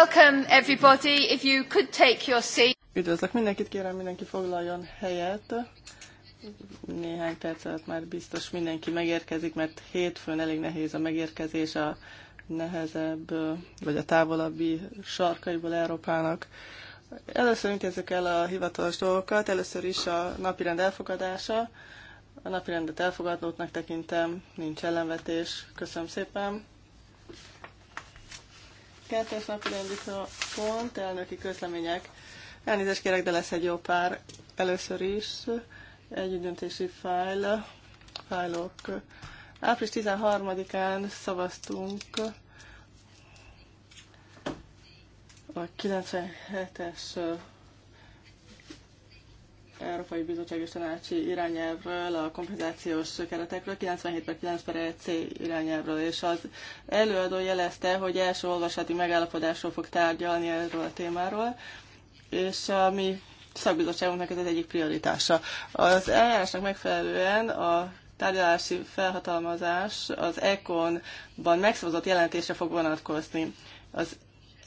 welcome everybody. If you could take your seat. Üdvözlök mindenkit, kérem mindenki foglaljon helyet. Néhány percet már biztos mindenki megérkezik, mert hétfőn elég nehéz a megérkezés a nehezebb, vagy a távolabbi sarkaiból Európának. Először intézzük el a hivatalos dolgokat, először is a napirend elfogadása. A napirendet elfogadótnak tekintem, nincs ellenvetés. Köszönöm szépen. Kettes napi rendi pont, elnöki közlemények. Elnézést kérek, de lesz egy jó pár. Először is egy döntési fájl, fájlok. Április 13-án szavaztunk a 97-es Európai Bizottság és Tanácsi irányelvről, a kompenzációs keretekről, 97 per 9 per e C irányelvről, és az előadó jelezte, hogy első olvasati megállapodásról fog tárgyalni erről a témáról, és a mi szakbizottságunknak ez az egyik prioritása. Az eljárásnak megfelelően a tárgyalási felhatalmazás az ECON-ban megszavazott jelentése fog vonatkozni. Az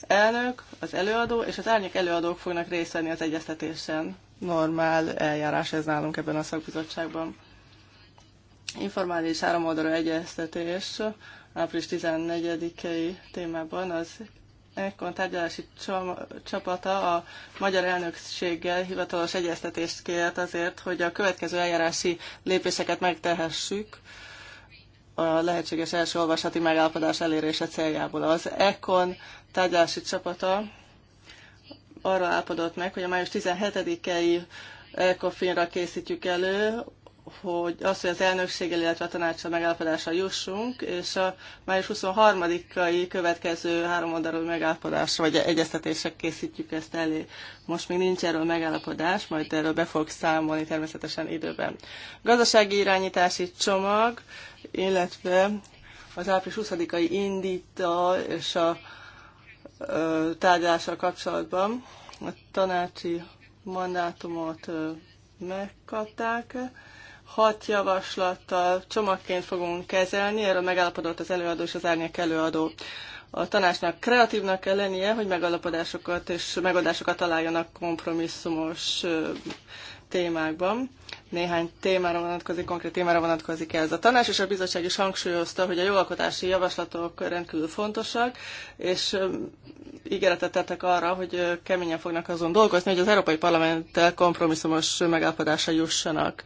elnök, az előadó és az árnyék előadók fognak részt venni az egyeztetésen normál eljárás ez nálunk ebben a szakbizottságban. Informális áramoldalú egyeztetés április 14-i témában az Ekkon tárgyalási csapata a magyar elnökséggel hivatalos egyeztetést kért azért, hogy a következő eljárási lépéseket megtehessük a lehetséges első olvasati megállapodás elérése céljából. Az Ekkon tárgyalási csapata arra állapodott meg, hogy a május 17-i ECOFIN-ra készítjük elő, hogy az, hogy az elnökség, illetve a tanácsa megállapodásra jussunk, és a május 23-ai következő három oldalról megállapodásra, vagy egyeztetésre készítjük ezt elé. Most még nincs erről megállapodás, majd erről be fog számolni természetesen időben. Gazdasági irányítási csomag, illetve az április 20-ai indító és a tárgyalással kapcsolatban. A tanácsi mandátumot megkapták. Hat javaslattal csomagként fogunk kezelni, erről megállapodott az előadó és az árnyék előadó. A tanácsnak kreatívnak kell lennie, hogy megalapodásokat és megoldásokat találjanak kompromisszumos témákban néhány témára vonatkozik, konkrét témára vonatkozik ez. A tanács és a bizottság is hangsúlyozta, hogy a jogalkotási javaslatok rendkívül fontosak, és ígéretet tettek arra, hogy keményen fognak azon dolgozni, hogy az Európai Parlamenttel kompromisszumos megállapodásra jussanak.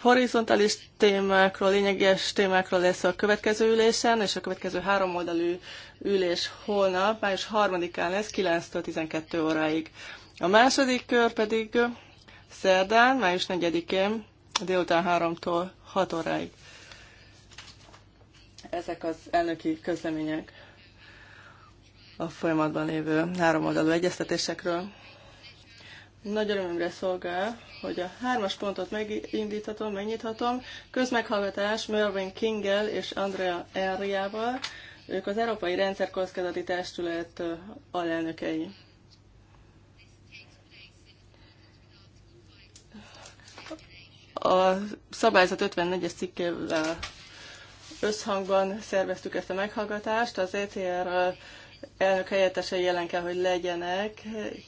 Horizontális témákról, lényeges témákról lesz a következő ülésen, és a következő háromoldalú ülés holnap, május 3-án lesz 9-től 12 óráig. A második kör pedig szerdán, május 4-én, délután 3-tól 6 óráig. Ezek az elnöki közlemények a folyamatban lévő három oldalú egyeztetésekről. Nagy örömömre szolgál, hogy a hármas pontot megindíthatom, megnyithatom. Közmeghallgatás Mervyn Kinggel és Andrea Enriával. Ők az Európai Rendszerkockázati Testület alelnökei. a szabályzat 54-es cikkével összhangban szerveztük ezt a meghallgatást. Az ECR elnök helyettesei jelen kell, hogy legyenek,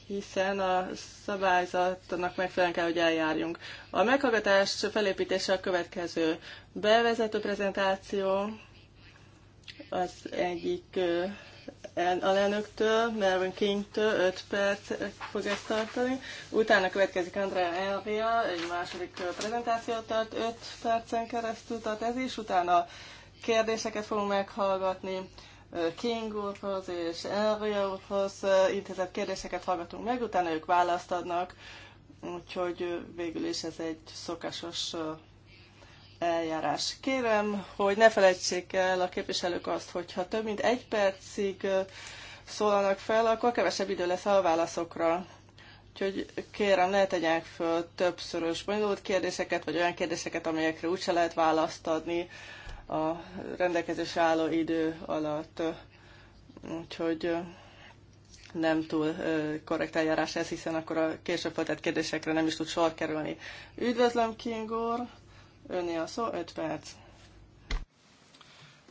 hiszen a szabályzatnak megfelelően kell, hogy eljárjunk. A meghallgatás felépítése a következő bevezető prezentáció, az egyik alelnöktől, Melvin Kingtől 5 perc fog ezt tartani. Utána következik Andrea Elvia, egy második prezentációt tart 5 percen keresztül tart ez is, utána kérdéseket fogunk meghallgatni. King úrhoz és Elvia úrhoz intézett kérdéseket hallgatunk meg, utána ők választ adnak, úgyhogy végül is ez egy szokásos eljárás. Kérem, hogy ne felejtsék el a képviselők azt, hogyha több mint egy percig szólalnak fel, akkor kevesebb idő lesz a válaszokra. Úgyhogy kérem, ne tegyenek föl többszörös bonyolult kérdéseket, vagy olyan kérdéseket, amelyekre úgyse lehet választ adni a rendelkezés álló idő alatt. Úgyhogy nem túl korrekt eljárás ez, hiszen akkor a később feltett kérdésekre nem is tud sor kerülni. Üdvözlöm, King úr! Önné a szó, 5 perc.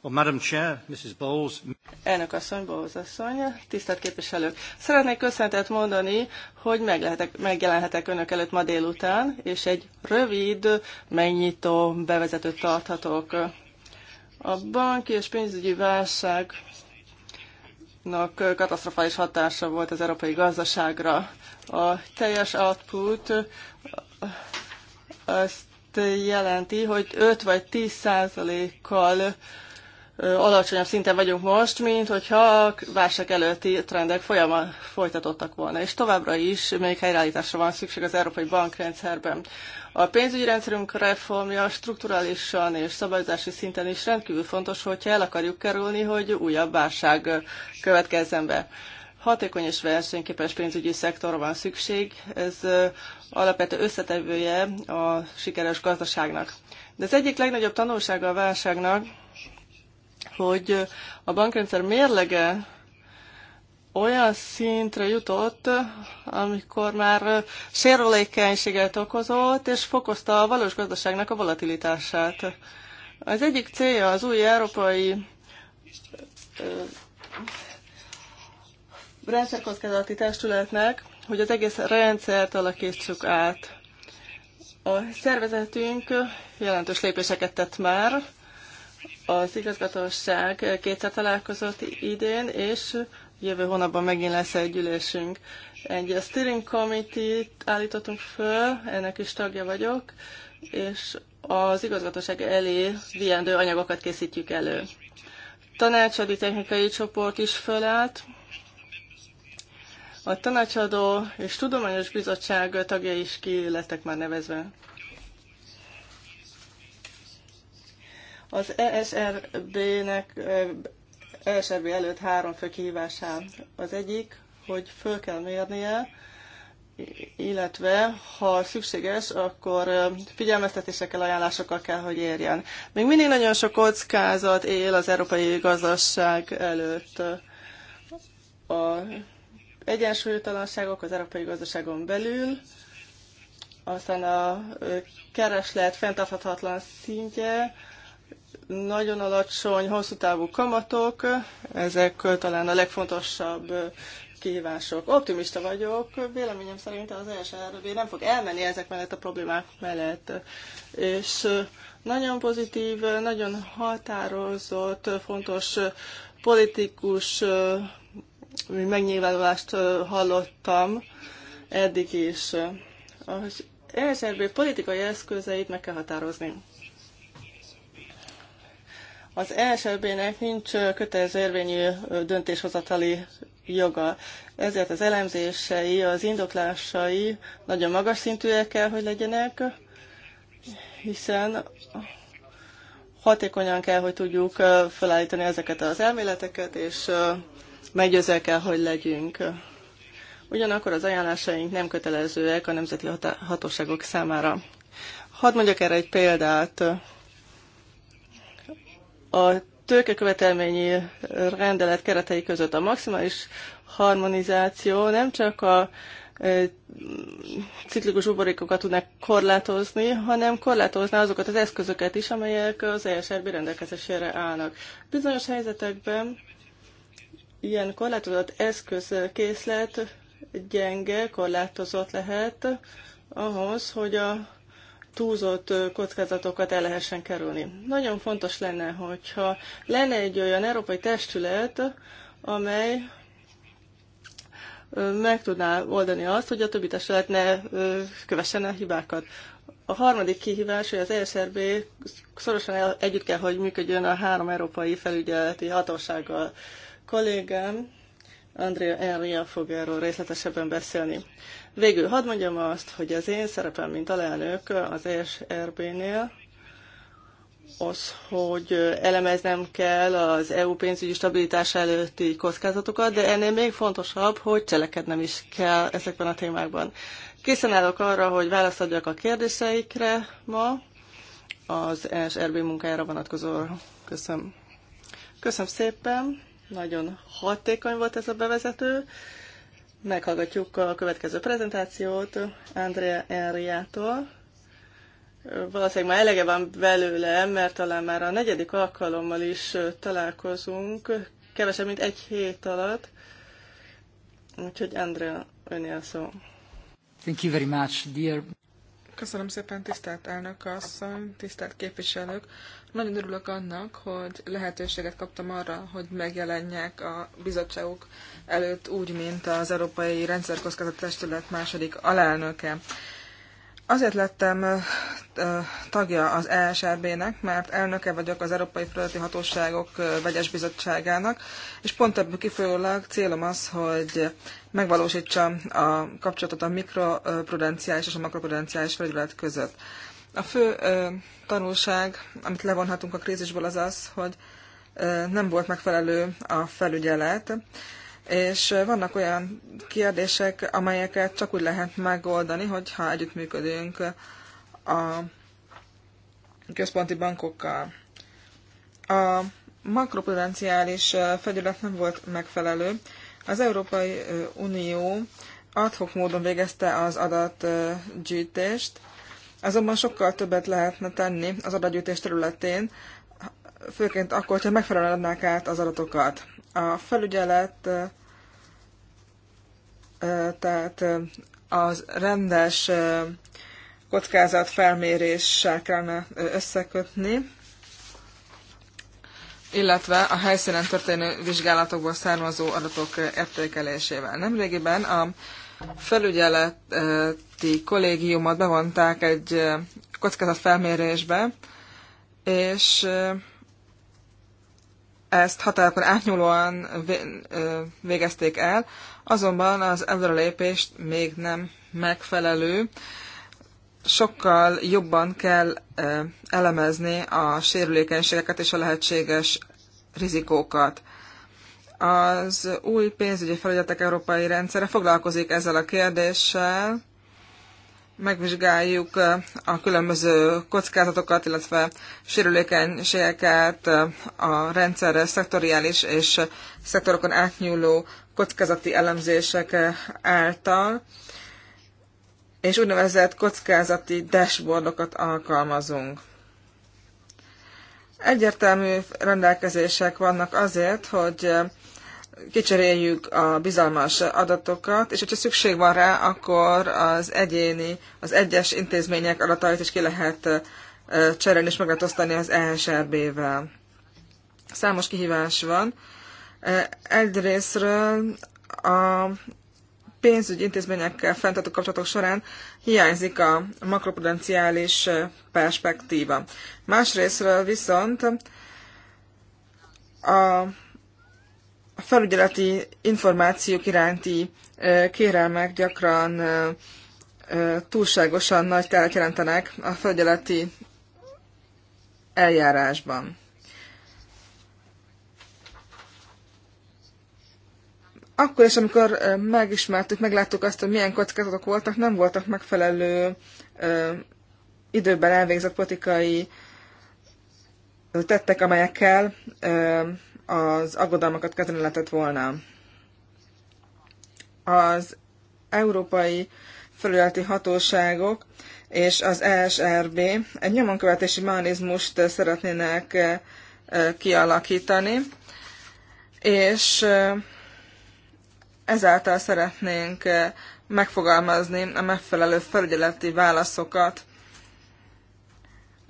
Well, Madam Chair, Mrs. Bowles. Elnök asszony, Bowles asszony, tisztelt képviselők! Szeretnék köszönetet mondani, hogy megjelenhetek önök előtt ma délután, és egy rövid, megnyitó bevezetőt tarthatok. A banki és pénzügyi válság katasztrofális hatása volt az európai gazdaságra. A teljes output azt jelenti, hogy 5 vagy 10 százalékkal alacsonyabb szinten vagyunk most, mint hogyha a válság előtti trendek folyamán folytatottak volna. És továbbra is még helyreállításra van szükség az európai bankrendszerben. A pénzügyi rendszerünk reformja strukturálisan és szabályozási szinten is rendkívül fontos, hogyha el akarjuk kerülni, hogy újabb válság következzen be. Hatékony és versenyképes pénzügyi szektorra van szükség, ez alapvető összetevője a sikeres gazdaságnak. De az egyik legnagyobb tanulsága a válságnak, hogy a bankrendszer mérlege olyan szintre jutott, amikor már sérülékenységet okozott, és fokozta a valós gazdaságnak a volatilitását. Az egyik célja az új európai rendszerkockázati testületnek, hogy az egész rendszert alakítsuk át. A szervezetünk jelentős lépéseket tett már, az igazgatóság kétszer találkozott idén, és jövő hónapban megint lesz egy ülésünk. Egy steering committee-t állítottunk föl, ennek is tagja vagyok, és az igazgatóság elé viendő anyagokat készítjük elő. Tanácsadi technikai csoport is fölállt, a tanácsadó és tudományos bizottság tagjai is ki lettek már nevezve. Az ESRB-nek ESRB eh, e előtt három fő kihívásá. Az egyik, hogy föl kell mérnie, illetve ha szükséges, akkor eh, figyelmeztetésekkel, ajánlásokkal kell, hogy érjen. Még mindig nagyon sok kockázat él az európai gazdaság előtt. A egyensúlytalanságok az európai gazdaságon belül, aztán a kereslet fenntarthatatlan szintje, nagyon alacsony, hosszú távú kamatok, ezek talán a legfontosabb kihívások. Optimista vagyok, véleményem szerint az ESRB nem fog elmenni ezek mellett a problémák mellett. És nagyon pozitív, nagyon határozott, fontos politikus megnyilvánulást hallottam eddig is. Az ESRB politikai eszközeit meg kell határozni. Az ESRB-nek nincs kötelező érvényű döntéshozatali joga. Ezért az elemzései, az indoklásai nagyon magas szintűek kell, hogy legyenek, hiszen hatékonyan kell, hogy tudjuk felállítani ezeket az elméleteket, és meggyőzőek kell, hogy legyünk. Ugyanakkor az ajánlásaink nem kötelezőek a nemzeti hatóságok számára. Hadd mondjak erre egy példát. A tőkekövetelményi rendelet keretei között a maximális harmonizáció nem csak a e, ciklikus uborékokat tudnak korlátozni, hanem korlátozná azokat az eszközöket is, amelyek az ESRB rendelkezésére állnak. Bizonyos helyzetekben ilyen korlátozott eszközkészlet gyenge, korlátozott lehet ahhoz, hogy a túlzott kockázatokat el lehessen kerülni. Nagyon fontos lenne, hogyha lenne egy olyan európai testület, amely meg tudná oldani azt, hogy a többi testület ne kövessen a hibákat. A harmadik kihívás, hogy az ESRB szorosan együtt kell, hogy működjön a három európai felügyeleti hatósággal kollégám, Andrea Enria fog erről részletesebben beszélni. Végül hadd mondjam azt, hogy az én szerepem, mint alelnök az ESRB-nél, az, hogy elemeznem kell az EU pénzügyi stabilitás előtti kockázatokat, de ennél még fontosabb, hogy cselekednem is kell ezekben a témákban. Készen állok arra, hogy válaszadjak a kérdéseikre ma az ESRB munkájára vonatkozóra. Köszönöm. Köszönöm szépen. Nagyon hatékony volt ez a bevezető. Meghallgatjuk a következő prezentációt Andrea Enriától. Valószínűleg már elege van belőle, mert talán már a negyedik alkalommal is találkozunk, kevesebb, mint egy hét alatt. Úgyhogy Andrea, önél szó. Thank you very much, dear. Köszönöm szépen, tisztelt elnök asszony, tisztelt képviselők. Nagyon örülök annak, hogy lehetőséget kaptam arra, hogy megjelenjek a bizottságok előtt úgy, mint az Európai Rendszerkockázat Testület második alelnöke. Azért lettem tagja az ESRB-nek, mert elnöke vagyok az Európai Felületi Hatóságok vegyes bizottságának, és pont ebből kifolyólag célom az, hogy megvalósítsam a kapcsolatot a mikroprudenciális és a makroprudenciális felület között. A fő tanulság, amit levonhatunk a krízisből, az az, hogy nem volt megfelelő a felügyelet, és vannak olyan kérdések, amelyeket csak úgy lehet megoldani, hogyha együttműködünk a központi bankokkal. A makroprudenciális fegyület nem volt megfelelő. Az Európai Unió adhok módon végezte az adatgyűjtést, Azonban sokkal többet lehetne tenni az adatgyűjtés területén, főként akkor, hogyha megfelelően adnák át az adatokat. A felügyelet, tehát az rendes kockázat felméréssel kellene összekötni, illetve a helyszínen történő vizsgálatokból származó adatok értékelésével. Nemrégiben a felügyeleti kollégiumot bevonták egy kockázatfelmérésbe, és ezt határokon átnyúlóan végezték el, azonban az lépést még nem megfelelő. Sokkal jobban kell elemezni a sérülékenységeket és a lehetséges rizikókat. Az új pénzügyi felügyeletek európai rendszere foglalkozik ezzel a kérdéssel. Megvizsgáljuk a különböző kockázatokat, illetve sérülékenységeket a rendszerre szektoriális és szektorokon átnyúló kockázati elemzések által, és úgynevezett kockázati dashboardokat alkalmazunk. Egyértelmű rendelkezések vannak azért, hogy kicseréljük a bizalmas adatokat, és hogyha szükség van rá, akkor az egyéni, az egyes intézmények adatait is ki lehet cserélni, és meg lehet osztani az ESRB-vel. Számos kihívás van. Egyrésztről a pénzügyi intézményekkel fenntartó kapcsolatok során hiányzik a makroprudenciális perspektíva. Másrésztről viszont a felügyeleti információk iránti kérelmek gyakran túlságosan nagy kárt jelentenek a felügyeleti eljárásban. Akkor is, amikor megismertük, megláttuk azt, hogy milyen kockázatok voltak, nem voltak megfelelő időben elvégzett politikai tettek, amelyekkel az aggodalmakat kezelni lehetett volna. Az európai felületi hatóságok és az ESRB egy nyomonkövetési mechanizmust szeretnének eh, eh, kialakítani, és eh, ezáltal szeretnénk megfogalmazni a megfelelő felügyeleti válaszokat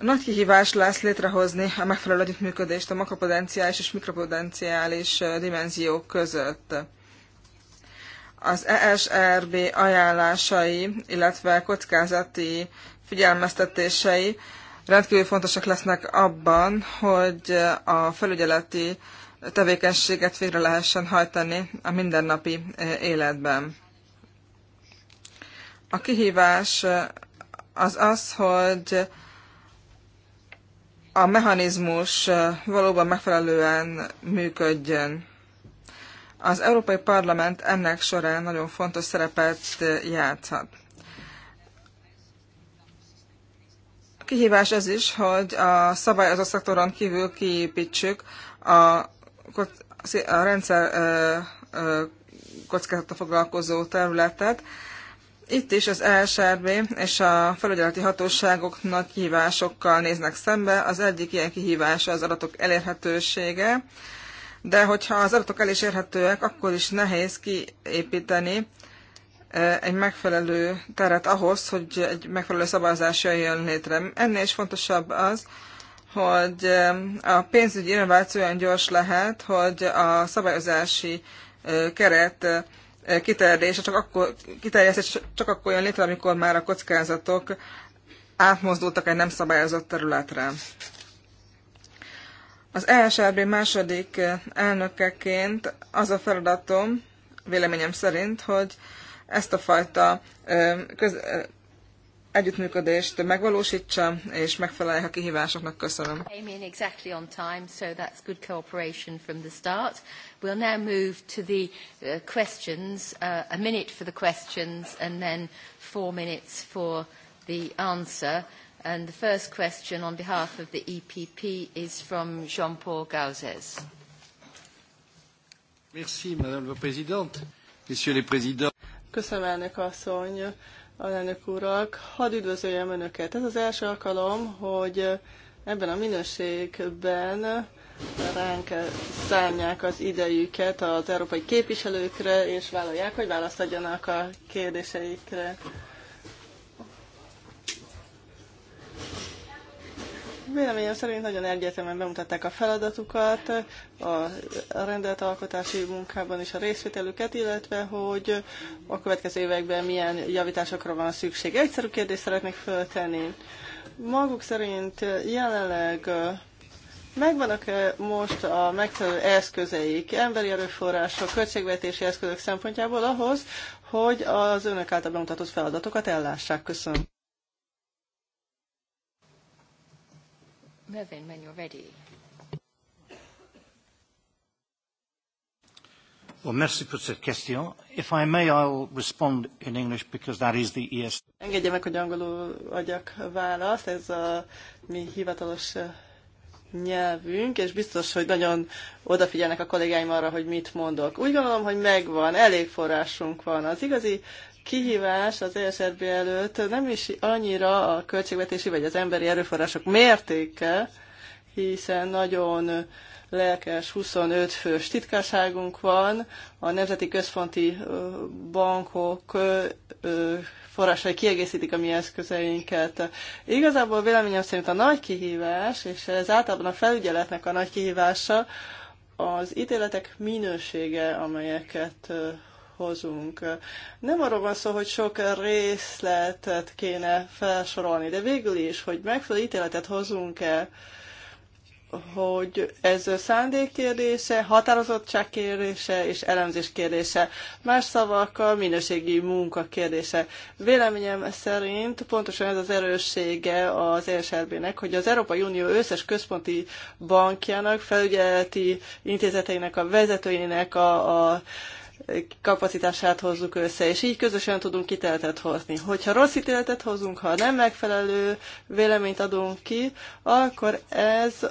nagy kihívás lesz létrehozni a megfelelő együttműködést a makropotenciális és mikropotenciális dimenziók között. Az ESRB ajánlásai, illetve kockázati figyelmeztetései rendkívül fontosak lesznek abban, hogy a felügyeleti tevékenységet végre lehessen hajtani a mindennapi életben. A kihívás az az, hogy a mechanizmus eh, valóban megfelelően működjön. Az Európai Parlament ennek során nagyon fontos szerepet eh, játszhat. A kihívás ez is, hogy a szabályozó szektoron kívül kiépítsük a, a rendszer eh, kockázata foglalkozó területet, itt is az ESRB és a felügyeleti hatóságok nagy kihívásokkal néznek szembe. Az egyik ilyen kihívása az adatok elérhetősége, de hogyha az adatok el is érhetőek, akkor is nehéz kiépíteni e, egy megfelelő teret ahhoz, hogy egy megfelelő szabályozás jön létre. Ennél is fontosabb az, hogy e, a pénzügyi innováció olyan gyors lehet, hogy a szabályozási e, keret Kiterjesztés csak akkor, kiterjesztés csak akkor jön létre, amikor már a kockázatok átmozdultak egy nem szabályozott területre. Az ESRB második eh, elnökeként az a feladatom, véleményem szerint, hogy ezt a fajta eh, köz, eh, együttműködést megvalósítsa, és megfelelje a kihívásoknak. Köszönöm. Came in exactly on time, so that's good cooperation from the start. We'll now move to the uh, questions, uh, a minute for the questions and then four minutes for the answer. And the first question on behalf of the EPP is from Jean-Paul Gauzès. Merci, Madame la Présidente. Messieurs les Présidents. Köszönöm, elnök asszony alelnök urak, hadd üdvözöljem Önöket. Ez az első alkalom, hogy ebben a minőségben ránk szánják az idejüket az európai képviselőkre, és vállalják, hogy választ adjanak a kérdéseikre. Véleményem szerint nagyon egyértelműen bemutatták a feladatukat, a rendeltalkotási munkában is a részvételüket, illetve hogy a következő években milyen javításokra van szükség. Egyszerű kérdést szeretnék föltenni. Maguk szerint jelenleg megvannak-e most a megfelelő eszközeik, emberi erőforrások, költségvetési eszközök szempontjából ahhoz, hogy az önök által bemutatott feladatokat ellássák? Köszönöm. Mervyn, when you're ready. Well, merci pour cette question. If I may, I'll respond in English because that is the ES. Engedje meg, hogy angolul adjak választ. Ez a mi hivatalos eh, nyelvünk, és biztos, hogy nagyon odafigyelnek a kollégáim arra, hogy mit mondok. Úgy gondolom, hogy megvan, elég forrásunk van. Az igazi kihívás az ESRB előtt nem is annyira a költségvetési vagy az emberi erőforrások mértéke, hiszen nagyon lelkes 25 fős titkárságunk van, a Nemzeti Központi Bankok forrásai kiegészítik a mi eszközeinket. Igazából véleményem szerint a nagy kihívás, és ez általában a felügyeletnek a nagy kihívása, az ítéletek minősége, amelyeket hozunk. Nem arról van szó, hogy sok részletet kéne felsorolni, de végül is, hogy megfelelő ítéletet hozunk-e, hogy ez szándék kérdése, határozottság kérdése és elemzés kérdése. Más szavakkal minőségi munka kérdése. Véleményem szerint pontosan ez az erőssége az ESRB-nek, hogy az Európai Unió összes központi bankjának, felügyeleti intézeteinek, a vezetőinek a, a kapacitását hozzuk össze, és így közösen tudunk ítéletet hozni. Hogyha rossz ítéletet hozunk, ha nem megfelelő véleményt adunk ki, akkor ez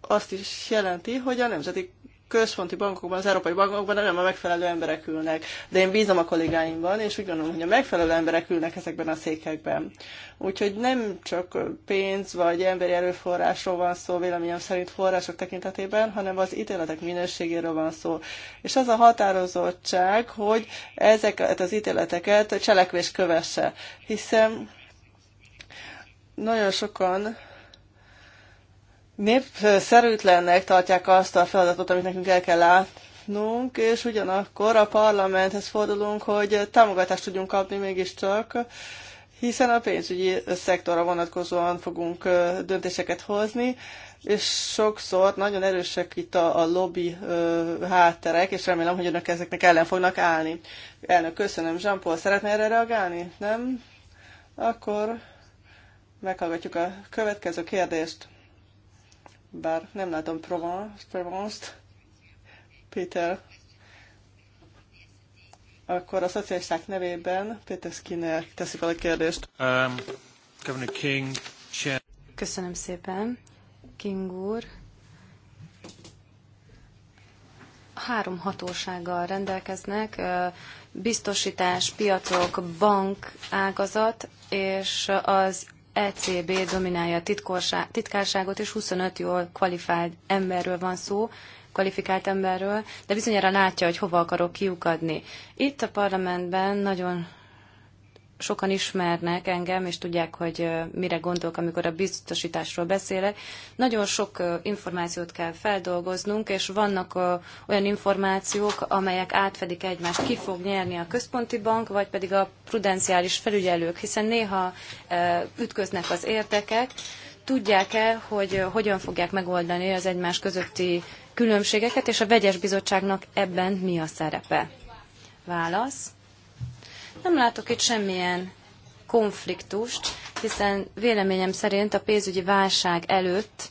azt is jelenti, hogy a nemzeti központi bankokban, az európai bankokban nem a megfelelő emberek ülnek. De én bízom a kollégáimban, és úgy gondolom, hogy a megfelelő emberek ülnek ezekben a székekben. Úgyhogy nem csak pénz vagy emberi erőforrásról van szó, véleményem szerint források tekintetében, hanem az ítéletek minőségéről van szó. És az a határozottság, hogy ezeket az ítéleteket cselekvés kövesse. Hiszen nagyon sokan népszerűtlennek tartják azt a feladatot, amit nekünk el kell látnunk, és ugyanakkor a parlamenthez fordulunk, hogy támogatást tudjunk kapni mégiscsak, hiszen a pénzügyi szektorra vonatkozóan fogunk döntéseket hozni, és sokszor nagyon erősek itt a, a lobby ö, hátterek, és remélem, hogy önök ezeknek ellen fognak állni. Elnök, köszönöm. Jean-Paul, szeretne erre reagálni? Nem? Akkor meghallgatjuk a következő kérdést bár nem látom Provence-t, Provence Péter, akkor a szocialisták nevében Péter Skinner teszi fel a kérdést. Um, Governor King, Chen. Köszönöm szépen, King úr. Három hatósággal rendelkeznek, biztosítás, piacok, bank, ágazat, és az ECB dominálja a titkárságot, és 25 jól kvalifált emberről van szó, kvalifikált emberről, de bizonyára látja, hogy hova akarok kiukadni. Itt a parlamentben nagyon sokan ismernek engem, és tudják, hogy mire gondolok, amikor a biztosításról beszélek. Nagyon sok információt kell feldolgoznunk, és vannak olyan információk, amelyek átfedik egymást. Ki fog nyerni a központi bank, vagy pedig a prudenciális felügyelők, hiszen néha ütköznek az értekek. Tudják-e, hogy hogyan fogják megoldani az egymás közötti különbségeket, és a vegyes bizottságnak ebben mi a szerepe? Válasz nem látok itt semmilyen konfliktust, hiszen véleményem szerint a pénzügyi válság előtt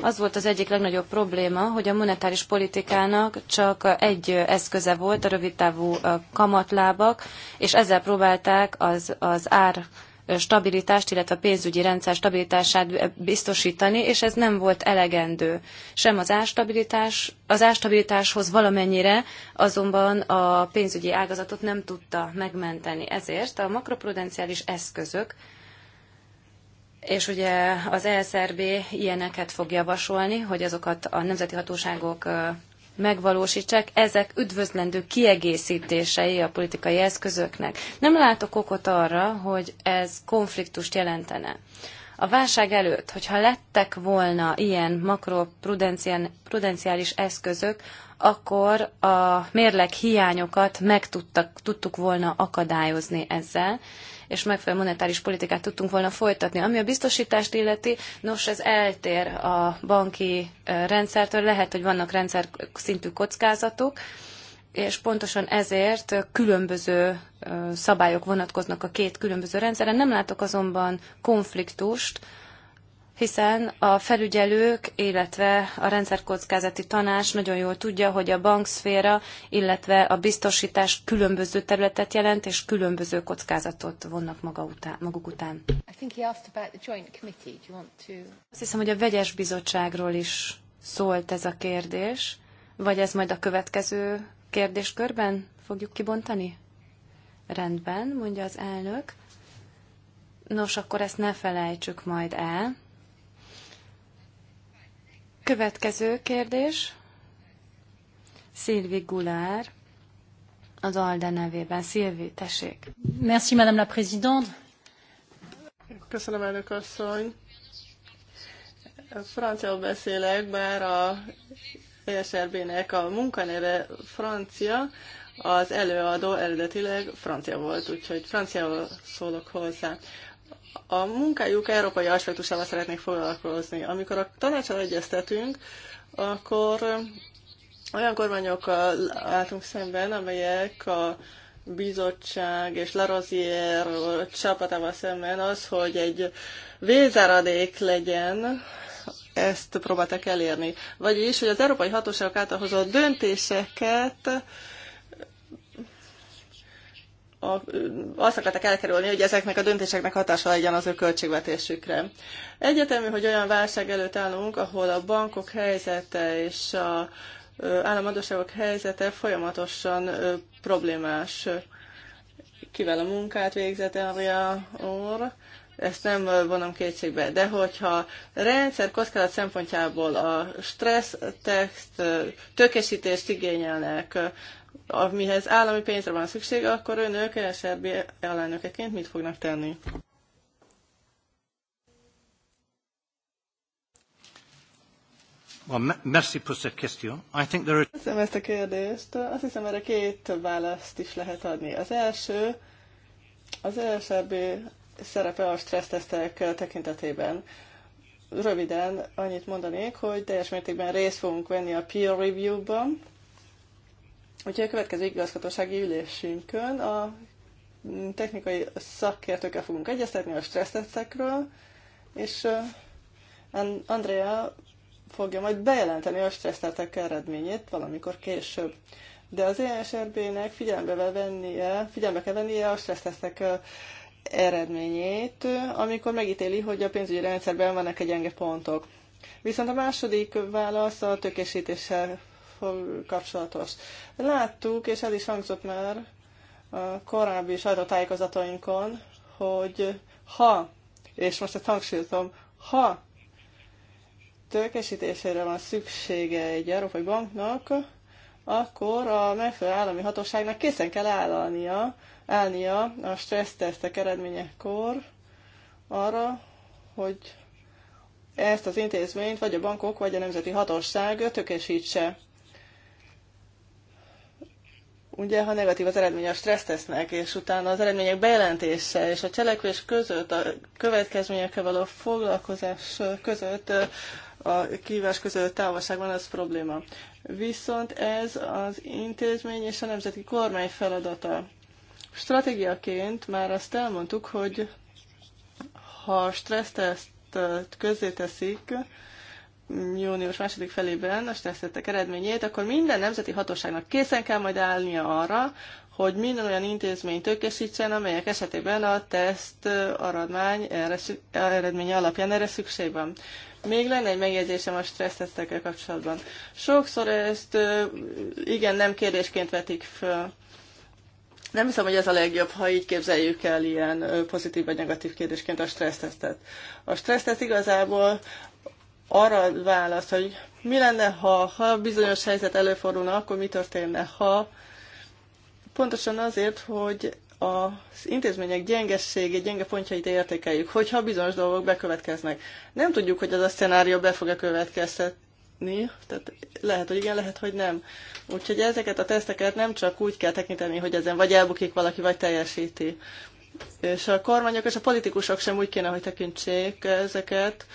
az volt az egyik legnagyobb probléma, hogy a monetáris politikának csak egy eszköze volt, a rövidtávú kamatlábak, és ezzel próbálták az, az ár stabilitást, illetve a pénzügyi rendszer stabilitását biztosítani, és ez nem volt elegendő. Sem az ástabilitás, az ástabilitáshoz valamennyire azonban a pénzügyi ágazatot nem tudta megmenteni. Ezért a makroprudenciális eszközök, és ugye az ESRB ilyeneket fog javasolni, hogy azokat a nemzeti hatóságok megvalósítsák, ezek üdvözlendő kiegészítései a politikai eszközöknek. Nem látok okot arra, hogy ez konfliktust jelentene. A válság előtt, hogyha lettek volna ilyen makroprudenciális eszközök, akkor a mérleg hiányokat meg tudtak, tudtuk volna akadályozni ezzel, és megfelelő monetáris politikát tudtunk volna folytatni. Ami a biztosítást illeti, nos, ez eltér a banki rendszertől, lehet, hogy vannak rendszer szintű kockázatok, és pontosan ezért különböző szabályok vonatkoznak a két különböző rendszerre. Nem látok azonban konfliktust, hiszen a felügyelők, illetve a rendszerkockázati tanács nagyon jól tudja, hogy a bankszféra, illetve a biztosítás különböző területet jelent, és különböző kockázatot vonnak maga után, maguk után. Azt hiszem, hogy a vegyes bizottságról is szólt ez a kérdés, vagy ez majd a következő kérdéskörben fogjuk kibontani? Rendben, mondja az elnök. Nos, akkor ezt ne felejtsük majd el. Következő kérdés. Szilvi Gulár, az ALDE nevében. Szilvi, tessék. Merci, Madame la Présidente. Köszönöm, elnök asszony. Francia beszélek, bár a ESRB-nek a munkaneve francia, az előadó eredetileg francia volt, úgyhogy franciául szólok hozzá a munkájuk európai aspektusával szeretnék foglalkozni. Amikor a tanácsal egyeztetünk, akkor olyan kormányokkal álltunk szemben, amelyek a bizottság és Larozier csapatával szemben az, hogy egy vézáradék legyen, ezt próbáltak elérni. Vagyis, hogy az európai hatóságok által hozott döntéseket a, azt akarták elkerülni, hogy ezeknek a döntéseknek hatása legyen az ő költségvetésükre. Egyetemű, hogy olyan válság előtt állunk, ahol a bankok helyzete és a államadóságok helyzete folyamatosan problémás. Kivel a munkát végzett el a orr, ezt nem vonom kétségbe. De hogyha rendszer kockázat szempontjából a stressz text tökésítést igényelnek, amihez állami pénzre van szükség, akkor önök SRB alelnökeként mit fognak tenni? Well, merci pour cette question. I think there are... Hiszem ezt a kérdést. Azt hiszem, erre két választ is lehet adni. Az első, az ESRB szerepe a stressztesztek tekintetében. Röviden annyit mondanék, hogy teljes mértékben részt fogunk venni a peer review-ban, Úgyhogy a következő igazgatósági ülésünkön a technikai szakértőkkel fogunk egyeztetni a stresszteszekről, és Andrea fogja majd bejelenteni a stressztetek eredményét valamikor később. De az ESRB-nek figyelembe, kell vennie, figyelembe kell vennie a stressztesztek eredményét, amikor megítéli, hogy a pénzügyi rendszerben vannak egy gyenge pontok. Viszont a második válasz a tökésítéssel kapcsolatos. Láttuk, és el is hangzott már a korábbi sajtótájékozatainkon, hogy ha, és most ezt hangsúlyozom, ha tőkesítésére van szüksége egy európai banknak, akkor a megfelelő állami hatóságnak készen kell állania, állnia a stressztesztek eredményekor arra, hogy ezt az intézményt vagy a bankok, vagy a nemzeti hatóság tökésítse ugye, ha negatív az eredmény a tesznek, és utána az eredmények bejelentése és a cselekvés között, a következményekkel való foglalkozás között, a kívás között távolság van, az probléma. Viszont ez az intézmény és a nemzeti kormány feladata. Stratégiaként már azt elmondtuk, hogy ha stresszteszt közzéteszik, teszik, június második felében a stresszettek eredményét, akkor minden nemzeti hatóságnak készen kell majd állnia arra, hogy minden olyan intézményt tökésítsen, amelyek esetében a teszt aradmány eredménye alapján erre szükség van. Még lenne egy megjegyzésem a stressztesztekkel kapcsolatban. Sokszor ezt igen, nem kérdésként vetik föl. Nem hiszem, hogy ez a legjobb, ha így képzeljük el ilyen pozitív vagy negatív kérdésként a stressztesztet. A stresszteszt igazából arra választ, hogy mi lenne, ha, ha bizonyos helyzet előfordulna, akkor mi történne, ha pontosan azért, hogy az intézmények gyengessége, gyenge pontjait értékeljük, hogyha bizonyos dolgok bekövetkeznek. Nem tudjuk, hogy az a szenárió be fog-e következtetni, tehát lehet, hogy igen, lehet, hogy nem. Úgyhogy ezeket a teszteket nem csak úgy kell tekinteni, hogy ezen vagy elbukik valaki, vagy teljesíti. És a kormányok és a politikusok sem úgy kéne, hogy tekintsék ezeket,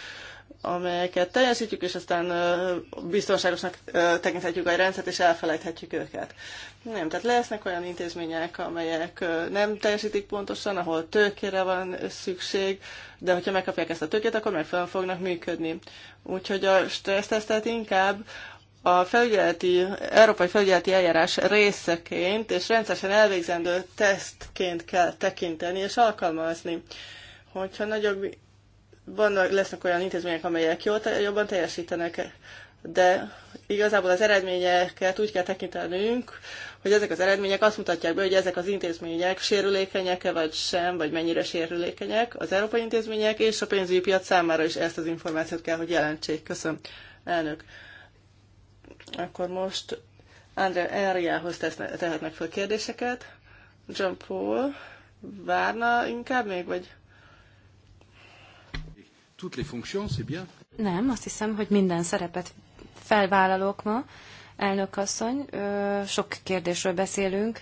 amelyeket teljesítjük, és aztán biztonságosnak tekinthetjük a rendszert, és elfelejthetjük őket. Nem, tehát lesznek olyan intézmények, amelyek nem teljesítik pontosan, ahol tőkére van szükség, de hogyha megkapják ezt a tőkét, akkor megfelelően fognak működni. Úgyhogy a stressztesztet inkább a felügyeleti, európai felügyeleti eljárás részeként és rendszeresen elvégzendő tesztként kell tekinteni és alkalmazni. Hogyha nagyobb vannak, lesznek olyan intézmények, amelyek jól, jobban teljesítenek, de igazából az eredményeket úgy kell tekintenünk, hogy ezek az eredmények azt mutatják be, hogy ezek az intézmények sérülékenyek-e vagy sem, vagy mennyire sérülékenyek az európai intézmények, és a pénzügyi piac számára is ezt az információt kell, hogy jelentsék. Köszönöm, elnök. Akkor most André Enriához tehetnek fel kérdéseket. John Paul várna inkább még, vagy toutes les fonctions, c'est bien. Nem, azt hiszem, hogy minden szerepet felvállalok ma. Elnök asszony, sok kérdésről beszélünk,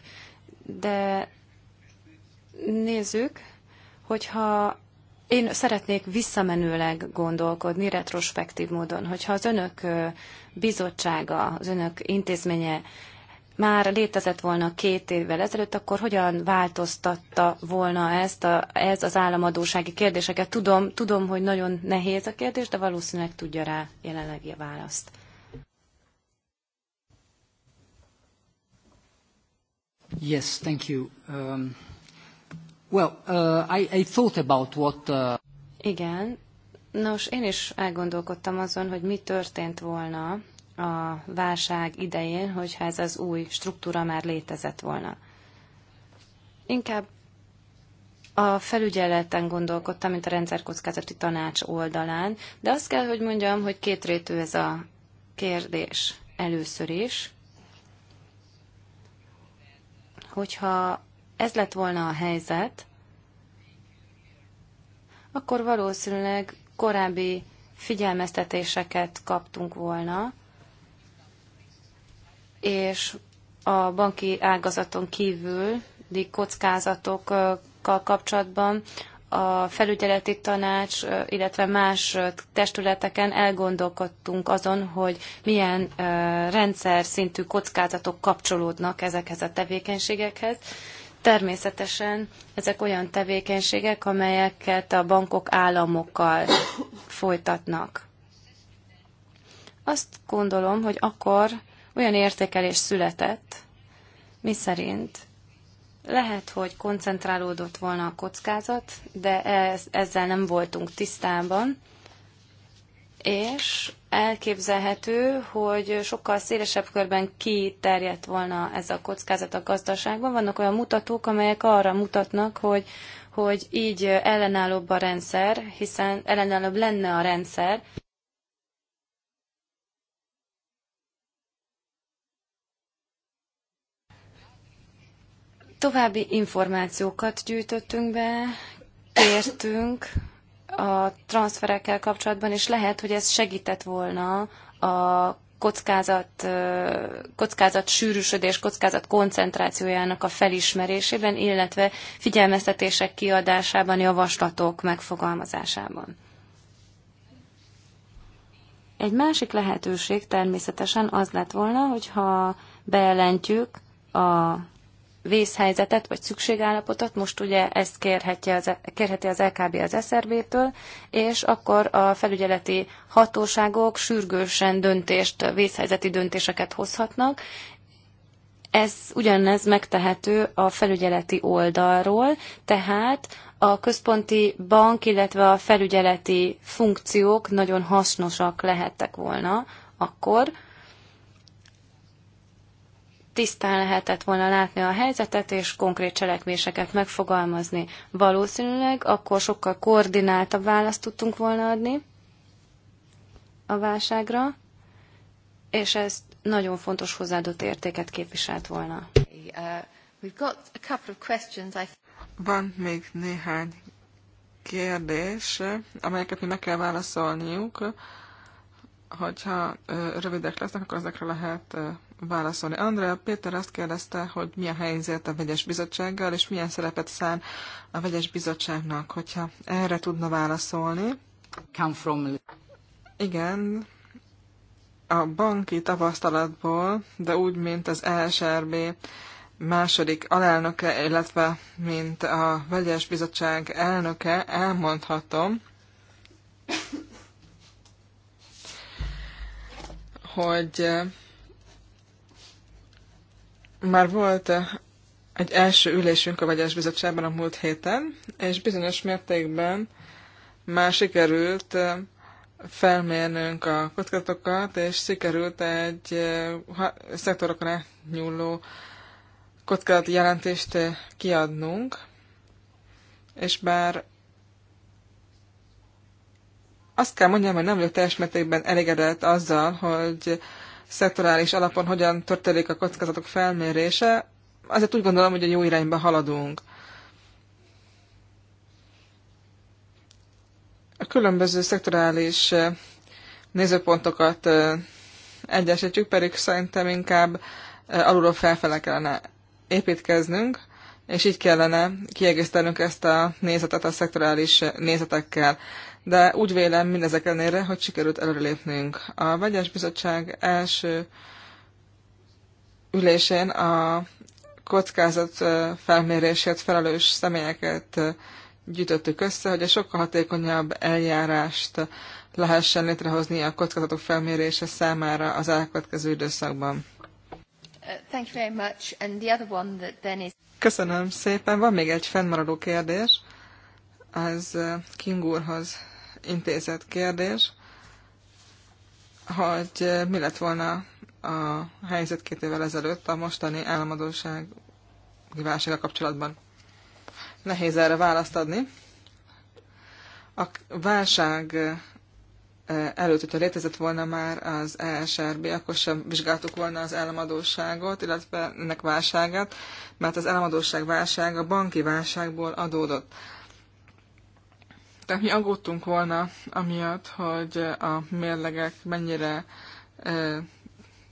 de nézzük, hogyha én szeretnék visszamenőleg gondolkodni, retrospektív módon, hogyha az önök bizottsága, az önök intézménye már létezett volna két évvel ezelőtt, akkor hogyan változtatta volna ezt a, ez az államadósági kérdéseket? Tudom, tudom, hogy nagyon nehéz a kérdés, de valószínűleg tudja rá jelenlegi a választ. Yes, thank you. Um, well, uh, I, I thought about what... Uh... Igen. Nos, én is elgondolkodtam azon, hogy mi történt volna, a válság idején, hogyha ez az új struktúra már létezett volna. Inkább a felügyeleten gondolkodtam, mint a rendszerkockázati tanács oldalán, de azt kell, hogy mondjam, hogy kétrétű ez a kérdés először is. Hogyha ez lett volna a helyzet, akkor valószínűleg korábbi figyelmeztetéseket kaptunk volna, és a banki ágazaton kívüli kockázatokkal kapcsolatban a felügyeleti tanács, illetve más testületeken elgondolkodtunk azon, hogy milyen rendszer szintű kockázatok kapcsolódnak ezekhez a tevékenységekhez. Természetesen ezek olyan tevékenységek, amelyeket a bankok államokkal folytatnak. Azt gondolom, hogy akkor olyan értékelés született, miszerint lehet, hogy koncentrálódott volna a kockázat, de ez, ezzel nem voltunk tisztában, és elképzelhető, hogy sokkal szélesebb körben kiterjedt volna ez a kockázat a gazdaságban. Vannak olyan mutatók, amelyek arra mutatnak, hogy, hogy így ellenállóbb a rendszer, hiszen ellenállóbb lenne a rendszer, További információkat gyűjtöttünk be, kértünk a transferekkel kapcsolatban, és lehet, hogy ez segített volna a kockázat, kockázat sűrűsödés, kockázat koncentrációjának a felismerésében, illetve figyelmeztetések kiadásában, javaslatok megfogalmazásában. Egy másik lehetőség természetesen az lett volna, hogyha bejelentjük a vészhelyzetet vagy szükségállapotot, most ugye ezt e- kérheti az, e kérheti az LKB az SRB-től, és akkor a felügyeleti hatóságok sürgősen döntést, vészhelyzeti döntéseket hozhatnak, ez ugyanez megtehető a felügyeleti oldalról, tehát a központi bank, illetve a felügyeleti funkciók nagyon hasznosak lehettek volna akkor, tisztán lehetett volna látni a helyzetet, és konkrét cselekvéseket megfogalmazni. Valószínűleg akkor sokkal koordináltabb választ tudtunk volna adni a válságra, és ez nagyon fontos hozzáadott értéket képviselt volna. Van még néhány kérdés, amelyeket mi meg kell válaszolniuk hogyha rövidek lesznek, akkor ezekre lehet válaszolni. Andrea Péter azt kérdezte, hogy milyen helyzet a vegyes bizottsággal, és milyen szerepet szán a vegyes bizottságnak, hogyha erre tudna válaszolni. Come from... Igen, a banki tapasztalatból, de úgy, mint az ESRB második alelnöke, illetve mint a vegyes bizottság elnöke, elmondhatom, hogy eh, már volt eh, egy első ülésünk a Vegyes Bizottságban a múlt héten, és bizonyos mértékben már sikerült eh, felmérnünk a kockázatokat, és sikerült egy szektorokon átnyúló kockázati jelentést kiadnunk, és bár azt kell mondjam, hogy nem vagyok teljes mértékben elégedett azzal, hogy szektorális alapon hogyan történik a kockázatok felmérése, azért úgy gondolom, hogy a jó irányba haladunk. A különböző szektorális eh, nézőpontokat eh, egyesítjük, pedig szerintem inkább eh, alulról felfele kellene építkeznünk, és így kellene kiegészítenünk ezt a nézetet a szektorális nézetekkel de úgy vélem mindezek ellenére, hogy sikerült előrelépnünk. A Vegyes Bizottság első ülésén a kockázat felmérésért felelős személyeket gyűjtöttük össze, hogy egy sokkal hatékonyabb eljárást lehessen létrehozni a kockázatok felmérése számára az elkövetkező időszakban. Köszönöm szépen. Van még egy fennmaradó kérdés. Az King úrhoz intézett kérdés, hogy eh, mi lett volna a helyzet két évvel ezelőtt a mostani államadóság válsága kapcsolatban. Nehéz erre választ adni. A válság eh, előtt, hogyha létezett volna már az ESRB, akkor sem vizsgáltuk volna az államadóságot, illetve ennek válságát, mert az államadóság válság a banki válságból adódott tehát mi aggódtunk volna, amiatt, hogy a mérlegek mennyire e,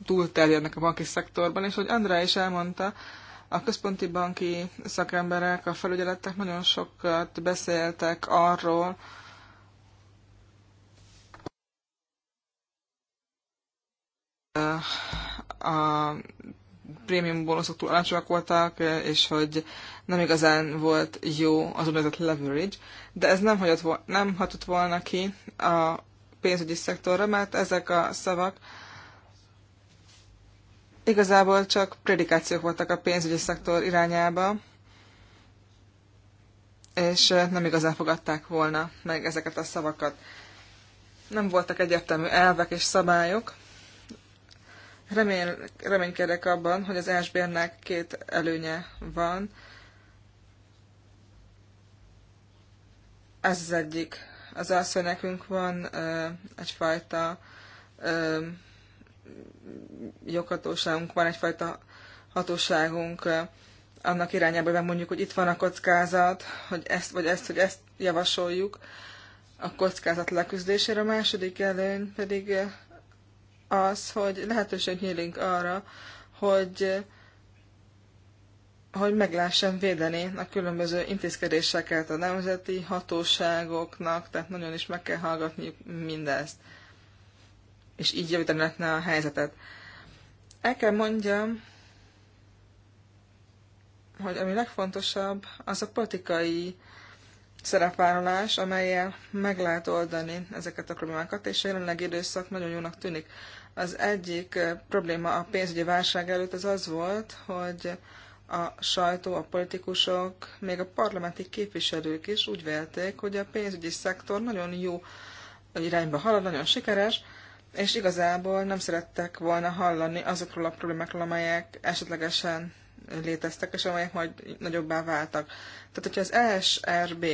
túlterjednek a banki szektorban, és hogy Andrá is elmondta, a központi banki szakemberek, a felügyeletek nagyon sokat beszéltek arról, a prémium bónuszoktól alacsonyak voltak, és hogy nem igazán volt jó az úgynevezett leverage, de ez nem, hagyott, vol- nem hatott volna ki a pénzügyi szektorra, mert ezek a szavak igazából csak predikációk voltak a pénzügyi szektor irányába, és nem igazán fogadták volna meg ezeket a szavakat. Nem voltak egyértelmű elvek és szabályok, Remény, reménykedek abban, hogy az ESBN-nek két előnye van. Ez az egyik. Az az, hogy nekünk van ö, egyfajta ö, joghatóságunk, van egyfajta hatóságunk ö, annak irányába, hogy mondjuk, hogy itt van a kockázat, hogy ezt vagy ezt, hogy ezt javasoljuk a kockázat leküzdésére. A második előny pedig az, hogy lehetőség nyílik arra, hogy, hogy meg lehessen védeni a különböző intézkedéseket a nemzeti hatóságoknak, tehát nagyon is meg kell hallgatni mindezt. És így javítani lehetne a helyzetet. El kell mondjam, hogy ami legfontosabb, az a politikai szerepvállalás, amelyel meg lehet oldani ezeket a problémákat, és a jelenlegi időszak nagyon jónak tűnik. Az egyik probléma a pénzügyi válság előtt az az volt, hogy a sajtó, a politikusok, még a parlamenti képviselők is úgy vélték, hogy a pénzügyi szektor nagyon jó irányba halad, nagyon sikeres, és igazából nem szerettek volna hallani azokról a problémákról, amelyek esetlegesen léteztek, és amelyek majd nagyobbá váltak. Tehát, hogyha az ESRB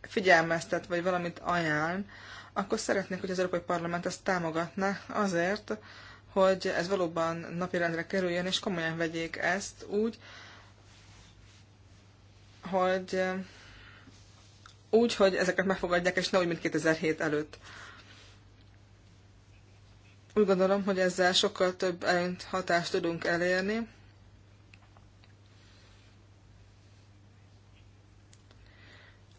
figyelmeztet, vagy valamit ajánl, akkor szeretnék, hogy az Európai Parlament ezt támogatna, azért, hogy ez valóban napirendre kerüljön, és komolyan vegyék ezt úgy, hogy úgy, hogy ezeket megfogadják, és ne úgy, mint 2007 előtt. Úgy gondolom, hogy ezzel sokkal több előnyt hatást tudunk elérni,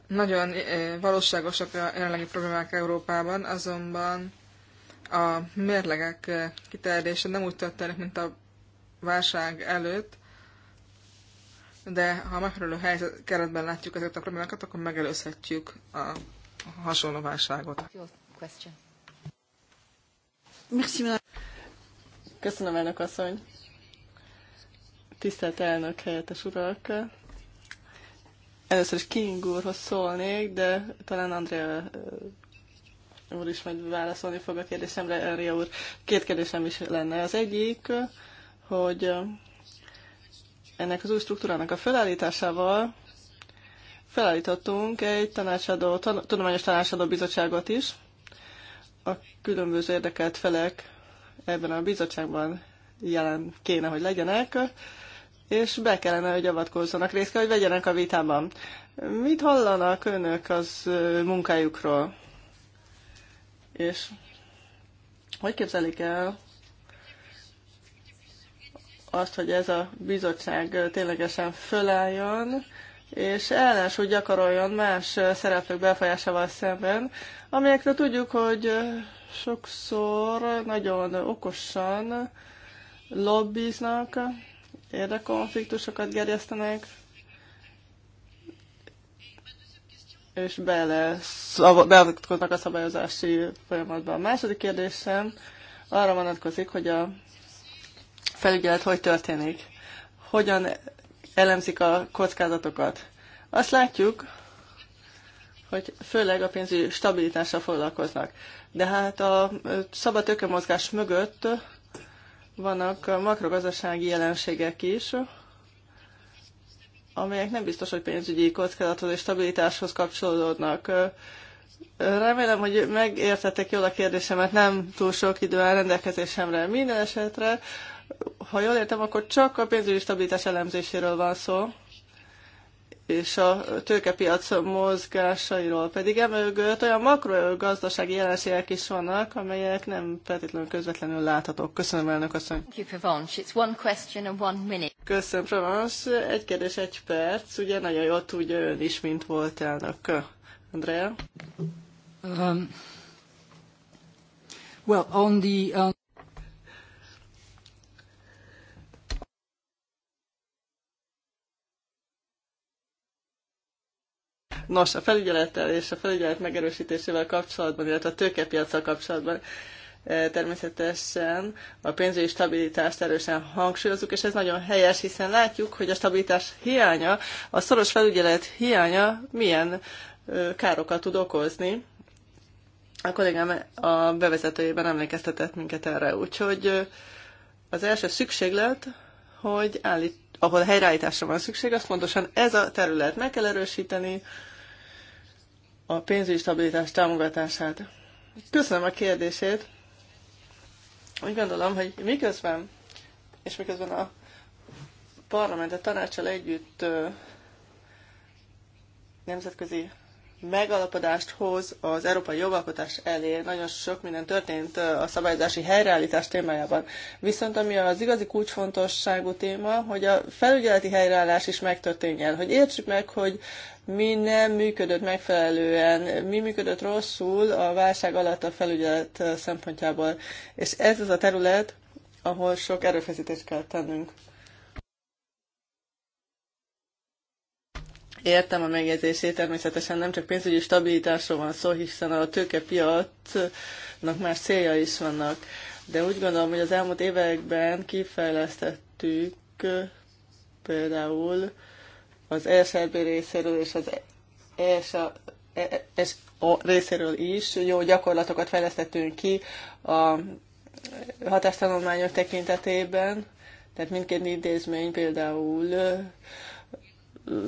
Nagyon eh, valóságosak a jelenlegi problémák Európában, azonban a mérlegek eh, kiterjedése nem úgy történik, mint a válság előtt, de ha megfelelő helyzet keretben látjuk ezeket a problémákat, akkor megelőzhetjük a hasonló válságot. Köszönöm, elnök asszony! Tisztelt elnök helyettes urak! Először is King úrhoz szólnék, de talán Andrea úr is majd válaszolni fog a kérdésemre. Andrea úr, két kérdésem is lenne. Az egyik, hogy ennek az új struktúrának a felállításával felállítottunk egy tanácsadó, tan- tudományos tanácsadó bizottságot is. A különböző érdekelt felek ebben a bizottságban jelen kéne, hogy legyenek és be kellene, hogy avatkozzanak részt hogy vegyenek a vitában. Mit hallanak önök az munkájukról? És hogy képzelik el azt, hogy ez a bizottság ténylegesen fölálljon, és ellensúly gyakoroljon más szereplők befolyásával szemben, amelyekről tudjuk, hogy sokszor nagyon okosan lobbiznak, érdekonfliktusokat gerjesztenek, és bele beavatkoznak a szabályozási folyamatba. A második kérdésem arra vonatkozik, hogy a felügyelet hogy történik, hogyan elemzik a kockázatokat. Azt látjuk, hogy főleg a pénzügyi stabilitással foglalkoznak. De hát a szabad mögött vannak makrogazdasági jelenségek is, amelyek nem biztos, hogy pénzügyi kockázathoz és stabilitáshoz kapcsolódnak. Remélem, hogy megértettek jól a kérdésemet, nem túl sok idő áll rendelkezésemre. Minden esetre, ha jól értem, akkor csak a pénzügyi stabilitás elemzéséről van szó, és a tőkepiac mozgásairól. Pedig emögött olyan makrogazdasági jelenségek is vannak, amelyek nem feltétlenül közvetlenül láthatók. Köszönöm, elnök asszony. Köszönöm, Provence. Egy kérdés, egy perc. Ugye nagyon jól tudja ön is, mint volt elnök. Andrea? Um, well, on the, um... Nos, a felügyelettel és a felügyelet megerősítésével kapcsolatban, illetve a tőkepiacsal kapcsolatban e, természetesen a pénzügyi stabilitást erősen hangsúlyozunk, és ez nagyon helyes, hiszen látjuk, hogy a stabilitás hiánya, a szoros felügyelet hiánya milyen e, károkat tud okozni. A kollégám a bevezetőjében emlékeztetett minket erre, úgyhogy e, az első szükséglet, hogy állít, ahol helyreállításra van szükség, az pontosan ez a terület meg kell erősíteni, a pénzügyi stabilitás támogatását. Köszönöm a kérdését. Úgy gondolom, hogy miközben, és miközben a parlament, a tanácsal együtt nemzetközi megalapodást hoz az európai jogalkotás elé. Nagyon sok minden történt a szabályozási helyreállítás témájában. Viszont ami az igazi kulcsfontosságú téma, hogy a felügyeleti helyreállás is megtörténjen. Hogy értsük meg, hogy mi nem működött megfelelően, mi működött rosszul a válság alatt a felügyelet szempontjából. És ez az a terület, ahol sok erőfeszítést kell tennünk. Értem a megjegyzését, természetesen nem csak pénzügyi stabilitásról van szó, hiszen a tőkepiacnak más célja is vannak. De úgy gondolom, hogy az elmúlt években kifejlesztettük például az ESRB részéről és az ESA e részéről is jó gyakorlatokat fejlesztettünk ki a hatástanulmányok tekintetében, tehát mindkét intézmény például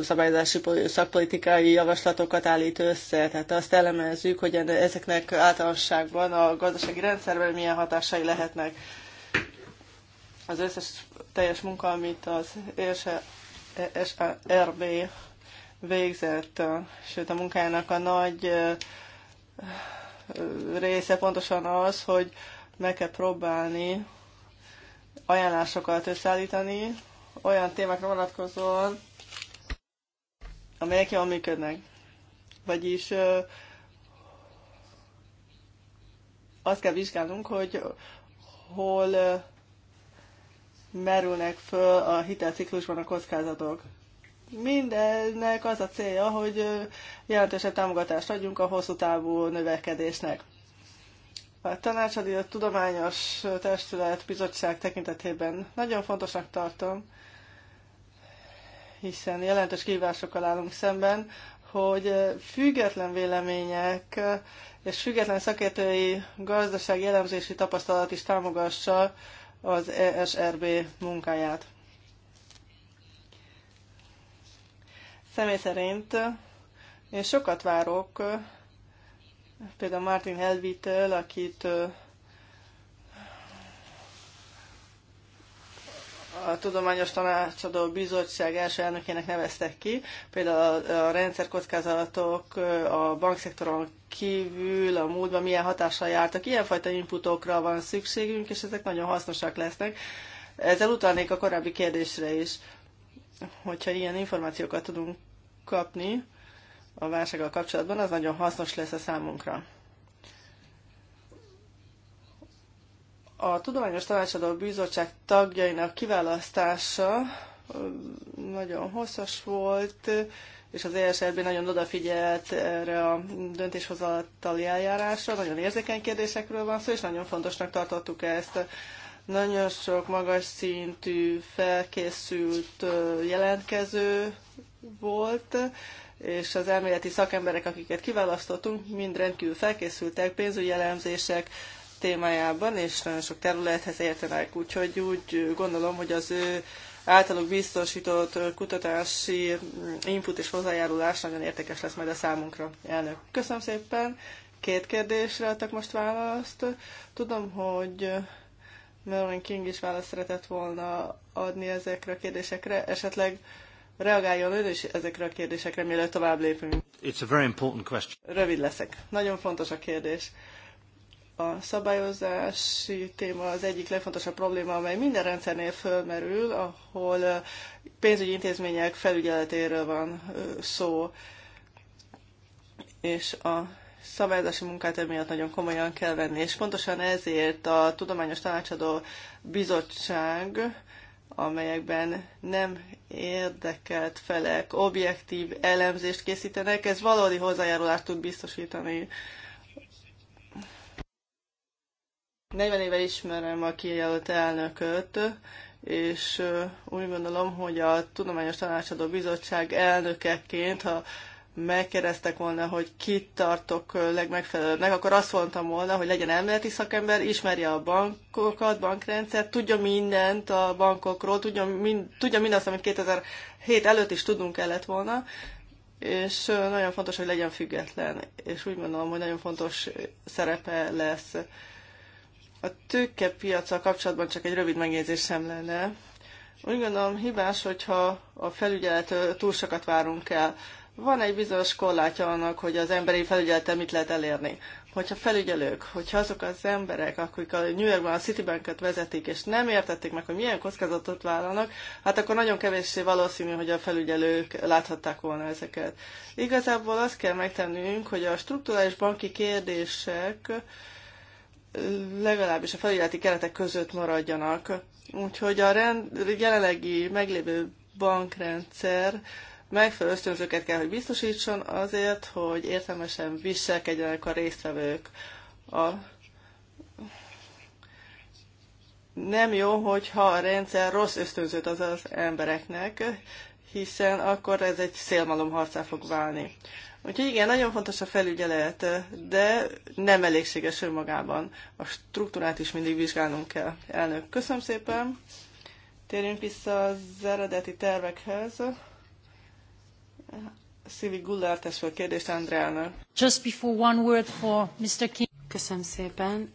szabályozási szakpolitikai javaslatokat állít össze. Tehát azt elemezzük, hogy ezeknek általánosságban a gazdasági rendszerben milyen hatásai lehetnek. Az összes teljes munka, amit az e- e RB végzett, sőt a munkájának a nagy része pontosan az, hogy meg kell próbálni ajánlásokat összeállítani olyan témákra vonatkozóan, amelyek jól működnek. Vagyis azt kell vizsgálnunk, hogy hol merülnek föl a hitelciklusban a kockázatok. Mindennek az a célja, hogy jelentősebb támogatást adjunk a hosszú távú növekedésnek. A tanácsadó tudományos testület bizottság tekintetében nagyon fontosnak tartom, hiszen jelentős kívásokkal állunk szemben, hogy független vélemények és független szakértői gazdasági elemzési tapasztalat is támogassa az ESRB munkáját. Személy szerint én sokat várok például Martin Helvitől, akit a Tudományos Tanácsadó Bizottság első elnökének neveztek ki, például a, a rendszerkockázatok a bankszektoron kívül a múltban milyen hatással jártak. Ilyenfajta inputokra van szükségünk, és ezek nagyon hasznosak lesznek. Ezzel utalnék a korábbi kérdésre is, hogyha ilyen információkat tudunk kapni a válsággal kapcsolatban, az nagyon hasznos lesz a számunkra. A Tudományos Tanácsadó Bizottság tagjainak kiválasztása nagyon hosszas volt, és az ESRB nagyon odafigyelt erre a döntéshozatali eljárásra, nagyon érzékeny kérdésekről van szó, és nagyon fontosnak tartottuk ezt. Nagyon sok magas szintű, felkészült jelentkező volt, és az elméleti szakemberek, akiket kiválasztottunk, mind rendkívül felkészültek, pénzügyi jellemzések, témájában, és nagyon sok területhez értenek, úgyhogy úgy gondolom, hogy az ő általuk biztosított kutatási input és hozzájárulás nagyon értékes lesz majd a számunkra. Elnök, köszönöm szépen. Két kérdésre adtak most választ. Tudom, hogy Melvin King is választ szeretett volna adni ezekre a kérdésekre. Esetleg reagáljon ön is ezekre a kérdésekre, mielőtt tovább lépünk. It's a very important question. Rövid leszek. Nagyon fontos a kérdés a szabályozási téma az egyik legfontosabb probléma, amely minden rendszernél fölmerül, ahol pénzügyi intézmények felügyeletéről van szó, és a szabályozási munkát emiatt nagyon komolyan kell venni, és pontosan ezért a Tudományos Tanácsadó Bizottság, amelyekben nem érdekelt felek objektív elemzést készítenek, ez valódi hozzájárulást tud biztosítani 40 éve ismerem a kijelölt elnököt, és úgy gondolom, hogy a Tudományos Tanácsadó Bizottság elnökeként, ha megkérdeztek volna, hogy kit tartok legmegfelelőbbnek, akkor azt mondtam volna, hogy legyen elméleti szakember, ismerje a bankokat, bankrendszert, tudja mindent a bankokról, tudja, mind, tudja mindazt, amit 2007 előtt is tudnunk kellett volna, és nagyon fontos, hogy legyen független, és úgy gondolom, hogy nagyon fontos szerepe lesz a tőkepiacsal kapcsolatban csak egy rövid megjegyzésem lenne. Úgy gondolom hibás, hogyha a felügyelet túl sokat várunk el. Van egy bizonyos korlátja annak, hogy az emberi felügyelete mit lehet elérni. Hogyha felügyelők, hogyha azok az emberek, akik a New Yorkban a Citibanket vezetik, és nem értették meg, hogy milyen kockázatot vállalnak, hát akkor nagyon kevéssé valószínű, hogy a felügyelők láthatták volna ezeket. Igazából azt kell megtennünk, hogy a strukturális banki kérdések legalábbis a felületi keretek között maradjanak. Úgyhogy a rend, jelenlegi meglévő bankrendszer megfelelő ösztönzőket kell, hogy biztosítson azért, hogy értelmesen viselkedjenek a résztvevők. A nem jó, hogyha a rendszer rossz ösztönzőt az az embereknek, hiszen akkor ez egy szélmalom harcá fog válni. Úgyhogy igen, nagyon fontos a felügyelet, de nem elégséges önmagában. A struktúrát is mindig vizsgálnunk kell. Elnök, köszönöm szépen. Térjünk vissza az eredeti tervekhez. Szívi Gullárt tesz fel kérdést Andreának. Just before one word for Mr. King. Köszönöm szépen.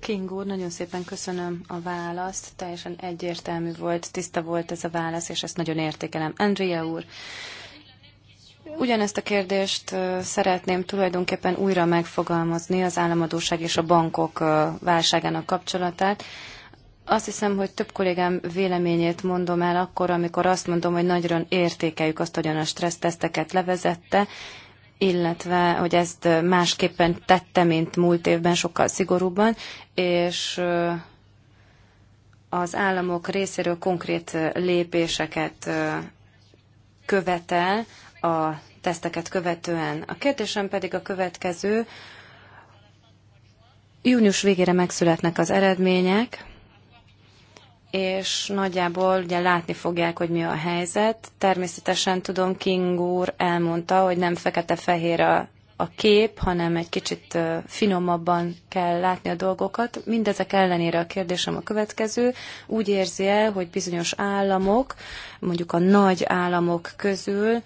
King úr, nagyon szépen köszönöm a választ. Teljesen egyértelmű volt, tiszta volt ez a válasz, és ezt nagyon értékelem. Andrea úr, Ugyanezt a kérdést szeretném tulajdonképpen újra megfogalmazni az államadóság és a bankok válságának kapcsolatát. Azt hiszem, hogy több kollégám véleményét mondom el akkor, amikor azt mondom, hogy nagyon értékeljük azt, hogyan a stresszteszteket levezette, illetve hogy ezt másképpen tette, mint múlt évben, sokkal szigorúbban, és az államok részéről konkrét lépéseket követel a teszteket követően. A kérdésem pedig a következő. Június végére megszületnek az eredmények, és nagyjából ugye látni fogják, hogy mi a helyzet. Természetesen tudom, King úr elmondta, hogy nem fekete-fehér a, a kép, hanem egy kicsit finomabban kell látni a dolgokat. Mindezek ellenére a kérdésem a következő. Úgy érzi el, hogy bizonyos államok, mondjuk a nagy államok közül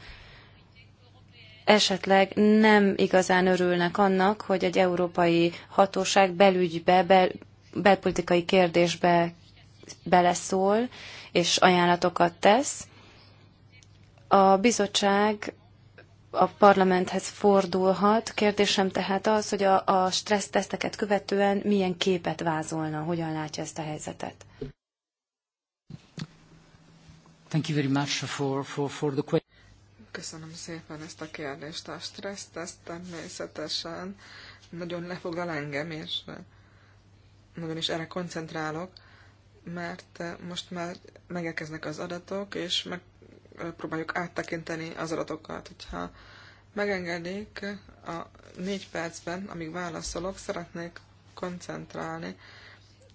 esetleg nem igazán örülnek annak, hogy egy európai hatóság belügybe, bel, belpolitikai kérdésbe beleszól, és ajánlatokat tesz. A bizottság a parlamenthez fordulhat. Kérdésem tehát az, hogy a, a stresszteszteket követően milyen képet vázolna, hogyan látja ezt a helyzetet. Thank you very much for, for, for the question. Köszönöm szépen ezt a kérdést. A stresszteszt természetesen nagyon lefoglal engem, és nagyon is erre koncentrálok, mert most már megérkeznek az adatok, és megpróbáljuk áttekinteni az adatokat. Hogyha megengedik, a négy percben, amíg válaszolok, szeretnék koncentrálni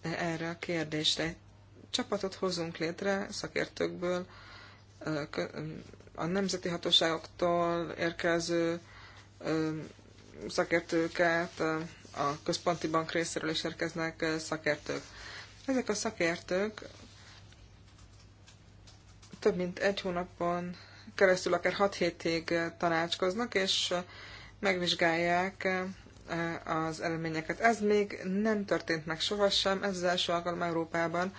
erre a kérdésre. Csapatot hozunk létre szakértőkből, a nemzeti hatóságoktól érkező szakértőket, a központi bank részéről is érkeznek szakértők. Ezek a szakértők több mint egy hónapon keresztül, akár 6 hétig tanácskoznak, és megvizsgálják az eredményeket. Ez még nem történt meg sohasem, ez az első alkalom Európában,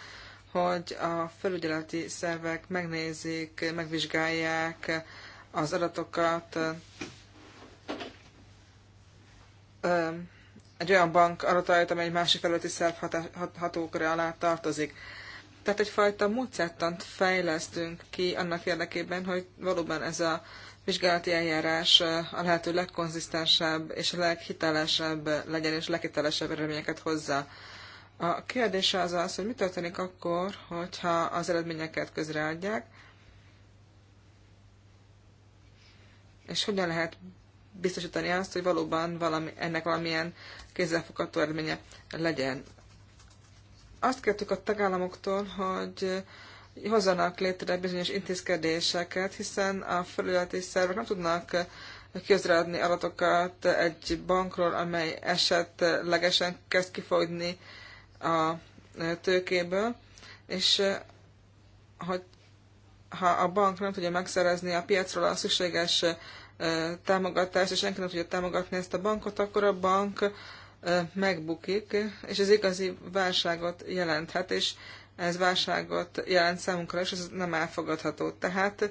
hogy a felügyeleti szervek megnézik, megvizsgálják az adatokat egy olyan bank adatait, amely egy másik felületi szerv hatóköré alá tartozik. Tehát egyfajta módszertant fejlesztünk ki annak érdekében, hogy valóban ez a vizsgálati eljárás a lehető legkonzisztensebb és a leghitelesebb legyen, és leghitelesebb eredményeket hozza. A kérdés az az, hogy mi történik akkor, hogyha az eredményeket közreadják, és hogyan lehet biztosítani azt, hogy valóban valami, ennek valamilyen kézzelfogható eredménye legyen. Azt kértük a tagállamoktól, hogy hozzanak létre bizonyos intézkedéseket, hiszen a felületi szervek nem tudnak közreadni adatokat egy bankról, amely esetlegesen kezd kifogyni a e, tőkéből, és e, hogy ha a bank nem tudja megszerezni a piacról a szükséges e, támogatást, és senki nem tudja támogatni ezt a bankot, akkor a bank megbukik, és ez igazi válságot jelenthet, és ez válságot jelent számunkra, és ez nem elfogadható. Tehát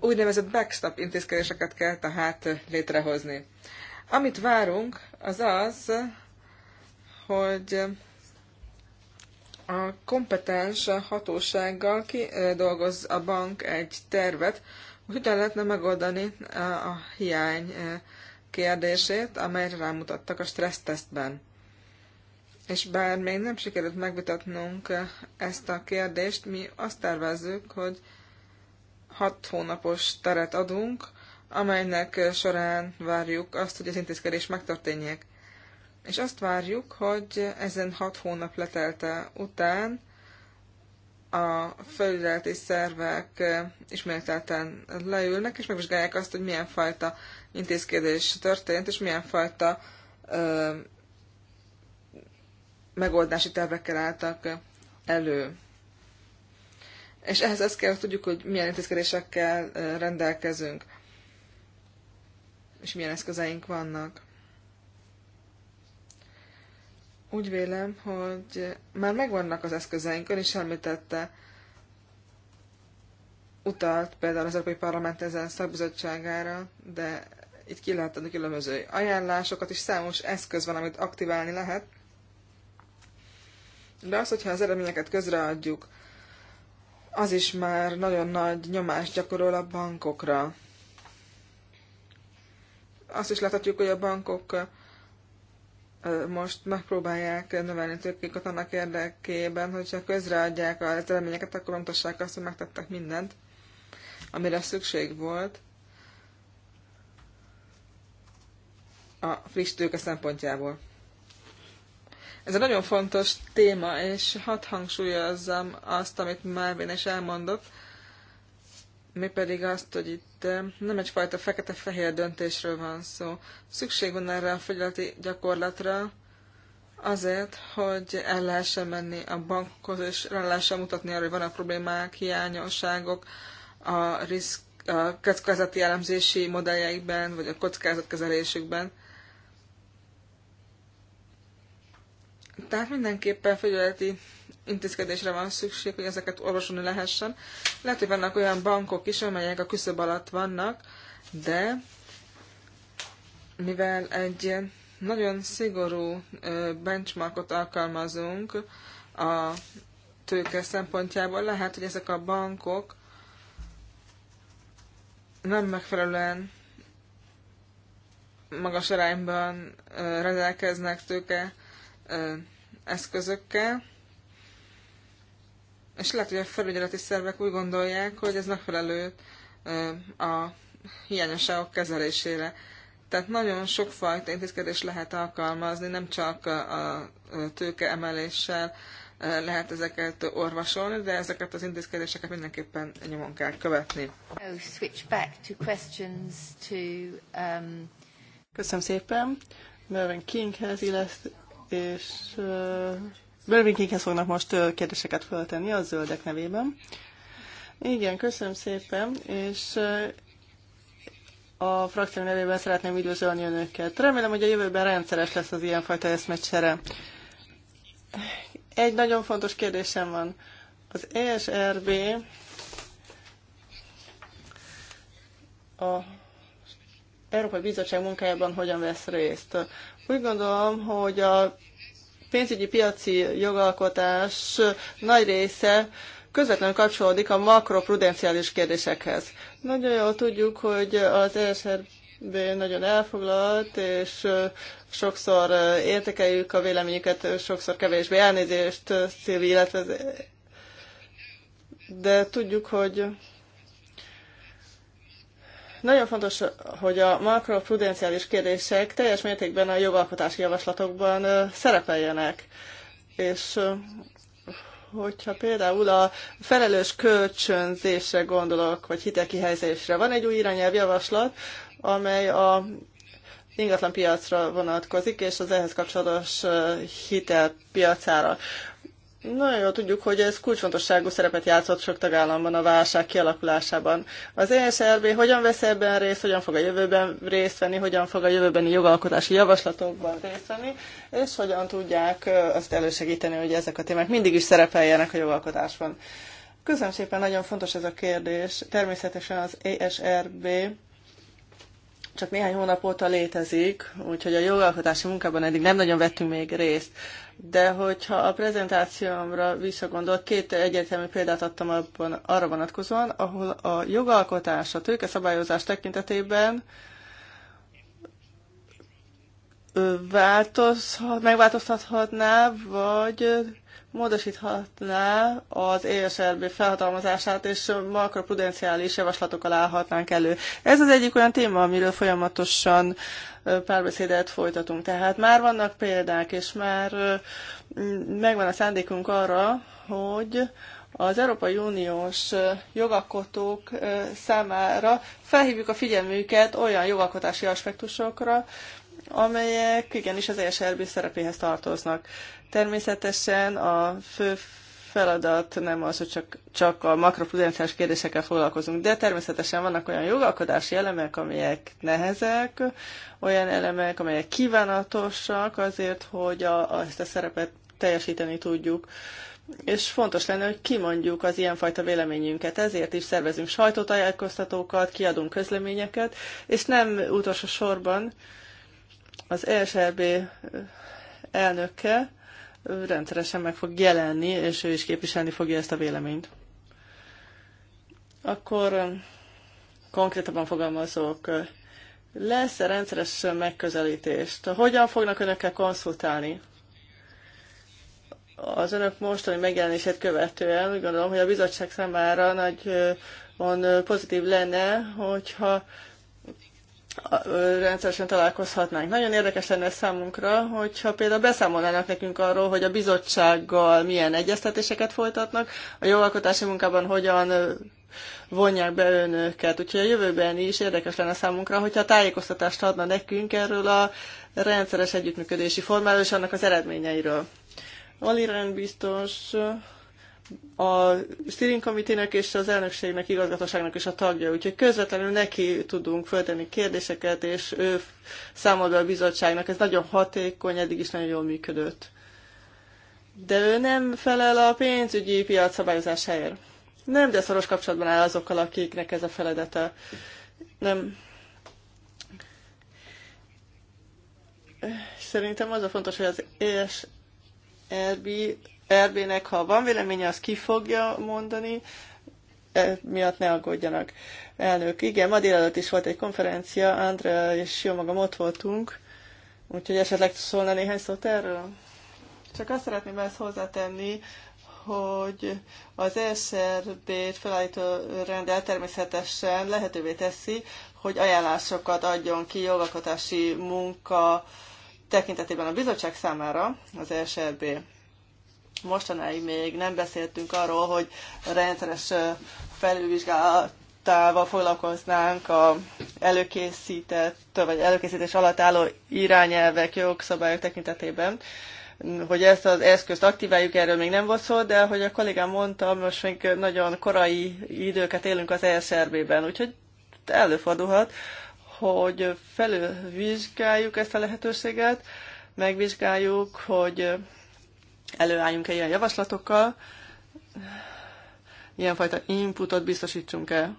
úgynevezett backstop intézkedéseket kell tehát létrehozni. Amit várunk, az az, hogy a kompetens hatósággal ki dolgoz a bank egy tervet, hogy hogyan lehetne megoldani a hiány kérdését, amelyre rámutattak a stressztesztben. És bár még nem sikerült megvitatnunk ezt a kérdést, mi azt tervezzük, hogy hat hónapos teret adunk, amelynek során várjuk azt, hogy az intézkedés megtörténjék. És azt várjuk, hogy ezen hat hónap letelte után a felületi szervek ismételten leülnek, és megvizsgálják azt, hogy milyen fajta intézkedés történt, és milyen fajta ö, megoldási tervekkel álltak elő. És ehhez azt kell, hogy tudjuk, hogy milyen intézkedésekkel rendelkezünk és milyen eszközeink vannak. Úgy vélem, hogy már megvannak az eszközeink, ön is említette, utalt például az Európai Parlament ezen szakbizottságára, de itt ki lehet adni különböző ajánlásokat, és számos eszköz van, amit aktiválni lehet. De az, hogyha az eredményeket közreadjuk, az is már nagyon nagy nyomást gyakorol a bankokra azt is láthatjuk, hogy a bankok most megpróbálják növelni tőkéket annak érdekében, hogyha közreadják a eredményeket, akkor mutassák azt, hogy megtettek mindent, amire szükség volt a friss tőke szempontjából. Ez egy nagyon fontos téma, és hadd hangsúlyozzam azt, amit Melvin is elmondott, mi pedig azt, hogy itt eh, nem egyfajta fekete-fehér döntésről van szó. Szükség van erre a fogyalati gyakorlatra azért, hogy el lehessen menni a bankokhoz, és rá lehessen mutatni arra, hogy vannak problémák, hiányosságok a, risk, a kockázati elemzési modelljeikben, vagy a kockázatkezelésükben. Tehát mindenképpen fogyalati intézkedésre van szükség, hogy ezeket orvosolni lehessen. Lehet, hogy vannak olyan bankok is, amelyek a küszöb alatt vannak, de mivel egy nagyon szigorú benchmarkot alkalmazunk a tőke szempontjából, lehet, hogy ezek a bankok nem megfelelően magas arányban rendelkeznek tőke eszközökkel, és lehet, hogy a felügyeleti szervek úgy gondolják, hogy ez megfelelő a hiányosságok kezelésére. Tehát nagyon sokfajta intézkedés lehet alkalmazni, nem csak a tőke emeléssel lehet ezeket orvosolni, de ezeket az intézkedéseket mindenképpen nyomon kell követni. Um, Köszönöm szépen. Mervyn Kinghez illesz, és Bölvinkinghez fognak most kérdéseket föltenni a zöldek nevében. Igen, köszönöm szépen, és a frakció nevében szeretném üdvözölni önöket. Remélem, hogy a jövőben rendszeres lesz az ilyenfajta eszmecsere. Egy nagyon fontos kérdésem van. Az ESRB a Európai Bizottság munkájában hogyan vesz részt? Úgy gondolom, hogy a pénzügyi piaci jogalkotás nagy része közvetlenül kapcsolódik a makroprudenciális kérdésekhez. Nagyon jól tudjuk, hogy az ESRB nagyon elfoglalt, és sokszor értekeljük a véleményüket, sokszor kevésbé elnézést, Szilvi, illetve de tudjuk, hogy nagyon fontos, hogy a makroprudenciális kérdések teljes mértékben a jogalkotási javaslatokban szerepeljenek. És hogyha például a felelős kölcsönzésre gondolok, vagy hitelkihelyzésre, van egy új irányelvjavaslat, amely a ingatlan piacra vonatkozik, és az ehhez kapcsolatos hitelpiacára. Nagyon jó, tudjuk, hogy ez kulcsfontosságú szerepet játszott sok tagállamban a válság kialakulásában. Az ESRB hogyan vesz ebben részt, hogyan fog a jövőben részt venni, hogyan fog a jövőbeni jogalkotási javaslatokban részt venni, és hogyan tudják azt elősegíteni, hogy ezek a témák mindig is szerepeljenek a jogalkotásban. Köszönöm szépen, nagyon fontos ez a kérdés. Természetesen az ESRB csak néhány hónap óta létezik, úgyhogy a jogalkotási munkában eddig nem nagyon vettünk még részt de hogyha a prezentációmra visszagondolt, két egyértelmű példát adtam abban, arra vonatkozóan, ahol a jogalkotás, a tőkeszabályozás tekintetében változhat, megváltoztathatná, vagy módosíthatná az ESRB felhatalmazását, és makroprudenciális javaslatokkal állhatnánk elő. Ez az egyik olyan téma, amiről folyamatosan párbeszédet folytatunk. Tehát már vannak példák, és már megvan a szándékunk arra, hogy az Európai Uniós jogalkotók számára felhívjuk a figyelmüket olyan jogalkotási aspektusokra, amelyek igenis az ESRB szerepéhez tartoznak. Természetesen a fő feladat nem az, hogy csak, csak a makroprudenciális kérdésekkel foglalkozunk, de természetesen vannak olyan jogalkodási elemek, amelyek nehezek, olyan elemek, amelyek kívánatosak azért, hogy a, a, ezt a szerepet teljesíteni tudjuk. És fontos lenne, hogy kimondjuk az ilyenfajta véleményünket. Ezért is szervezünk sajtótájékoztatókat, kiadunk közleményeket, és nem utolsó sorban az ESRB elnökkel rendszeresen meg fog jelenni, és ő is képviselni fogja ezt a véleményt. Akkor konkrétabban fogalmazok, lesz -e rendszeres megközelítést? Hogyan fognak önökkel konszultálni? Az önök mostani megjelenését követően úgy gondolom, hogy a bizottság számára van pozitív lenne, hogyha rendszeresen találkozhatnánk. Nagyon érdekes lenne számunkra, hogyha például beszámolnának nekünk arról, hogy a bizottsággal milyen egyeztetéseket folytatnak, a jogalkotási munkában hogyan vonják be önöket. Úgyhogy a jövőben is érdekes lenne számunkra, hogyha tájékoztatást adna nekünk erről a rendszeres együttműködési formáról és annak az eredményeiről. Aliren biztos a steering komitének és az elnökségnek, igazgatóságnak is a tagja, úgyhogy közvetlenül neki tudunk föltenni kérdéseket, és ő számol be a bizottságnak. Ez nagyon hatékony, eddig is nagyon jól működött. De ő nem felel a pénzügyi piac szabályozásáért. Nem, de szoros kapcsolatban áll azokkal, akiknek ez a feladata. Nem. Szerintem az a fontos, hogy az ESRB Erbének, ha van véleménye, az ki fogja mondani, e miatt ne aggódjanak. Elnök, igen, ma délelőtt is volt egy konferencia, Andrea és jó magam ott voltunk, úgyhogy esetleg szólna néhány szót erről? Csak azt szeretném ezt hozzátenni, hogy az SRD-t felállító rendel természetesen lehetővé teszi, hogy ajánlásokat adjon ki jogalkotási munka tekintetében a bizottság számára az SRB mostanáig még nem beszéltünk arról, hogy rendszeres felülvizsgálatával foglalkoznánk a előkészített, vagy előkészítés alatt álló irányelvek, jogszabályok tekintetében hogy ezt az eszközt aktiváljuk, erről még nem volt szó, de ahogy a kollégám mondta, most még nagyon korai időket élünk az ESRB-ben, úgyhogy előfordulhat, hogy felülvizsgáljuk ezt a lehetőséget, megvizsgáljuk, hogy előálljunk-e ilyen javaslatokkal, ilyenfajta inputot biztosítsunk-e.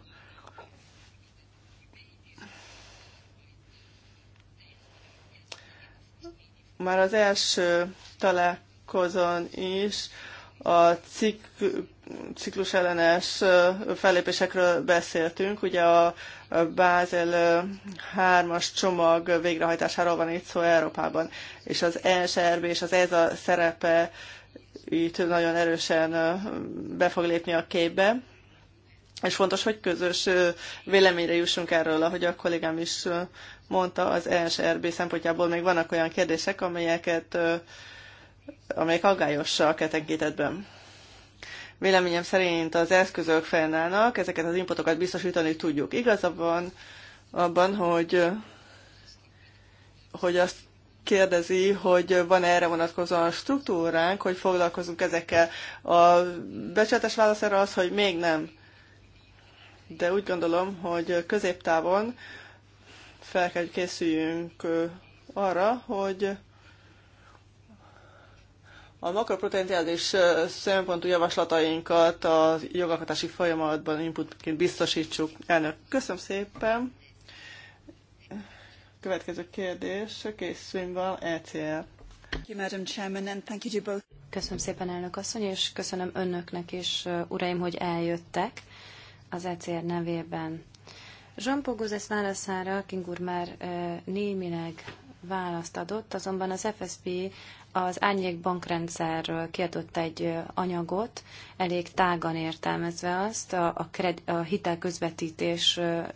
Már az első találkozón is a cikk ciklus ellenes fellépésekről beszéltünk. Ugye a Bázel 3-as csomag végrehajtásáról van itt szó Európában, és az ESRB és az ez a szerepe itt nagyon erősen be fog lépni a képbe. És fontos, hogy közös véleményre jussunk erről, ahogy a kollégám is mondta, az ESRB szempontjából még vannak olyan kérdések, amelyeket amelyek aggályosak a tekintetben. Véleményem szerint az eszközök fennállnak, ezeket az inputokat biztosítani tudjuk. Igazabban abban, hogy, hogy azt kérdezi, hogy van -e erre vonatkozóan struktúránk, hogy foglalkozunk ezekkel. A becsületes válasz erre az, hogy még nem. De úgy gondolom, hogy középtávon fel kell készüljünk arra, hogy a makropotenciális szempontú javaslatainkat a jogalkotási folyamatban inputként biztosítsuk. Elnök, köszönöm szépen. Következő kérdés, Kész van ECR. Köszönöm szépen, elnök asszony, és köszönöm önöknek is, uraim, hogy eljöttek az ECR nevében. Jean Pogozes válaszára Kingur már némileg választ adott, azonban az FSB az árnyék bankrendszerről kiadott egy anyagot, elég tágan értelmezve azt, a, a, kred, a közvetítésre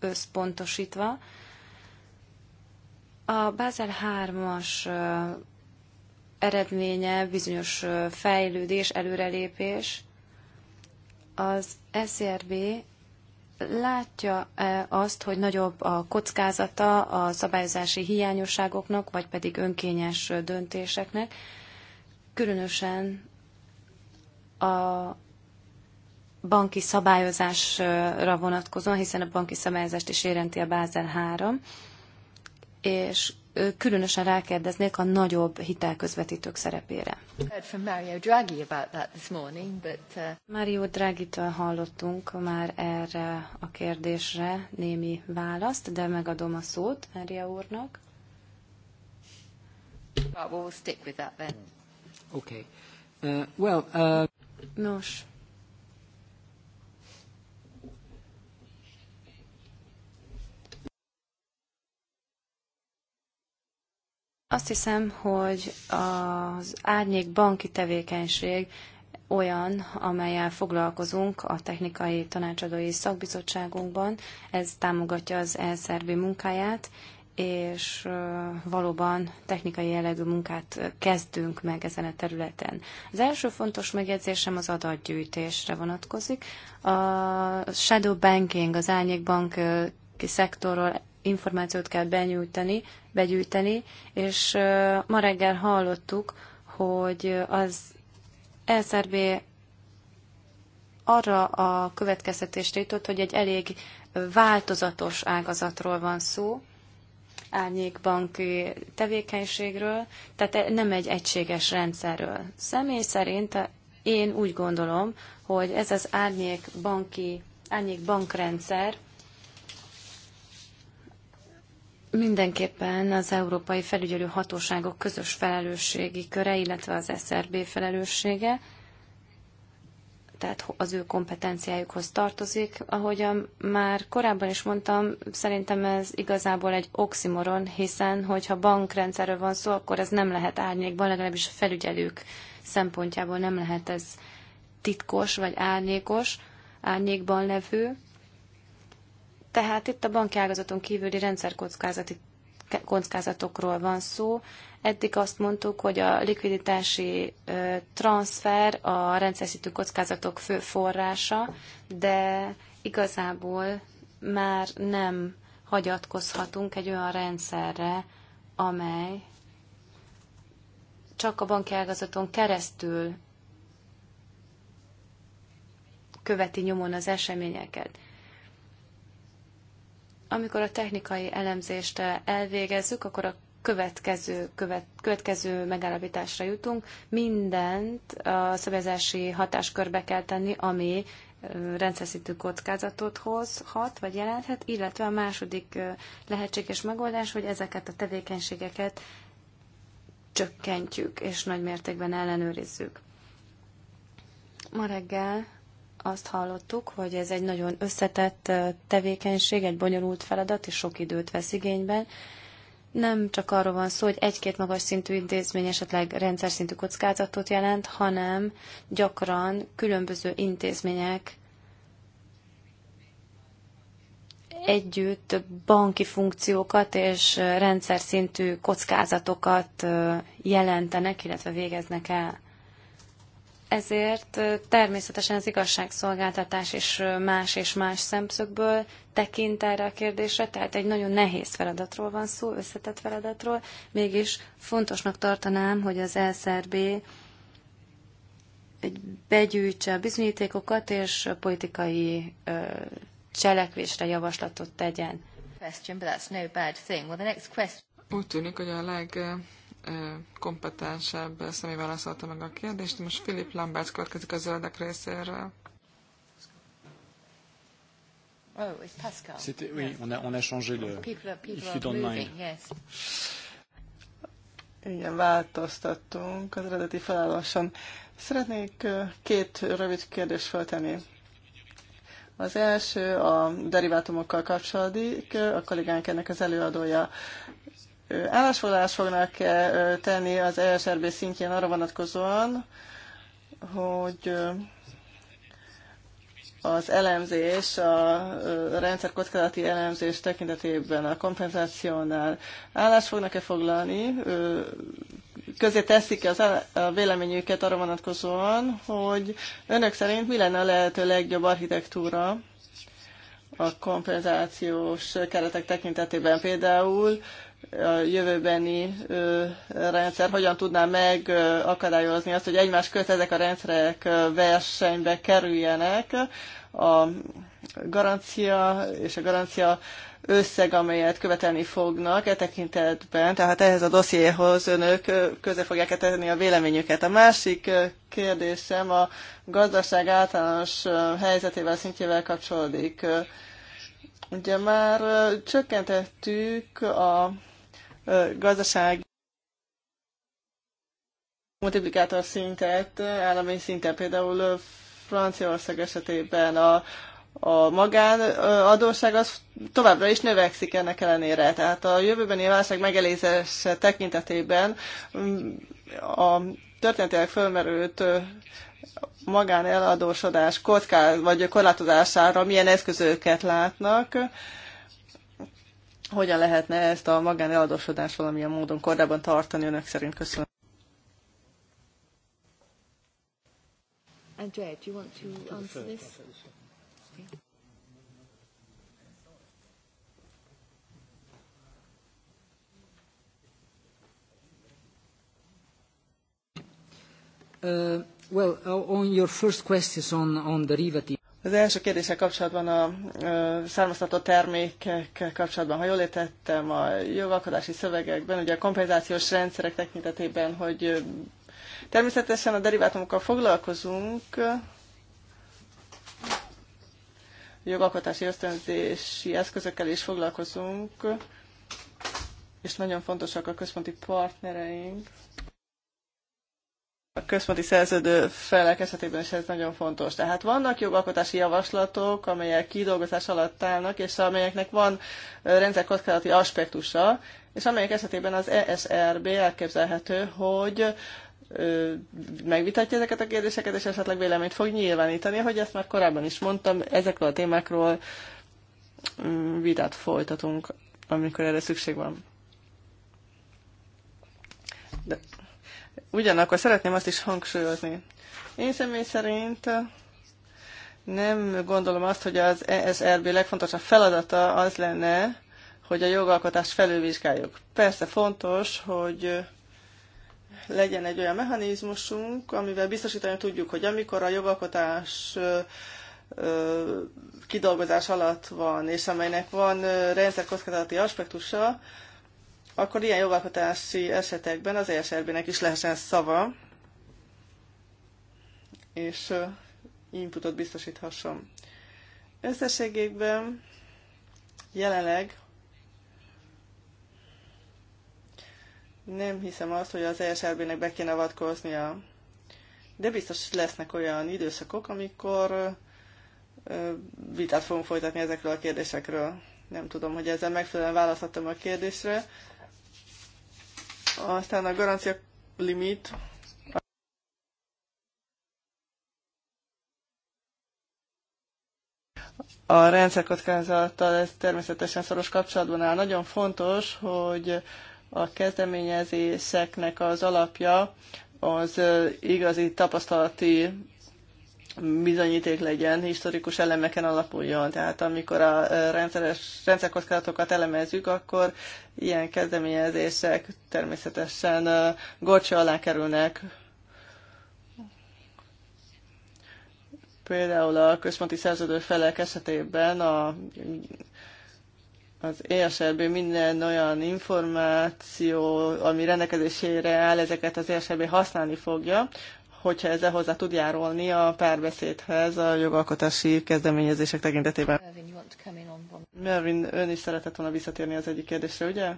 összpontosítva. A Bázel 3-as eredménye bizonyos fejlődés, előrelépés. Az SZRB látja -e azt, hogy nagyobb a kockázata a szabályozási hiányosságoknak, vagy pedig önkényes döntéseknek, különösen a banki szabályozásra vonatkozóan, hiszen a banki szabályozást is érinti a Bázel 3, és különösen rákérdeznék a nagyobb hitelközvetítők szerepére. Mario Draghi uh, Mario Draghi-től hallottunk már erre a kérdésre némi választ, de megadom a szót Maria úrnak. well, we'll stick with that then. Okay. Uh, well, uh... Nos, Azt hiszem, hogy az árnyék banki tevékenység olyan, amelyel foglalkozunk a technikai tanácsadói szakbizottságunkban. Ez támogatja az elszervi munkáját, és valóban technikai jellegű munkát kezdünk meg ezen a területen. Az első fontos megjegyzésem az adatgyűjtésre vonatkozik. A shadow banking, az árnyékbank szektorról információt kell benyújtani begyűjteni, és ma reggel hallottuk, hogy az e SRB arra a következtetést jutott, hogy egy elég változatos ágazatról van szó, árnyékbanki tevékenységről, tehát nem egy egységes rendszerről. Személy szerint én úgy gondolom, hogy ez az árnyékbanki, árnyékbankrendszer Mindenképpen az Európai Felügyelő Hatóságok közös felelősségi köre, illetve az SRB felelőssége, tehát az ő kompetenciájukhoz tartozik. Ahogy már korábban is mondtam, szerintem ez igazából egy oximoron, hiszen hogyha bankrendszerről van szó, akkor ez nem lehet árnyékban, legalábbis a felügyelők szempontjából nem lehet ez titkos vagy árnyékos, árnyékban levő. Tehát itt a banki ágazaton kívüli rendszerkockázati kockázatokról van szó. Eddig azt mondtuk, hogy a likviditási transfer a rendszerszintű kockázatok fő forrása, de igazából már nem hagyatkozhatunk egy olyan rendszerre, amely csak a banki ágazaton keresztül követi nyomon az eseményeket. Amikor a technikai elemzést eh, elvégezzük, akkor a következő, követ, következő megállapításra jutunk. Mindent a szabályozási hatáskörbe kell tenni, ami eh, rendszerszintű kockázatot hozhat, vagy jelenthet, illetve a második eh, lehetséges megoldás, hogy ezeket a tevékenységeket csökkentjük és nagymértékben ellenőrizzük. Ma reggel azt hallottuk, hogy ez egy nagyon összetett tevékenység, egy bonyolult feladat, és sok időt vesz igényben. Nem csak arról van szó, hogy egy-két magas szintű intézmény esetleg rendszer szintű kockázatot jelent, hanem gyakran különböző intézmények együtt banki funkciókat és rendszer szintű kockázatokat jelentenek, illetve végeznek el ezért természetesen az igazságszolgáltatás is más és más szemszögből tekint erre a kérdésre, tehát egy nagyon nehéz feladatról van szó, összetett feladatról, mégis fontosnak tartanám, hogy az LSRB begyűjtse a bizonyítékokat, és politikai cselekvésre javaslatot tegyen. Úgy tűnik, hogy a leg kompetensebb személy válaszolta meg a kérdést. Most Filip Lambert következik a zöldek részéről. Oh, it's Pascal. C'était, oui, on a, on a changé le. Igen, változtattunk az eredeti felálláson. Szeretnék két rövid kérdést feltenni. Az első a derivátumokkal kapcsolódik, a kollégánk ennek az előadója állásfoglalást fognak tenni az ESRB szintjén arra vonatkozóan, hogy az elemzés, a rendszer kockázati elemzés tekintetében a kompenzációnál állást fognak-e foglalni, közé teszik az a véleményüket arra vonatkozóan, hogy önök szerint mi lenne a lehető legjobb architektúra a kompenzációs keretek tekintetében például a jövőbeni rendszer hogyan tudná megakadályozni azt, hogy egymás közt ezek a rendszerek versenybe kerüljenek. A garancia és a garancia összeg, amelyet követelni fognak e tekintetben, tehát ehhez a dossziéhoz önök közé fogják tenni a véleményüket. A másik kérdésem a gazdaság általános helyzetével, szintjével kapcsolódik. Ugye már csökkentettük a gazdaság multiplikátor szintet, állami szinten például Franciaország esetében a, a magánadóság az továbbra is növekszik ennek ellenére. Tehát a jövőbeni válság megelőzés tekintetében a történetileg fölmerült magáneladósodás kockáz, vagy korlátozására milyen eszközöket látnak, hogyan lehetne ezt a eladósodást valamilyen módon korábban tartani önök szerint? Köszönöm. Andrea, do you want to answer this? Uh, well, uh, on your first questions on, on derivative. Az első kérdéssel kapcsolatban a származtatott termékekkel kapcsolatban, ha jól értettem, a jogalkotási szövegekben, ugye a kompenzációs rendszerek tekintetében, hogy természetesen a derivátumokkal foglalkozunk, jogalkotási ösztönzési eszközökkel is foglalkozunk, és nagyon fontosak a központi partnereink a központi szerződő felek esetében is ez nagyon fontos. Tehát vannak jogalkotási javaslatok, amelyek kidolgozás alatt állnak, és amelyeknek van rendszerkockázati aspektusa, és amelyek esetében az ESRB elképzelhető, hogy megvitatja ezeket a kérdéseket, és esetleg véleményt fog nyilvánítani, hogy ezt már korábban is mondtam, ezekről a témákról mm, vitát folytatunk, amikor erre szükség van. De Ugyanakkor szeretném azt is hangsúlyozni. Én személy szerint nem gondolom azt, hogy az ESRB legfontosabb feladata az lenne, hogy a jogalkotást felülvizsgáljuk. Persze fontos, hogy legyen egy olyan mechanizmusunk, amivel biztosítani tudjuk, hogy amikor a jogalkotás kidolgozás alatt van, és amelynek van rendszerkockázati aspektusa, akkor ilyen jogalkotási esetekben az ESRB-nek is lehessen szava, és inputot biztosíthasson. Összességében jelenleg nem hiszem azt, hogy az ESRB-nek be kéne avatkoznia, de biztos lesznek olyan időszakok, amikor vitát fogunk folytatni ezekről a kérdésekről. Nem tudom, hogy ezzel megfelelően választottam a kérdésre, aztán a garancia limit, a rendszerkockázattal ez természetesen szoros kapcsolatban áll. Nagyon fontos, hogy a kezdeményezéseknek az alapja az igazi tapasztalati bizonyíték legyen, historikus elemeken alapuljon. Tehát amikor a rendszeres, rendszerkockázatokat elemezzük, akkor ilyen kezdeményezések természetesen gorcsa alá kerülnek. Például a központi szerződő felek esetében a az ESRB minden olyan információ, ami rendelkezésére áll, ezeket az ESRB használni fogja, hogyha ezzel hozzá tud járulni a párbeszédhez a jogalkotási kezdeményezések tekintetében. Mervin, ön is szeretett volna visszatérni az egyik kérdésre, ugye?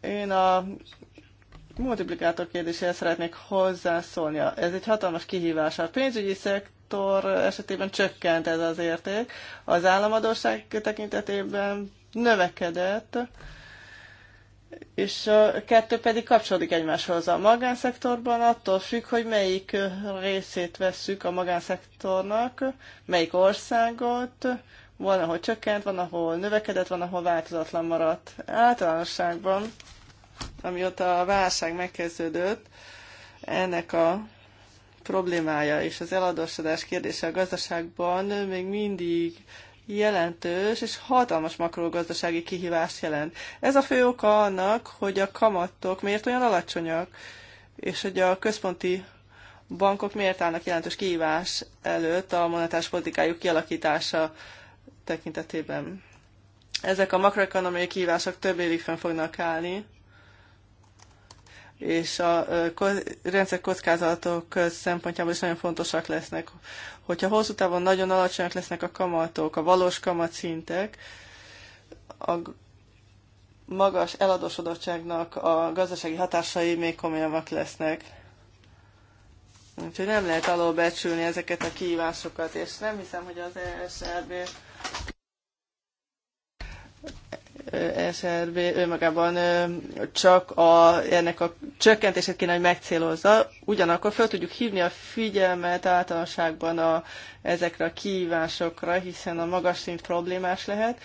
Én a multiplikátor kérdéséhez szeretnék hozzászólni. Ez egy hatalmas kihívás. A pénzügyi szektor esetében csökkent ez az érték, az államadóság tekintetében növekedett, és a kettő pedig kapcsolódik egymáshoz. A magánszektorban attól függ, hogy melyik részét vesszük a magánszektornak, melyik országot, van, ahol csökkent, van, ahol növekedett, van, ahol változatlan maradt. Általánosságban, amióta a válság megkezdődött, ennek a problémája és az eladósodás kérdése a gazdaságban még mindig jelentős és hatalmas makrogazdasági kihívást jelent. Ez a fő oka annak, hogy a kamatok miért olyan alacsonyak, és hogy a központi bankok miért állnak jelentős kihívás előtt a monetáris politikájuk kialakítása tekintetében. Ezek a makroekonomiai kihívások több évig fenn fognak állni, és a rendszer kockázatok szempontjából is nagyon fontosak lesznek. Hogyha hosszú távon nagyon alacsonyak lesznek a kamatok, a valós kamatszintek, a magas eladósodottságnak a gazdasági hatásai még komolyabbak lesznek. Úgyhogy nem lehet becsülni ezeket a kihívásokat, és nem hiszem, hogy az ESRB SRB önmagában csak a, ennek a csökkentését kéne, hogy megcélozza, ugyanakkor fel tudjuk hívni a figyelmet általánosságban a, ezekre a kihívásokra, hiszen a magas szint problémás lehet.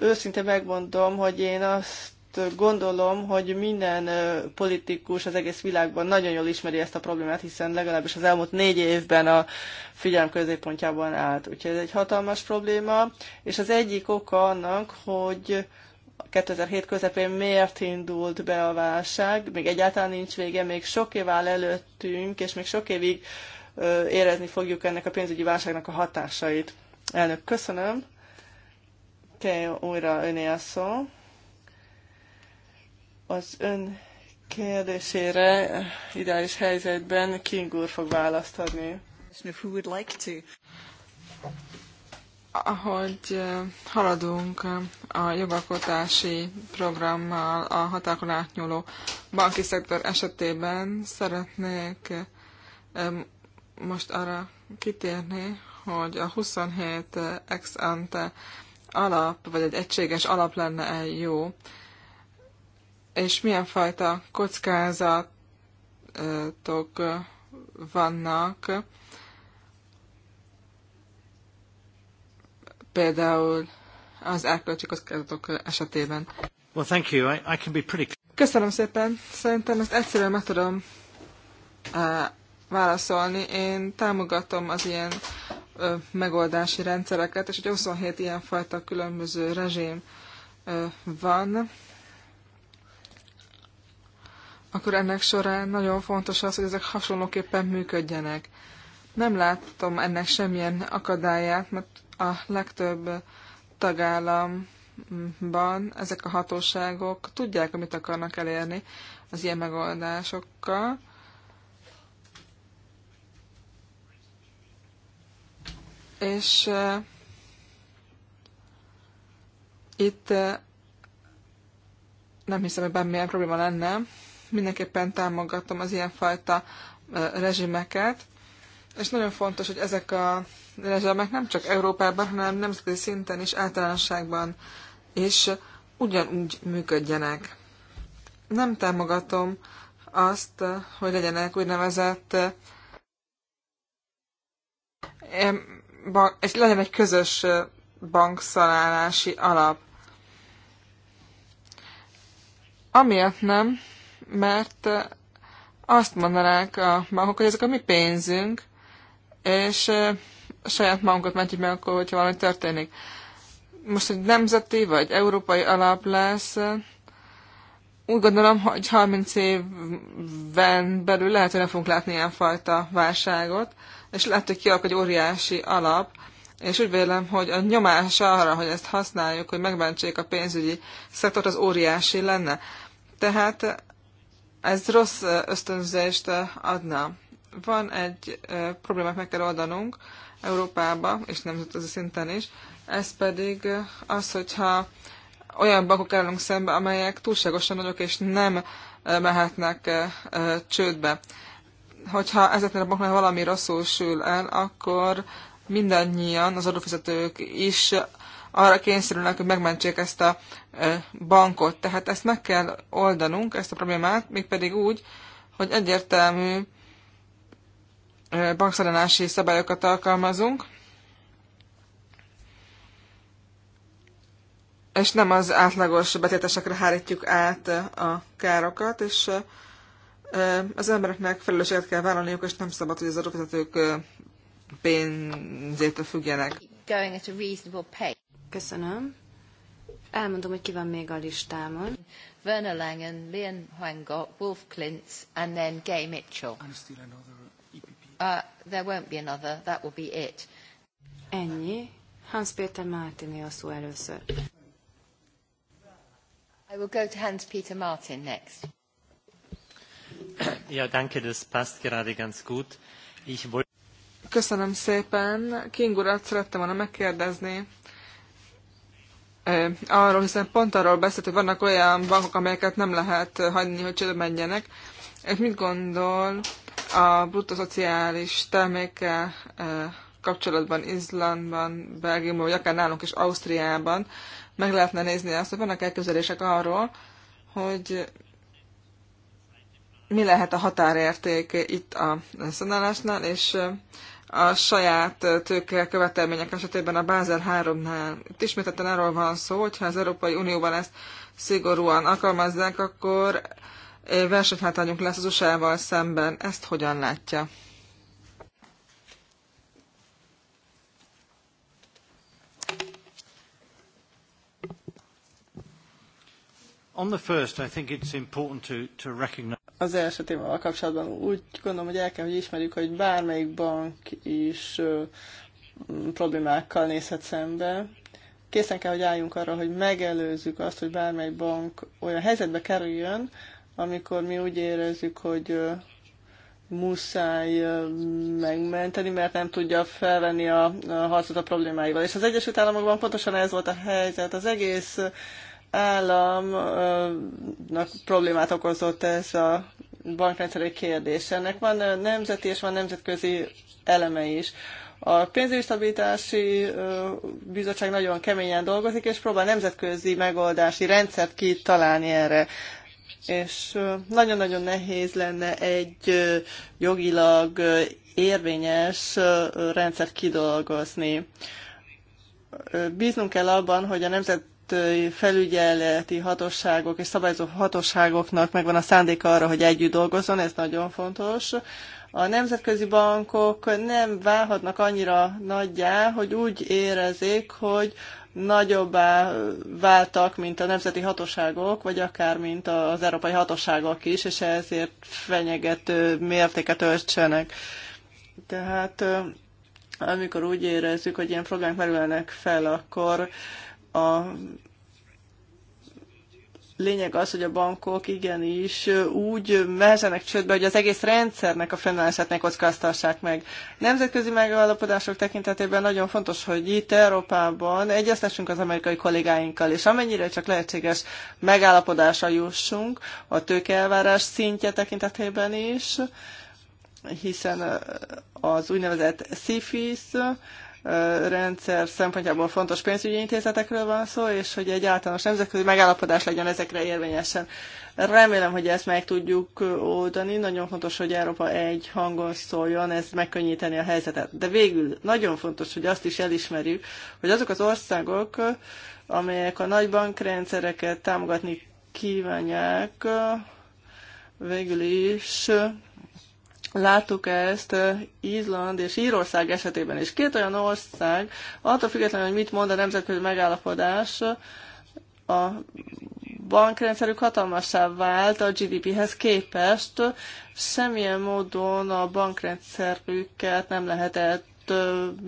Őszinte megmondom, hogy én azt gondolom, hogy minden politikus az egész világban nagyon jól ismeri ezt a problémát, hiszen legalábbis az elmúlt négy évben a figyelm középpontjában állt. Úgyhogy ez egy hatalmas probléma, és az egyik oka annak, hogy 2007 közepén miért indult be a válság, még egyáltalán nincs vége, még sok év áll előttünk, és még sok évig érezni fogjuk ennek a pénzügyi válságnak a hatásait. Elnök, köszönöm. Te újra öné a szó. Az ön kérdésére ideális helyzetben King úr fog választ adni. Ahogy eh, haladunk eh, a jogalkotási programmal a határon átnyúló banki szektor esetében, szeretnék eh, most arra kitérni, hogy a 27 ex ante alap, vagy egy egységes alap lenne -e jó és milyen fajta kockázatok vannak, például az erkölcsi kockázatok esetében. Well, thank you. I, I can be pretty... Köszönöm szépen. Szerintem ezt egyszerűen meg tudom uh, válaszolni. Én támogatom az ilyen uh, megoldási rendszereket, és hogy 27 fajta különböző rezsim uh, van, akkor ennek során nagyon fontos az, hogy ezek hasonlóképpen működjenek. Nem látom ennek semmilyen akadályát, mert a legtöbb tagállamban ezek a hatóságok tudják, amit akarnak elérni az ilyen megoldásokkal. És uh, itt uh, nem hiszem, hogy bármilyen probléma lenne, mindenképpen támogatom az ilyenfajta rezsimeket, és nagyon fontos, hogy ezek a rezsimek nem csak Európában, hanem nemzeti szinten is, általánosságban is ugyanúgy működjenek. Nem támogatom azt, hogy legyenek úgynevezett és legyen egy közös bankszalálási alap. Amiatt nem, mert azt mondanák a magunk, hogy ezek a mi pénzünk, és a saját magunkat mentjük meg akkor, hogyha valami történik. Most egy nemzeti vagy európai alap lesz, úgy gondolom, hogy 30 évben belül lehet, hogy nem fogunk látni ilyenfajta válságot, és lehet, hogy kialak egy óriási alap, és úgy vélem, hogy a nyomás arra, hogy ezt használjuk, hogy megmentsék a pénzügyi szektort, az óriási lenne. Tehát ez rossz ösztönzést adna. Van egy problémát meg kell oldanunk Európába, és nemzetközi szinten is, ez pedig az, hogyha olyan bankok állunk szembe, amelyek túlságosan nagyok és nem mehetnek csődbe. Hogyha ezeknél a banknál valami rosszul sül el, akkor mindannyian, az adófizetők is arra kényszerülnek, hogy megmentsék ezt a bankot. Tehát ezt meg kell oldanunk, ezt a problémát, mégpedig úgy, hogy egyértelmű bankszállási szabályokat alkalmazunk, és nem az átlagos betétesekre hárítjuk át a károkat, és az embereknek felelősséget kell vállalniuk, és nem szabad, hogy az adófizetők pénzétől függjenek. Köszönöm. Elmondom, hogy ki van még a listámon. Werner Langen, Leon Huangot, Wolf Klintz, and then Gay Mitchell. And still another EPP. Uh, there won't be another. That will be it. Ennyi. Hans Peter Martin a szó először. I will go to Hans Peter Martin next. Ja, danke, das passt gerade ganz gut. Ich wollte Köszönöm szépen. King urat szerettem volna megkérdezni arról, hiszen pont arról beszélt, hogy vannak olyan bankok, amelyeket nem lehet hagyni, hogy csődbe menjenek. És mit gondol a brutto szociális terméke kapcsolatban Izlandban, Belgiumban, vagy akár nálunk is Ausztriában meg lehetne nézni azt, hogy vannak elképzelések arról, hogy mi lehet a határérték itt a szanálásnál, és a saját tőke követelmények esetében a Bázer 3-nál. Itt ismételten arról van szó, hogyha az Európai Unióban ezt szigorúan alkalmazzák, akkor versenyhátrányunk lesz az USA-val szemben. Ezt hogyan látja? On the first, I think it's important to, to recognize az első témával kapcsolatban úgy gondolom, hogy el kell, hogy ismerjük, hogy bármelyik bank is problémákkal nézhet szembe. Készen kell, hogy álljunk arra, hogy megelőzzük azt, hogy bármely bank olyan helyzetbe kerüljön, amikor mi úgy érezzük, hogy muszáj megmenteni, mert nem tudja felvenni a, a harcot a problémáival. És az Egyesült Államokban pontosan ez volt a helyzet. Az egész államnak problémát okozott ez a bankrendszerű kérdés. Ennek van nemzeti és van nemzetközi eleme is. A pénzügyi stabilitási bizottság nagyon keményen dolgozik, és próbál nemzetközi megoldási rendszert kitalálni erre. És nagyon-nagyon nehéz lenne egy jogilag érvényes rendszert kidolgozni. Bíznunk kell abban, hogy a nemzet felügyeleti hatóságok és szabályozó hatóságoknak megvan a szándéka arra, hogy együtt dolgozzon, ez nagyon fontos. A nemzetközi bankok nem válhatnak annyira nagyjá, hogy úgy érezzék, hogy nagyobbá váltak, mint a nemzeti hatóságok, vagy akár mint az európai hatóságok is, és ezért fenyegető mértéket öltsenek. Tehát amikor úgy érezzük, hogy ilyen problémák merülnek fel, akkor a lényeg az, hogy a bankok igenis úgy mehesenek csődbe, hogy az egész rendszernek a fennállását ne kockáztassák meg. Nemzetközi megállapodások tekintetében nagyon fontos, hogy itt Európában egyeztessünk az amerikai kollégáinkkal, és amennyire csak lehetséges megállapodásra jussunk a tőkeelvárás szintje tekintetében is, hiszen az úgynevezett SIFIS rendszer szempontjából fontos pénzügyi intézetekről van szó, és hogy egy általános nemzetközi megállapodás legyen ezekre érvényesen. Remélem, hogy ezt meg tudjuk oldani. Nagyon fontos, hogy Európa egy hangon szóljon, ez megkönnyíteni a helyzetet. De végül nagyon fontos, hogy azt is elismerjük, hogy azok az országok, amelyek a nagybankrendszereket támogatni kívánják, végül is Láttuk ezt Izland és Írország esetében is. Két olyan ország, attól függetlenül, hogy mit mond a nemzetközi megállapodás, a bankrendszerük hatalmassá vált a GDP-hez képest, semmilyen módon a bankrendszerüket nem lehetett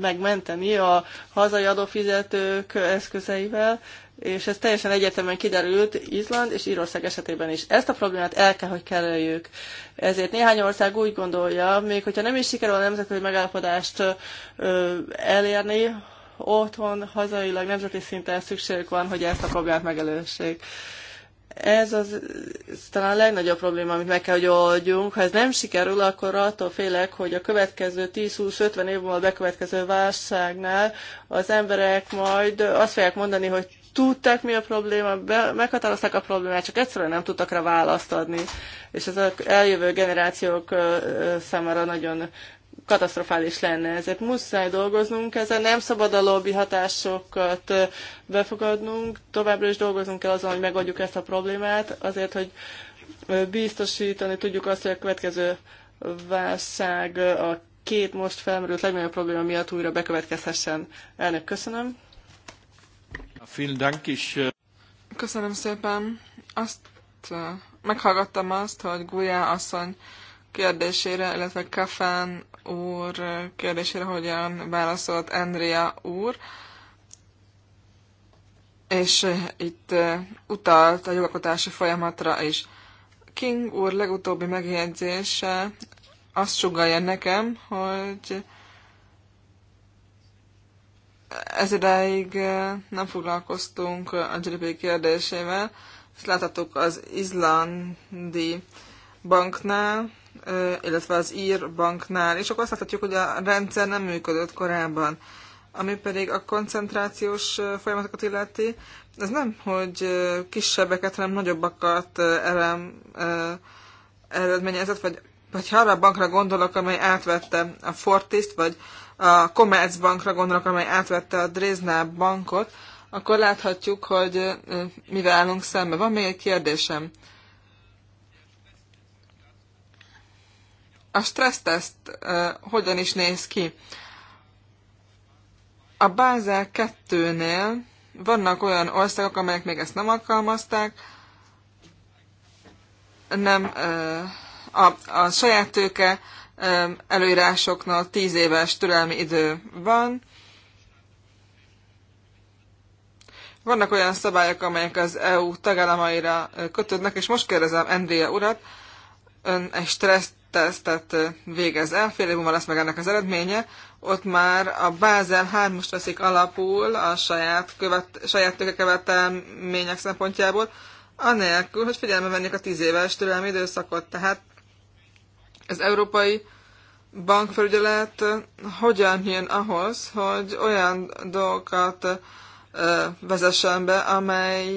megmenteni a hazai adófizetők eszközeivel, és ez teljesen egyetemen kiderült Izland és Írország esetében is. Ezt a problémát el kell, hogy kerüljük. Ezért néhány ország úgy gondolja, még hogyha nem is sikerül a nemzetközi megállapodást elérni, otthon, hazailag, nemzeti szinten szükségük van, hogy ezt a problémát megelőssék. Ez az ez talán a legnagyobb probléma, amit meg kell, hogy oldjunk. Ha ez nem sikerül, akkor attól félek, hogy a következő 10-20-50 év múlva bekövetkező válságnál az emberek majd azt fogják mondani, hogy tudták, mi a probléma, be, meghatározták a problémát, csak egyszerűen nem tudtak rá választ adni. És ez az eljövő generációk számára nagyon katasztrofális lenne. Ezért muszáj dolgoznunk ezzel, nem szabad a lobby hatásokat befogadnunk, továbbra is dolgozunk kell azon, hogy megoldjuk ezt a problémát, azért, hogy biztosítani tudjuk azt, hogy a következő válság a két most felmerült legnagyobb probléma miatt újra bekövetkezhessen. Elnök, köszönöm. Äh, Köszönöm szépen. Azt meghallgattam azt, hogy Gulyá asszony kérdésére, illetve Kafán úr kérdésére hogyan válaszolt Andrea úr, és itt utalt a jogalkotási folyamatra is. King úr legutóbbi megjegyzése azt sugalja nekem, hogy ez idáig nem foglalkoztunk a GDP kérdésével, ezt láthatók az izlandi banknál, illetve az ír banknál, és akkor azt láthatjuk, hogy a rendszer nem működött korábban. Ami pedig a koncentrációs folyamatokat illeti, ez nem, hogy kisebbeket, hanem nagyobbakat elem, eredményezett, vagy, vagy ha arra a bankra gondolok, amely átvette a Fortiszt, vagy a Commerzbankra gondolok, amely átvette a Drézná bankot, akkor láthatjuk, hogy mivel állunk szembe. Van még egy kérdésem. A stresszteszt uh, hogyan is néz ki? A Bázel 2-nél vannak olyan országok, amelyek még ezt nem alkalmazták, nem uh, a, a saját tőke előírásoknak 10 éves türelmi idő van. Vannak olyan szabályok, amelyek az EU tagállamaira kötődnek, és most kérdezem Andrea urat, ön egy stressztesztet végez el, fél év múlva lesz meg ennek az eredménye, ott már a Bázel 3 most veszik alapul a saját, követ, saját tőkekövetelmények szempontjából, anélkül, hogy figyelme vennék a 10 éves türelmi időszakot, tehát az európai bankfelügyelet hogyan jön ahhoz, hogy olyan dolgokat vezessen be, amely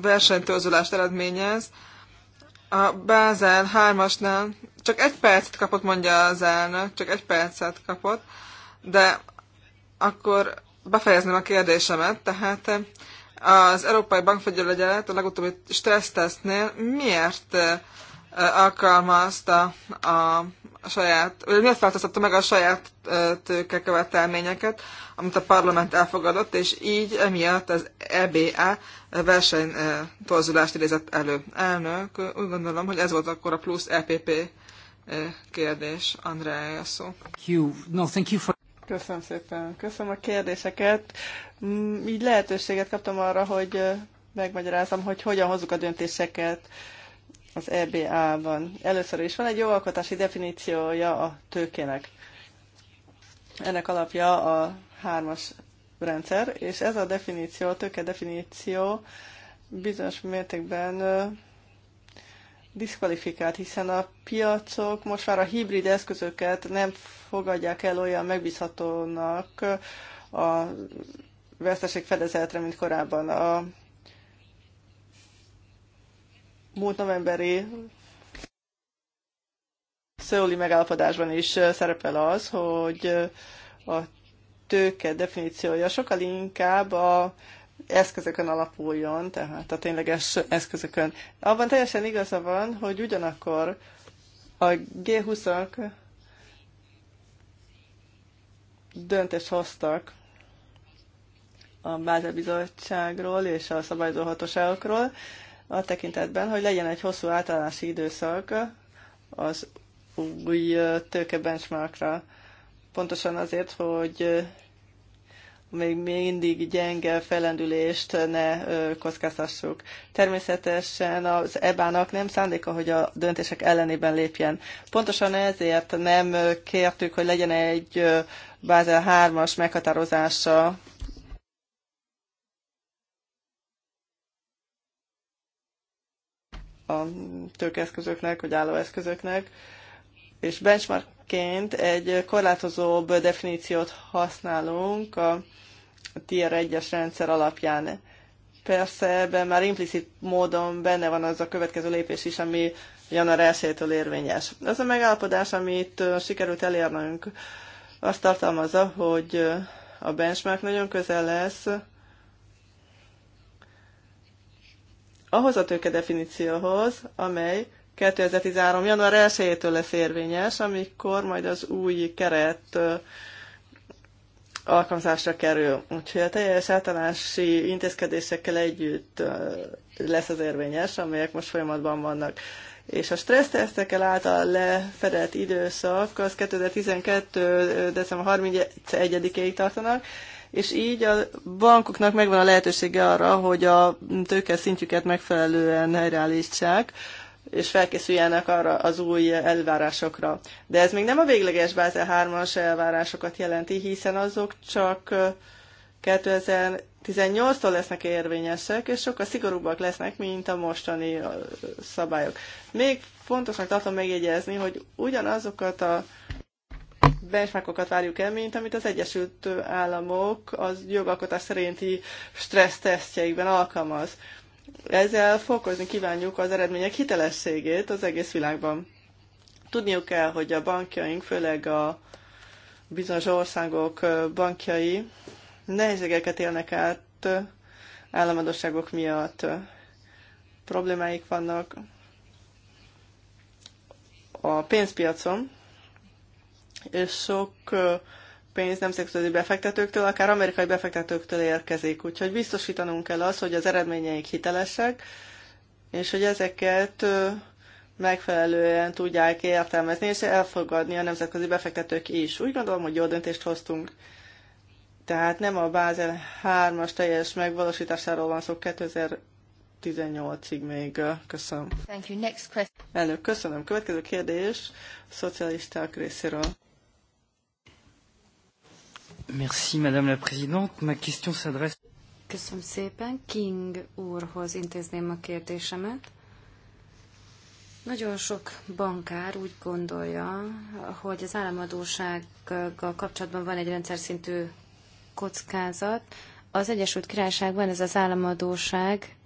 versenytőzülást eredményez. A Bázel 3-asnál csak egy percet kapott, mondja az elnök, csak egy percet kapott, de akkor befejezném a kérdésemet, tehát az Európai Bankfegyőlegyelet a legutóbbi stressztesztnél miért alkalmazta a, saját, vagy miért változtatta meg a saját tőke követelményeket, amit a parlament elfogadott, és így emiatt az EBA versenytorzulást idézett elő. Elnök, úgy gondolom, hogy ez volt akkor a plusz EPP kérdés, Andrea szó. No, thank you for... Köszönöm szépen. Köszönöm a kérdéseket. Mm, így lehetőséget kaptam arra, hogy megmagyarázom, hogy hogyan hozzuk a döntéseket az EBA-ban. Először is van egy jogalkotási definíciója a tőkének. Ennek alapja a hármas rendszer, és ez a definíció, a tőke definíció bizonyos mértékben diszkvalifikált, hiszen a piacok most már a hibrid eszközöket nem fogadják el olyan megbízhatónak a veszteségfedezetre, mint korábban. A múlt novemberi szöuli megállapodásban is szerepel az, hogy a tőke definíciója sokkal inkább a eszközökön alapuljon, tehát a tényleges eszközökön. Abban teljesen igaza van, hogy ugyanakkor a G20-ak döntést hoztak a Bázel Bizottságról és a szabályozó hatóságokról, a tekintetben, hogy legyen egy hosszú általási időszak az új tőke benchmarkra. Pontosan azért, hogy még mindig gyenge felendülést ne kockáztassuk. Természetesen az EBA-nak nem szándéka, hogy a döntések ellenében lépjen. Pontosan ezért nem kértük, hogy legyen egy Bázel 3-as meghatározása a tőkeeszközöknek, vagy állóeszközöknek, és benchmarkként egy korlátozóbb definíciót használunk a tier 1-es rendszer alapján. Persze ebben már implicit módon benne van az a következő lépés is, ami január 1-től érvényes. Az a megállapodás, amit sikerült elérnünk, azt tartalmazza, hogy a benchmark nagyon közel lesz ahhoz a tőke definícióhoz, amely 2013. január 1-től lesz érvényes, amikor majd az új keret alkalmazásra kerül. Úgyhogy a teljes általánosi intézkedésekkel együtt lesz az érvényes, amelyek most folyamatban vannak. És a stressztesztekkel által lefedett időszak az 2012. december 31-ig tartanak, és így a bankoknak megvan a lehetősége arra, hogy a tőke szintjüket megfelelően helyreállítsák, és felkészüljenek arra az új elvárásokra. De ez még nem a végleges Bázel 3-as elvárásokat jelenti, hiszen azok csak 2018-tól lesznek érvényesek, és sokkal szigorúbbak lesznek, mint a mostani szabályok. Még fontosnak tartom megjegyezni, hogy ugyanazokat a benchmarkokat várjuk el, mint amit az Egyesült Államok az jogalkotás szerinti stressztesztjeikben alkalmaz. Ezzel fokozni kívánjuk az eredmények hitelességét az egész világban. Tudniuk kell, hogy a bankjaink, főleg a bizonyos országok bankjai nehézségeket élnek át államadosságok miatt. Problémáik vannak a pénzpiacon, és sok pénz nemzetközi befektetőktől, akár amerikai befektetőktől érkezik. Úgyhogy biztosítanunk kell az, hogy az eredményeik hitelesek, és hogy ezeket megfelelően tudják értelmezni és elfogadni a nemzetközi befektetők is. Úgy gondolom, hogy jó döntést hoztunk. Tehát nem a Bázel 3-as teljes megvalósításáról van szó 2018-ig még. Köszönöm. Thank you. Next question. Elnök, köszönöm. Következő kérdés szocialisták részéről. Merci, Madame la Présidente. Ma question s'adresse... Köszönöm szépen. King úrhoz intézném a kérdésemet. Nagyon sok bankár úgy gondolja, hogy az államadósággal kapcsolatban van egy rendszer szintű kockázat. Az Egyesült Királyságban ez az államadóság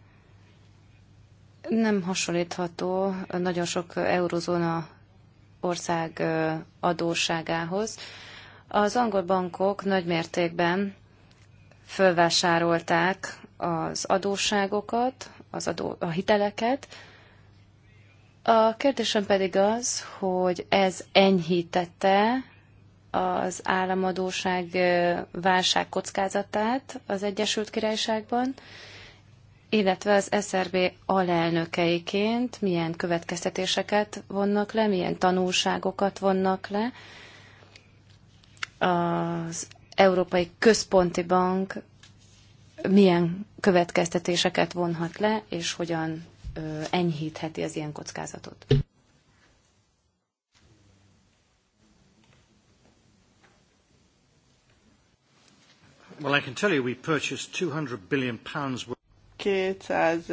nem hasonlítható nagyon sok eurozóna ország adósságához. Az angol bankok nagymértékben fölvásárolták az adósságokat, az adó, a hiteleket. A kérdésem pedig az, hogy ez enyhítette az államadóság válság kockázatát az Egyesült Királyságban, illetve az SRB alelnökeiként milyen következtetéseket vonnak le, milyen tanulságokat vonnak le, az Európai Központi Bank milyen következtetéseket vonhat le, és hogyan enyhítheti az ilyen kockázatot. Well, I can tell you we purchased 200 billion pounds worth 200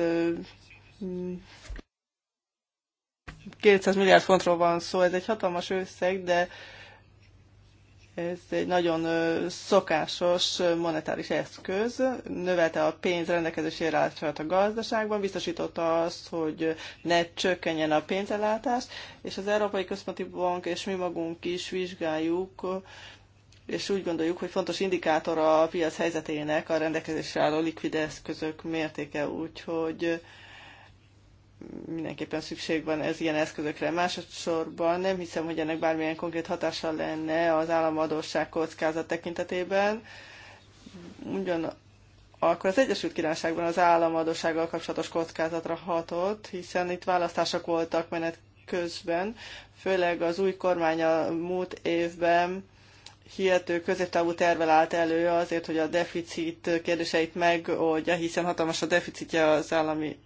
200 milliárd fontról van szó, ez egy hatalmas összeg, de ez egy nagyon szokásos monetáris eszköz, növelte a pénz rendelkezésére állását a gazdaságban, biztosította azt, hogy ne csökkenjen a pénzellátás, és az Európai Központi Bank és mi magunk is vizsgáljuk, és úgy gondoljuk, hogy fontos indikátor a piac helyzetének a rendelkezésre álló likvid eszközök mértéke, úgyhogy mindenképpen szükség van ez ilyen eszközökre. Másodszorban nem hiszem, hogy ennek bármilyen konkrét hatása lenne az államadóság kockázat tekintetében. Ugyan akkor az Egyesült Királyságban az államadósággal kapcsolatos kockázatra hatott, hiszen itt választások voltak menet közben, főleg az új kormány a múlt évben hihető középtávú tervel állt elő azért, hogy a deficit kérdéseit megoldja, hiszen hatalmas a deficitje az állami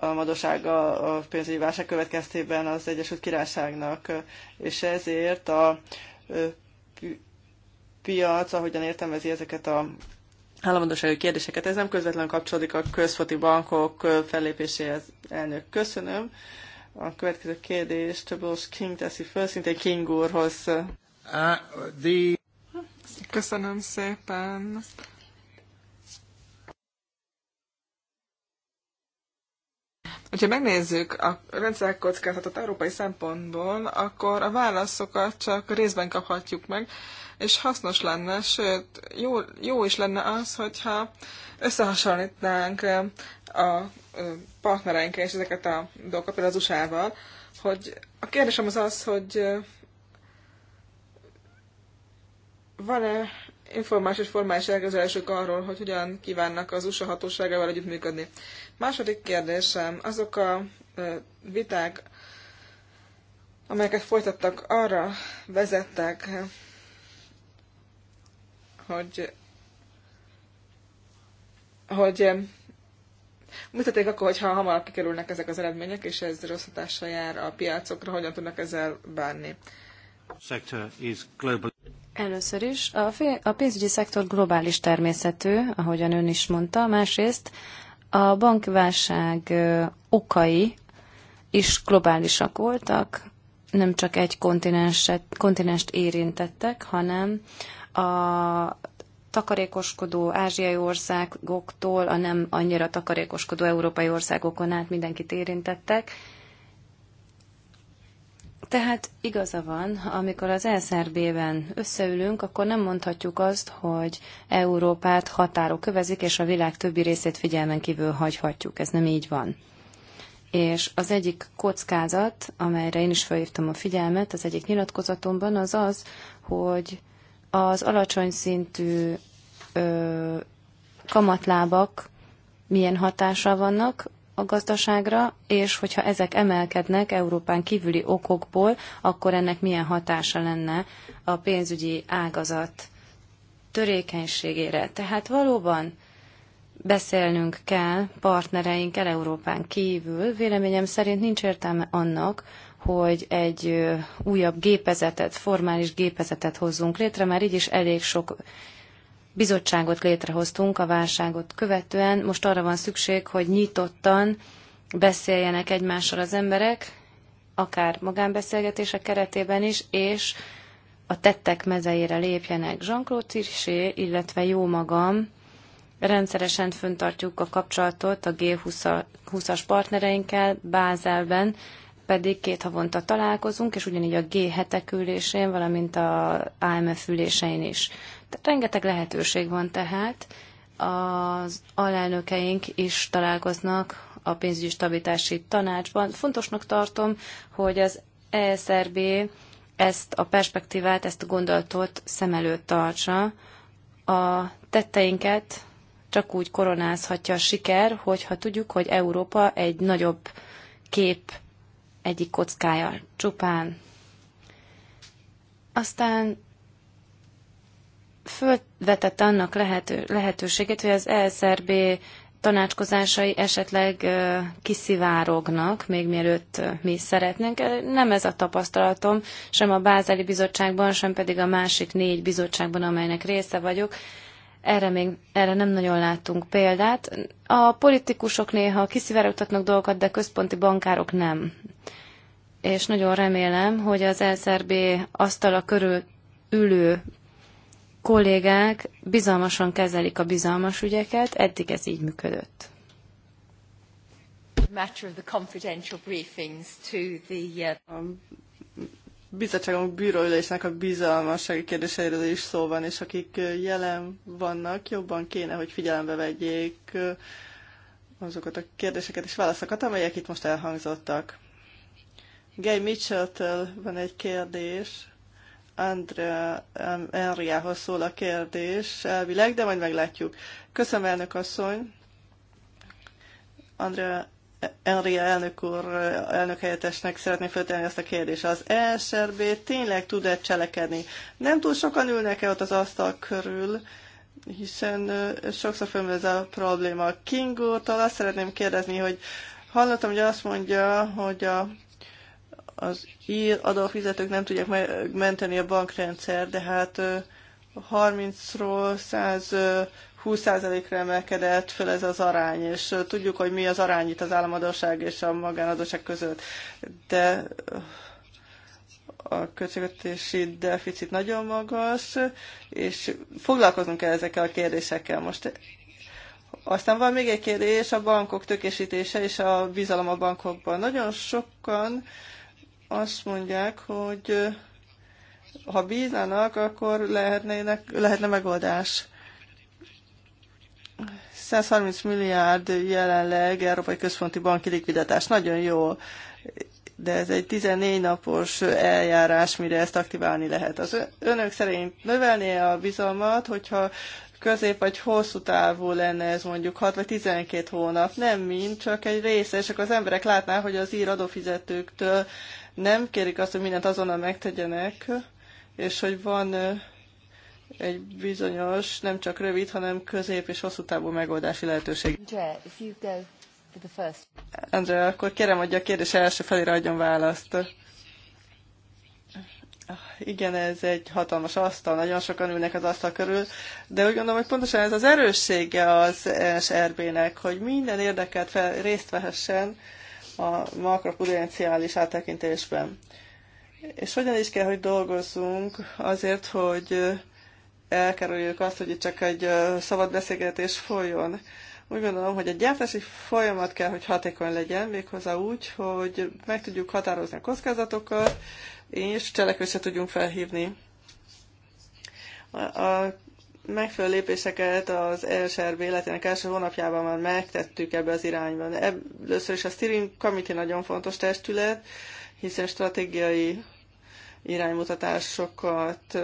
madosság a pénzügyi válság következtében az Egyesült Királyságnak, és ezért a piac, ahogyan értelmezi ezeket a államadósági kérdéseket, ez nem közvetlenül kapcsolódik a közfoti bankok fellépéséhez. Elnök, köszönöm. A következő kérdés Többos King teszi föl, szintén King úrhoz. Uh, the... Köszönöm szépen. Hogyha megnézzük a rendszerkockázatot európai szempontból, akkor a válaszokat csak részben kaphatjuk meg, és hasznos lenne, sőt, jó, jó is lenne az, hogyha összehasonlítnánk a partnereinkkel és ezeket a dolgokat, például az USA-val, hogy a kérdésem az az, hogy van-e információs formális elképzelésük arról, hogy hogyan kívánnak az USA hatóságával együttműködni. Második kérdésem, azok a viták, amelyeket folytattak, arra vezettek, hogy hogy mutaték akkor, hogyha hamarabb kikerülnek ezek az eredmények, és ez rossz hatással jár a piacokra, hogyan tudnak ezzel bánni. Először is, a, a pénzügyi szektor globális természetű, ahogyan ön is mondta, másrészt a bankválság okai is globálisak voltak, nem csak egy kontinenset, kontinenst érintettek, hanem a takarékoskodó ázsiai országoktól a nem annyira takarékoskodó európai országokon át mindenkit érintettek, tehát igaza van, amikor az SRB-ben összeülünk, akkor nem mondhatjuk azt, hogy Európát határok kövezik, és a világ többi részét figyelmen kívül hagyhatjuk. Ez nem így van. És az egyik kockázat, amelyre én is felhívtam a figyelmet, az egyik nyilatkozatomban az az, hogy az alacsony szintű ö, kamatlábak milyen hatással vannak a gazdaságra, és hogyha ezek emelkednek Európán kívüli okokból, akkor ennek milyen hatása lenne a pénzügyi ágazat törékenységére. Tehát valóban beszélnünk kell partnereinkkel Európán kívül. Véleményem szerint nincs értelme annak, hogy egy újabb gépezetet, formális gépezetet hozzunk létre, már így is elég sok bizottságot létrehoztunk a válságot követően. Most arra van szükség, hogy nyitottan beszéljenek egymással az emberek, akár magánbeszélgetések keretében is, és a tettek mezeire lépjenek. Jean-Claude Tirsé, illetve jó magam, rendszeresen föntartjuk a kapcsolatot a G20-as partnereinkkel Bázelben, pedig két havonta találkozunk, és ugyanígy a g 7 ülésén, valamint a AMF ülésein is. Tehát rengeteg lehetőség van tehát. Az alelnökeink is találkoznak a pénzügyi stabilitási tanácsban. Fontosnak tartom, hogy az ESRB ezt a perspektívát, ezt a gondolatot szem előtt tartsa. A tetteinket csak úgy koronázhatja a siker, hogyha tudjuk, hogy Európa egy nagyobb kép egyik kockája csupán. Aztán fölvetett annak lehető, lehetőséget, hogy az ESRB tanácskozásai esetleg kiszivárognak, még mielőtt mi szeretnénk. Nem ez a tapasztalatom, sem a Bázeli Bizottságban, sem pedig a másik négy bizottságban, amelynek része vagyok. Erre még erre nem nagyon látunk. példát. A politikusok néha kiszivárogtatnak dolgokat, de központi bankárok nem. És nagyon remélem, hogy az LSRB asztala körül ülő kollégák bizalmasan kezelik a bizalmas ügyeket, eddig ez így működött. Uh, a bizottságunk bűróülésének a bizalmassági kérdéseiről is szó van, és akik jelen vannak, jobban kéne, hogy figyelembe vegyék azokat a kérdéseket és válaszokat, amelyek itt most elhangzottak. Gay Mitchell-től van egy kérdés, Andrea Enriához szól a kérdés elvileg, de majd meglátjuk. Köszönöm, elnök asszony! Andrea Enria elnök úr, elnök helyettesnek szeretném feltenni ezt a kérdést. Az ESRB tényleg tud-e cselekedni? Nem túl sokan ülnek-e ott az asztal körül, hiszen sokszor fölmerül ez a probléma. King úrtól azt szeretném kérdezni, hogy hallottam, hogy azt mondja, hogy a, az ír adófizetők nem tudják menteni a bankrendszer, de hát 30-ról 100 20%-ra emelkedett föl ez az arány, és tudjuk, hogy mi az arány itt az államadóság és a magánadóság között. De a költségvetési deficit nagyon magas, és foglalkozunk kell ezekkel a kérdésekkel most. Aztán van még egy kérdés, a bankok tökésítése és a bizalom a bankokban. Nagyon sokan azt mondják, hogy ha bíznának, akkor lehetne, lehetne megoldás. 130 milliárd jelenleg Európai Központi Banki likviditás. Nagyon jó, de ez egy 14 napos eljárás, mire ezt aktiválni lehet. Az önök szerint növelné a bizalmat, hogyha közép vagy hosszú távú lenne ez mondjuk 6 vagy 12 hónap, nem mind, csak egy része, és akkor az emberek látnák, hogy az ír adófizetőktől nem kérik azt, hogy mindent azonnal megtegyenek, és hogy van egy bizonyos, nem csak rövid, hanem közép és hosszú távú megoldási lehetőség. Andrea, akkor kérem, hogy a kérdés első felére adjon választ. Ah, igen, ez egy hatalmas asztal, nagyon sokan ülnek az asztal körül, de úgy gondolom, hogy pontosan ez az erőssége az SRB-nek, hogy minden érdekelt fel, részt vehessen a makropudenciális áttekintésben. És hogyan is kell, hogy dolgozzunk azért, hogy elkerüljük azt, hogy itt csak egy szabad beszélgetés folyjon. Úgy gondolom, hogy a gyártási folyamat kell, hogy hatékony legyen, méghozzá úgy, hogy meg tudjuk határozni a kockázatokat, és cselekvésre tudjunk felhívni. A, megfelelő lépéseket az ESRB életének első hónapjában már megtettük ebbe az irányban. Először is a Steering Committee nagyon fontos testület, hiszen stratégiai iránymutatásokat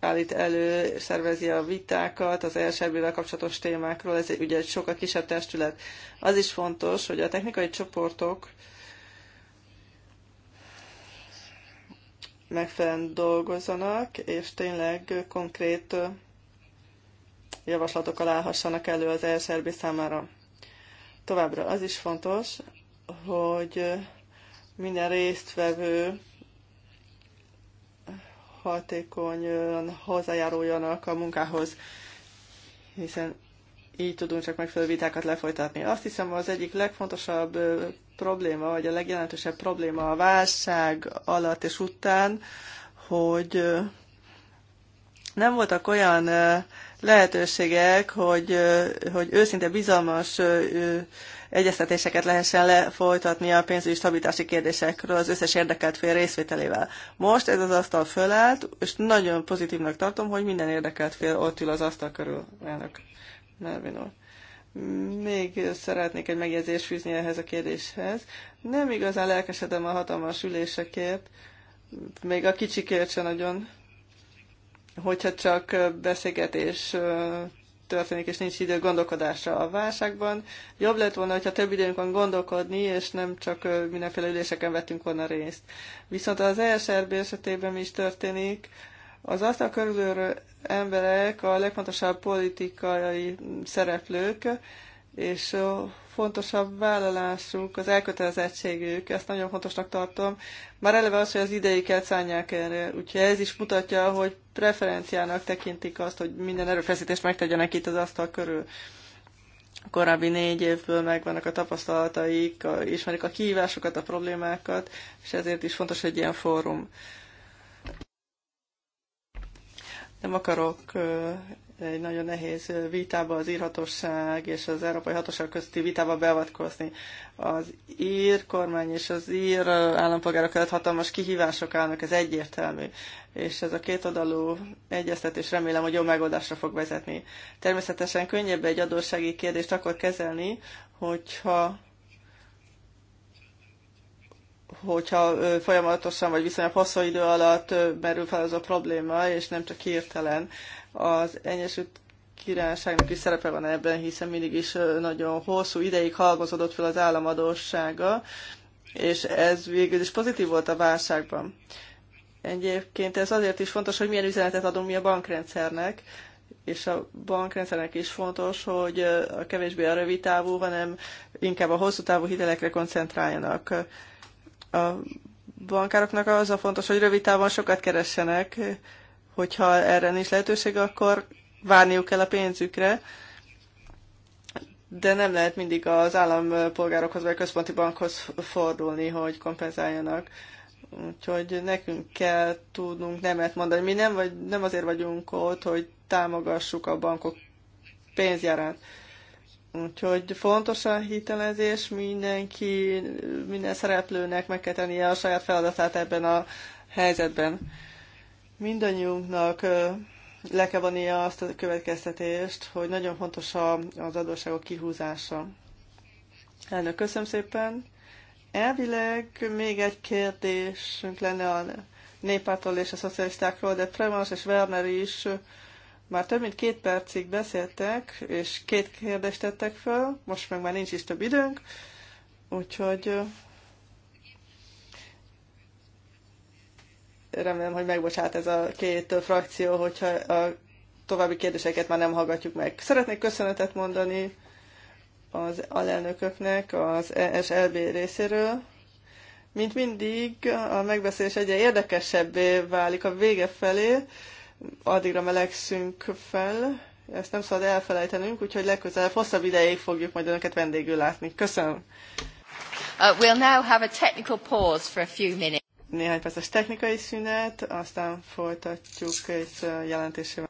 állít elő, szervezi a vitákat az ESRB-vel kapcsolatos témákról, ez egy, ugye egy sokkal kisebb testület. Az is fontos, hogy a technikai csoportok megfelelően dolgozzanak, és tényleg konkrét javaslatok állhassanak elő az elsőbbi számára. Továbbra az is fontos, hogy minden résztvevő hatékonyan hozzájáruljanak a munkához, hiszen így tudunk csak megfelelő vitákat lefolytatni. Azt hiszem, az egyik legfontosabb probléma, vagy a legjelentősebb probléma a válság alatt és után, hogy nem voltak olyan lehetőségek, hogy, hogy őszinte bizalmas egyeztetéseket lehessen lefolytatni a pénzügyi stabilitási kérdésekről az összes érdekelt fél részvételével. Most ez az asztal fölállt, és nagyon pozitívnak tartom, hogy minden érdekelt fél ott ül az asztal körül. Elnök Melvin Még szeretnék egy megjegyzést fűzni ehhez a kérdéshez. Nem igazán lelkesedem a hatalmas ülésekért, még a kicsikért sem nagyon Hogyha csak beszélgetés történik, és nincs idő gondolkodásra a válságban. Jobb lett volna, hogyha több időnk van gondolkodni, és nem csak mindenféle üléseken vettünk volna részt. Viszont az ESRB esetében mi is történik, az asztal a emberek a legfontosabb politikai szereplők, és legfontosabb vállalásuk, az elkötelezettségük, ezt nagyon fontosnak tartom. Már eleve az, hogy az idejéket szánják erre, úgyhogy ez is mutatja, hogy preferenciának tekintik azt, hogy minden erőfeszítést megtegyenek itt az asztal körül. A korábbi négy évből megvannak a tapasztalataik, a, ismerik a kihívásokat, a problémákat, és ezért is fontos egy ilyen fórum. Nem akarok egy nagyon nehéz vitába az írhatóság és az európai hatóság közti vitába beavatkozni. Az ír kormány és az ír állampolgárok előtt hatalmas kihívások állnak, ez egyértelmű. És ez a kétoldalú egyeztetés remélem, hogy jó megoldásra fog vezetni. Természetesen könnyebb egy adóssági kérdést akkor kezelni, hogyha hogyha folyamatosan vagy viszonylag hosszú idő alatt merül fel az a probléma, és nem csak hirtelen. Az Egyesült Királyságnak is szerepe van ebben, hiszen mindig is nagyon hosszú ideig halmozódott fel az államadóssága, és ez végül is pozitív volt a válságban. Egyébként ez azért is fontos, hogy milyen üzenetet adunk mi a bankrendszernek, és a bankrendszernek is fontos, hogy a kevésbé a rövid távú, hanem inkább a hosszú távú hitelekre koncentráljanak. A bankároknak az a fontos, hogy rövid távon sokat keressenek, Hogyha erre nincs lehetőség, akkor várniuk kell a pénzükre, de nem lehet mindig az állampolgárokhoz vagy a központi bankhoz fordulni, hogy kompenzáljanak. Úgyhogy nekünk kell tudnunk nemet mondani. Mi nem, vagy, nem azért vagyunk ott, hogy támogassuk a bankok pénzjárát. Úgyhogy fontos a hitelezés, mindenki, minden szereplőnek meg kell tennie a saját feladatát ebben a helyzetben. Mindannyiunknak le kell vonnia azt a következtetést, hogy nagyon fontos az adósságok kihúzása. Elnök, köszönöm szépen. Elvileg még egy kérdésünk lenne a néppártól és a szocialistákról, de Premans és Werner is már több mint két percig beszéltek, és két kérdést tettek föl, most meg már nincs is több időnk, úgyhogy remélem, hogy megbocsát ez a két frakció, hogyha a további kérdéseket már nem hallgatjuk meg. Szeretnék köszönetet mondani az alelnököknek az ESLB részéről. Mint mindig, a megbeszélés egyre érdekesebbé válik a vége felé, addigra melegszünk fel, ezt nem szabad elfelejtenünk, úgyhogy legközelebb hosszabb ideig fogjuk majd önöket vendégül látni. Köszönöm! Uh, we'll now have a technical pause for a few minutes néhány perces technikai szünet, aztán folytatjuk egy jelentésével.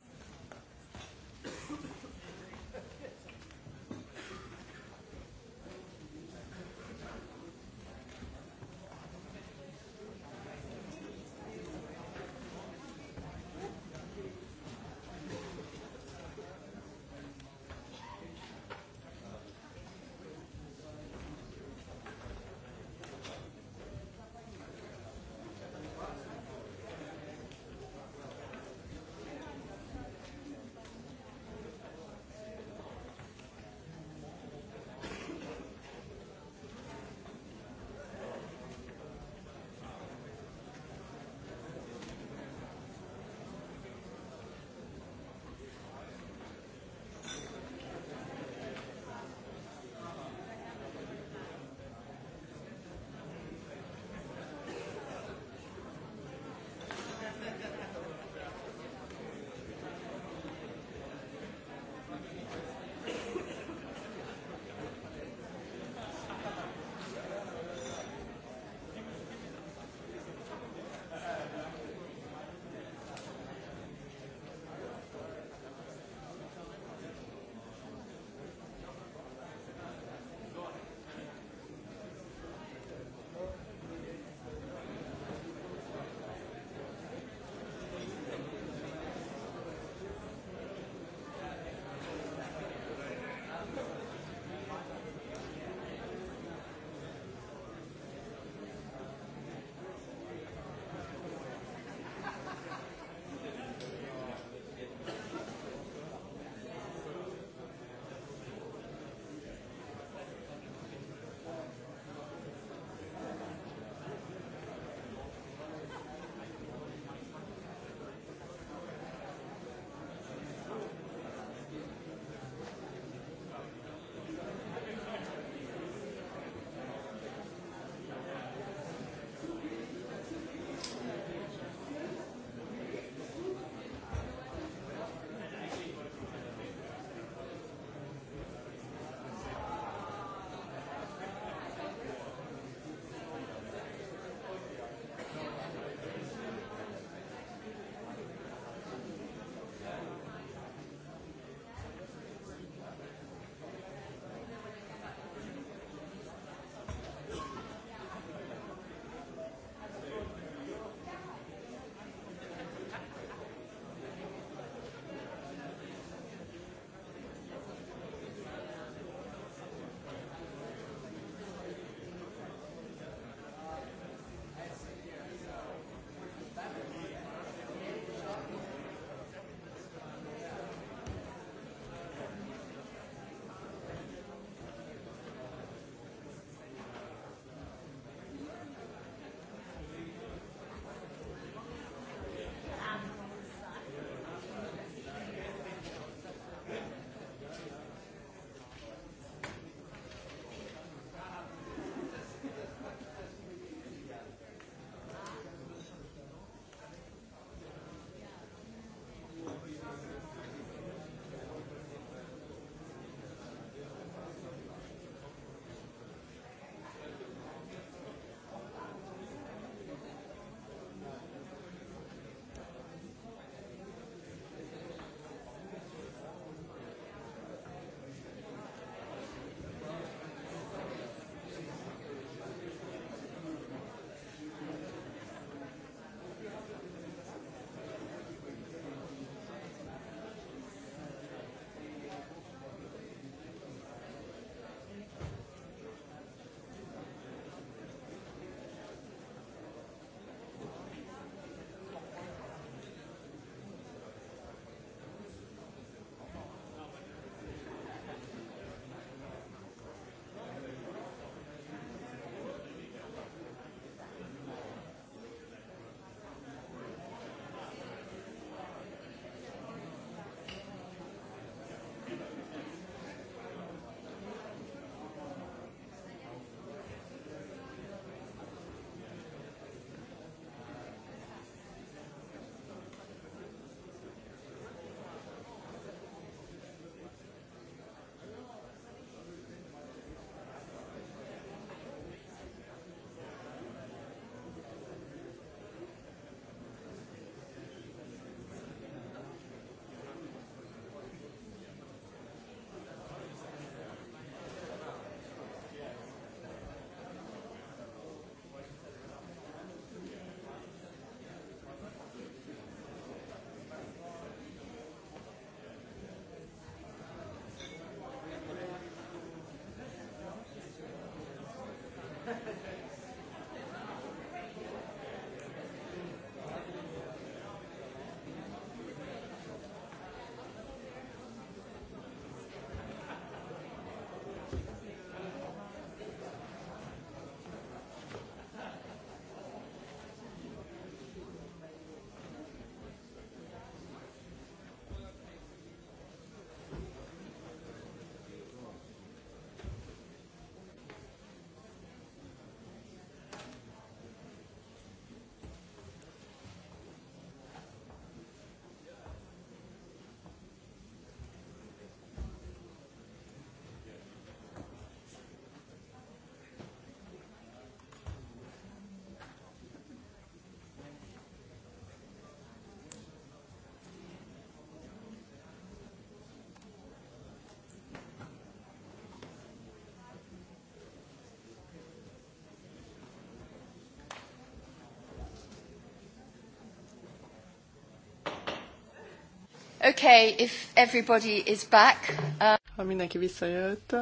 Okay, if everybody is back. Uh, ha mindenki visszajött,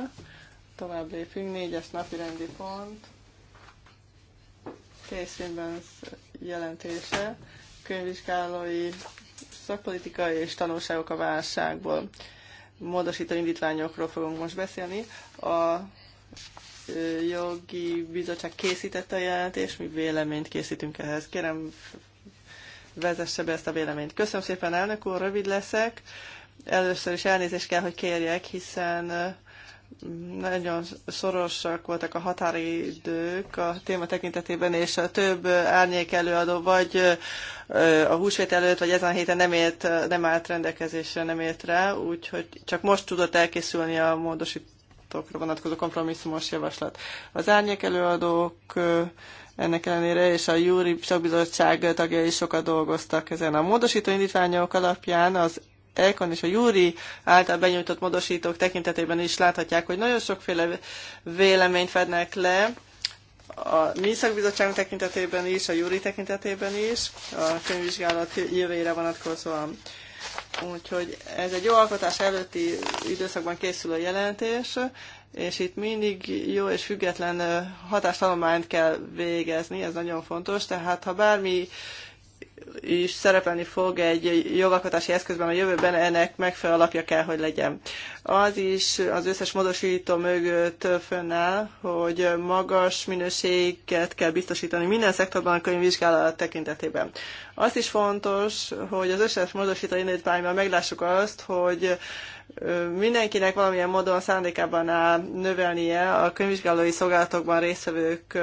tovább lépünk. Négyes napi rendi pont. Készvényben jelentése. Könyvvizsgálói szakpolitikai és tanulságok a válságból. Módosító indítványokról fogunk most beszélni. A jogi bizottság készítette a jelentést, mi véleményt készítünk ehhez. Kérem, vezesse be ezt a véleményt. Köszönöm szépen, elnök úr, rövid leszek. Először is elnézést kell, hogy kérjek, hiszen nagyon szorosak voltak a határidők a téma tekintetében, és a több árnyék előadó vagy a húsvét előtt, vagy ezen a héten nem, ért, nem állt rendelkezésre, nem ért rá, úgyhogy csak most tudott elkészülni a módosítókra vonatkozó kompromisszumos javaslat. Az árnyék előadók ennek ellenére, és a Júri Szakbizottság tagjai is sokat dolgoztak ezen. A módosító indítványok alapján az Elkon és a Júri által benyújtott módosítók tekintetében is láthatják, hogy nagyon sokféle véleményt fednek le, a mi szakbizottságunk tekintetében is, a Júri tekintetében is, a könyvvizsgálat jövőjére vonatkozóan. Úgyhogy ez egy jó alkotás előtti időszakban készül a jelentés és itt mindig jó és független hatástalományt kell végezni, ez nagyon fontos, tehát ha bármi is szerepelni fog egy jogalkotási eszközben a jövőben, ennek megfelelő alapja kell, hogy legyen. Az is az összes módosító mögött fönnáll, hogy magas minőséget kell biztosítani minden szektorban a könyvvizsgálat tekintetében. Az is fontos, hogy az összes módosító indítványban meglássuk azt, hogy mindenkinek valamilyen módon szándékában áll növelnie a könyvvizsgálói szolgálatokban résztvevők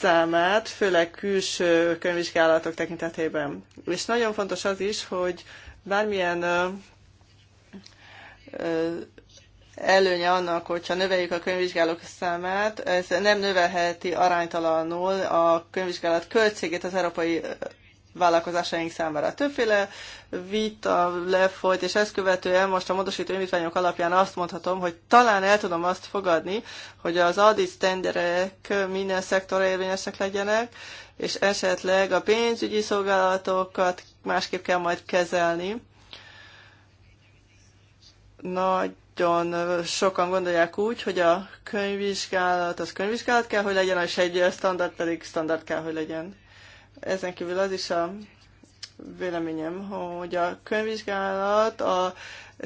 számát, főleg külső könyvvizsgálatok tekintetében. És nagyon fontos az is, hogy bármilyen előnye annak, hogyha növeljük a könyvvizsgálók számát, ez nem növelheti aránytalanul a könyvvizsgálat költségét az Európai vállalkozásaink számára. Többféle vita lefolyt, és ezt követően most a módosító indítványok alapján azt mondhatom, hogy talán el tudom azt fogadni, hogy az audit tenderek minden szektorra érvényesek legyenek, és esetleg a pénzügyi szolgálatokat másképp kell majd kezelni. Nagyon sokan gondolják úgy, hogy a könyvvizsgálat az könyvvizsgálat kell, hogy legyen, és egy standard pedig standard kell, hogy legyen ezen kívül az is a véleményem, hogy a könyvvizsgálat a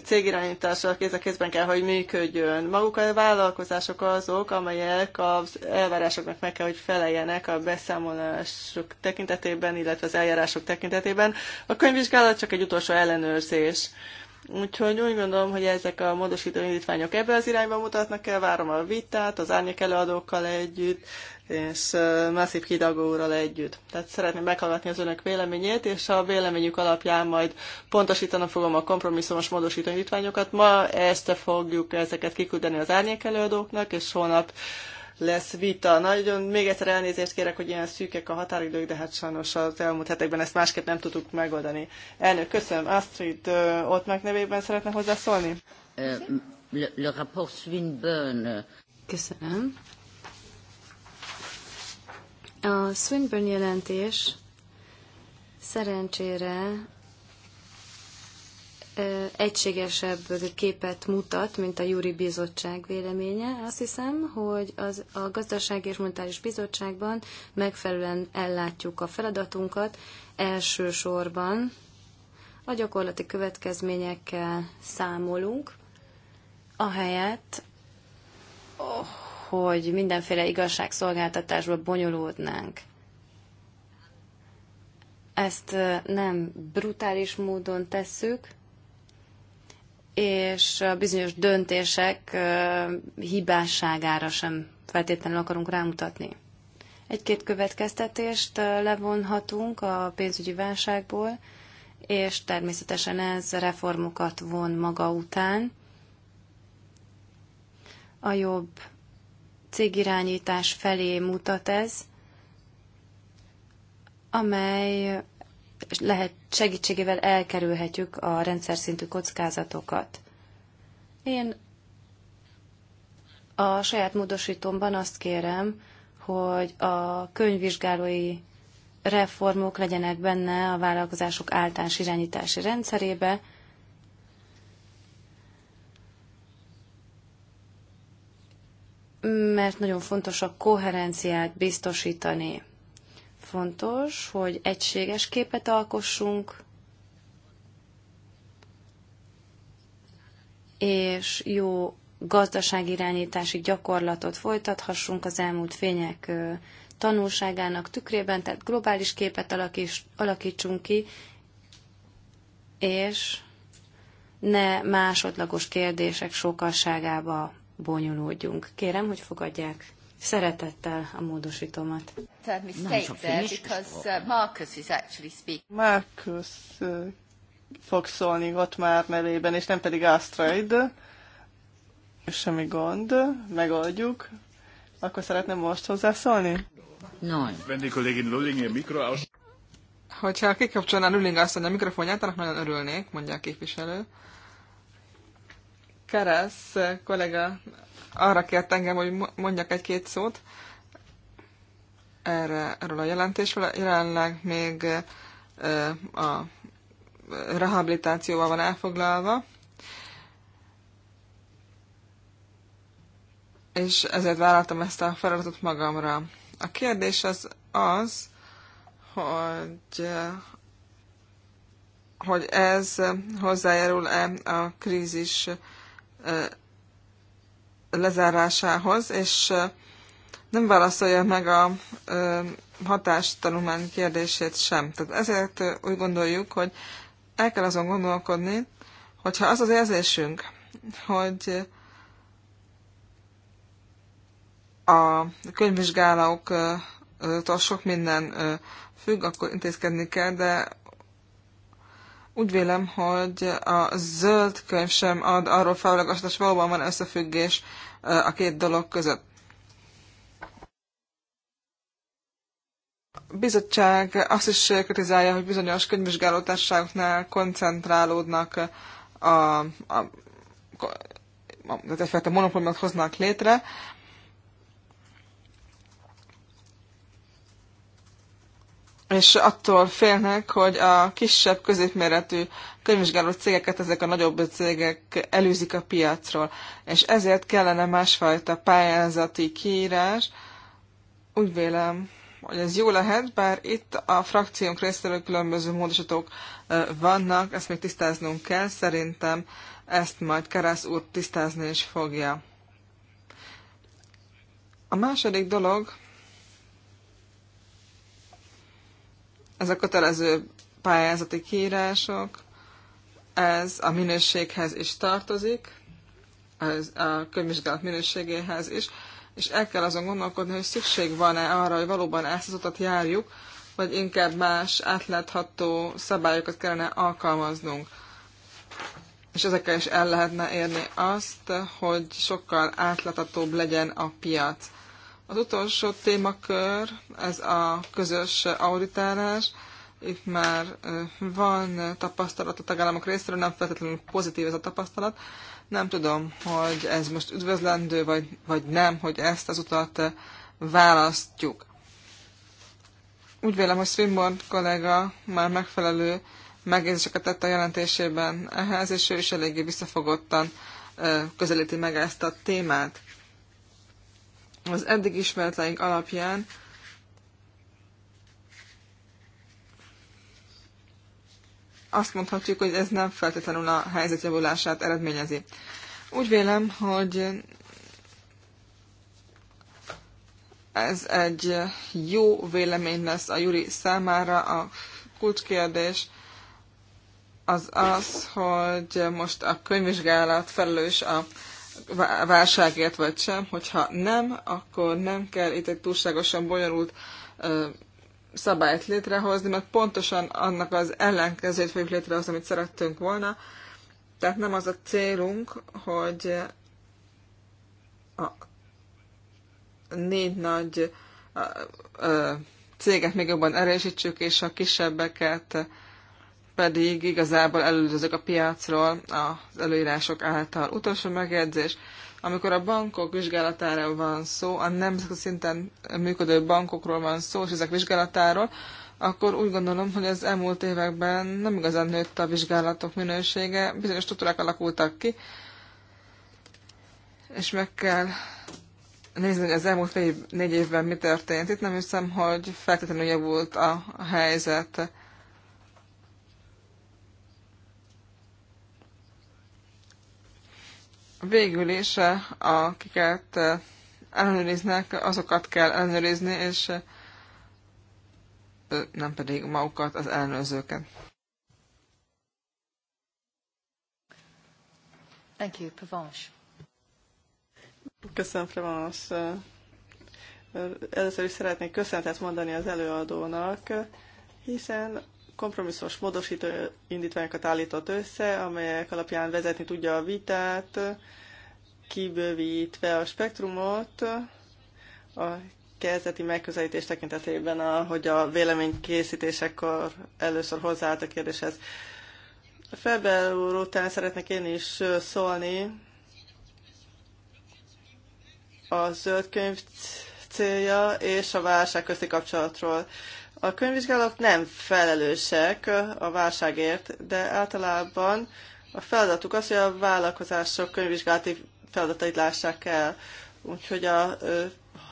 cégirányítással kéz a kézben kell, hogy működjön. Maguk a vállalkozások azok, amelyek az elvárásoknak meg kell, hogy feleljenek a beszámolások tekintetében, illetve az eljárások tekintetében. A könyvvizsgálat csak egy utolsó ellenőrzés. Úgyhogy úgy gondolom, hogy ezek a módosító indítványok ebbe az irányba mutatnak el, várom a vitát az árnyék előadókkal együtt, és Masszív Hidagó úrral együtt. Tehát szeretném meghallgatni az önök véleményét, és a véleményük alapján majd pontosítanom fogom a kompromisszumos módosító indítványokat. Ma este fogjuk ezeket kiküldeni az árnyék előadóknak, és holnap lesz vita. Nagyon még egyszer elnézést kérek, hogy ilyen szűkek a határidők, de hát sajnos az elmúlt hetekben ezt másképp nem tudtuk megoldani. Elnök, köszönöm. Astrid ott meg nevében szeretne hozzászólni? Le Swinburne. Köszönöm. A Swinburne jelentés szerencsére egységesebb képet mutat, mint a Júri Bizottság véleménye. Azt hiszem, hogy az, a Gazdasági és Monetáris Bizottságban megfelelően ellátjuk a feladatunkat, elsősorban a gyakorlati következményekkel számolunk, ahelyett, hogy mindenféle igazságszolgáltatásba bonyolódnánk ezt nem brutális módon tesszük, és bizonyos döntések hibásságára sem feltétlenül akarunk rámutatni. Egy-két következtetést levonhatunk a pénzügyi válságból, és természetesen ez reformokat von maga után. A jobb cégirányítás felé mutat ez, amely lehet segítségével elkerülhetjük a rendszer szintű kockázatokat. Én a saját módosítomban azt kérem, hogy a könyvvizsgálói reformok legyenek benne a vállalkozások általános irányítási rendszerébe, mert nagyon fontos a koherenciát biztosítani fontos, hogy egységes képet alkossunk, és jó gazdaságirányítási gyakorlatot folytathassunk az elmúlt fények tanulságának tükrében, tehát globális képet alakítsunk ki, és ne másodlagos kérdések sokasságába bonyolódjunk. Kérem, hogy fogadják szeretettel a módosítomat. Uh, Marcus uh, fog szólni ott már mellében, és nem pedig Astrid. Semmi gond, megoldjuk. Akkor szeretném most hozzászólni? Hogyha kikapcsolnál Lulling azt a mikrofonját, annak nagyon örülnék, mondja a képviselő. Karasz kollega arra kért engem, hogy mondjak egy-két szót erre, erről a jelentésről. Jelenleg még a rehabilitációval van elfoglalva, és ezért vállaltam ezt a feladatot magamra. A kérdés az az, hogy, hogy ez hozzájárul-e a krízis lezárásához, és nem válaszolja meg a hatástanulmány kérdését sem. Tehát ezért úgy gondoljuk, hogy el kell azon gondolkodni, hogyha az az érzésünk, hogy a könyvvizsgálók sok minden függ, akkor intézkedni kell, de úgy vélem, hogy a zöld könyv sem ad arról felolagast, hogy valóban van összefüggés a két dolog között. A bizottság azt is kritizálja, hogy bizonyos könyvvizsgálótárságoknál koncentrálódnak a, a, a a, a monopóliumot hoznak létre, és attól félnek, hogy a kisebb, középméretű könyvvizsgáló cégeket ezek a nagyobb cégek előzik a piacról, és ezért kellene másfajta pályázati kiírás. Úgy vélem, hogy ez jó lehet, bár itt a frakciónk részéről különböző módosítók vannak, ezt még tisztáznunk kell, szerintem ezt majd Kerász úr tisztázni is fogja. A második dolog, ez a kötelező pályázati kiírások, ez a minőséghez is tartozik, ez a könyvvizsgálat minőségéhez is, és el kell azon gondolkodni, hogy szükség van-e arra, hogy valóban ezt az utat járjuk, vagy inkább más átlátható szabályokat kellene alkalmaznunk. És ezekkel is el lehetne érni azt, hogy sokkal átláthatóbb legyen a piac. Az utolsó témakör, ez a közös auditálás. Itt már van tapasztalat a tagállamok részéről, nem feltétlenül pozitív ez a tapasztalat. Nem tudom, hogy ez most üdvözlendő, vagy, vagy nem, hogy ezt az utat választjuk. Úgy vélem, hogy Swinburne kollega már megfelelő megjegyzéseket tett a jelentésében ehhez, és ő is eléggé visszafogottan közelíti meg ezt a témát az eddig ismeretleink alapján azt mondhatjuk, hogy ez nem feltétlenül a helyzetjavulását eredményezi. Úgy vélem, hogy ez egy jó vélemény lesz a Juri számára. A kulcskérdés az az, hogy most a könyvvizsgálat felelős a válságért vagy sem. Hogyha nem, akkor nem kell itt egy túlságosan bonyolult szabályt létrehozni, mert pontosan annak az ellenkezőjét fogjuk létrehozni, amit szerettünk volna. Tehát nem az a célunk, hogy a négy nagy céget még jobban erősítsük, és a kisebbeket pedig igazából előzők a piacról az előírások által. Utolsó megjegyzés, amikor a bankok vizsgálatára van szó, a nemzetközi szinten működő bankokról van szó, és ezek vizsgálatáról, akkor úgy gondolom, hogy az elmúlt években nem igazán nőtt a vizsgálatok minősége, bizonyos struktúrák alakultak ki, és meg kell nézni, hogy az elmúlt négy, négy évben mi történt. Itt nem hiszem, hogy feltétlenül javult a helyzet. végül is, eh, akiket eh, ellenőriznek, azokat kell ellenőrizni, és eh, nem pedig magukat, az ellenőrzőket. Thank you, Provence. Köszönöm, Provence. Először is szeretnék köszönetet mondani az előadónak, hiszen kompromisszos módosító indítványokat állított össze, amelyek alapján vezetni tudja a vitát, kibővítve a spektrumot a kezdeti megközelítés tekintetében, ahogy a véleménykészítésekor először hozzáállt a kérdéshez. Felbel úr után szeretnék én is szólni. A zöld könyv célja és a válság közti kapcsolatról a könyvvizsgálók nem felelősek a válságért, de általában a feladatuk az, hogy a vállalkozások könyvvizsgálati feladatait lássák el. Úgyhogy a,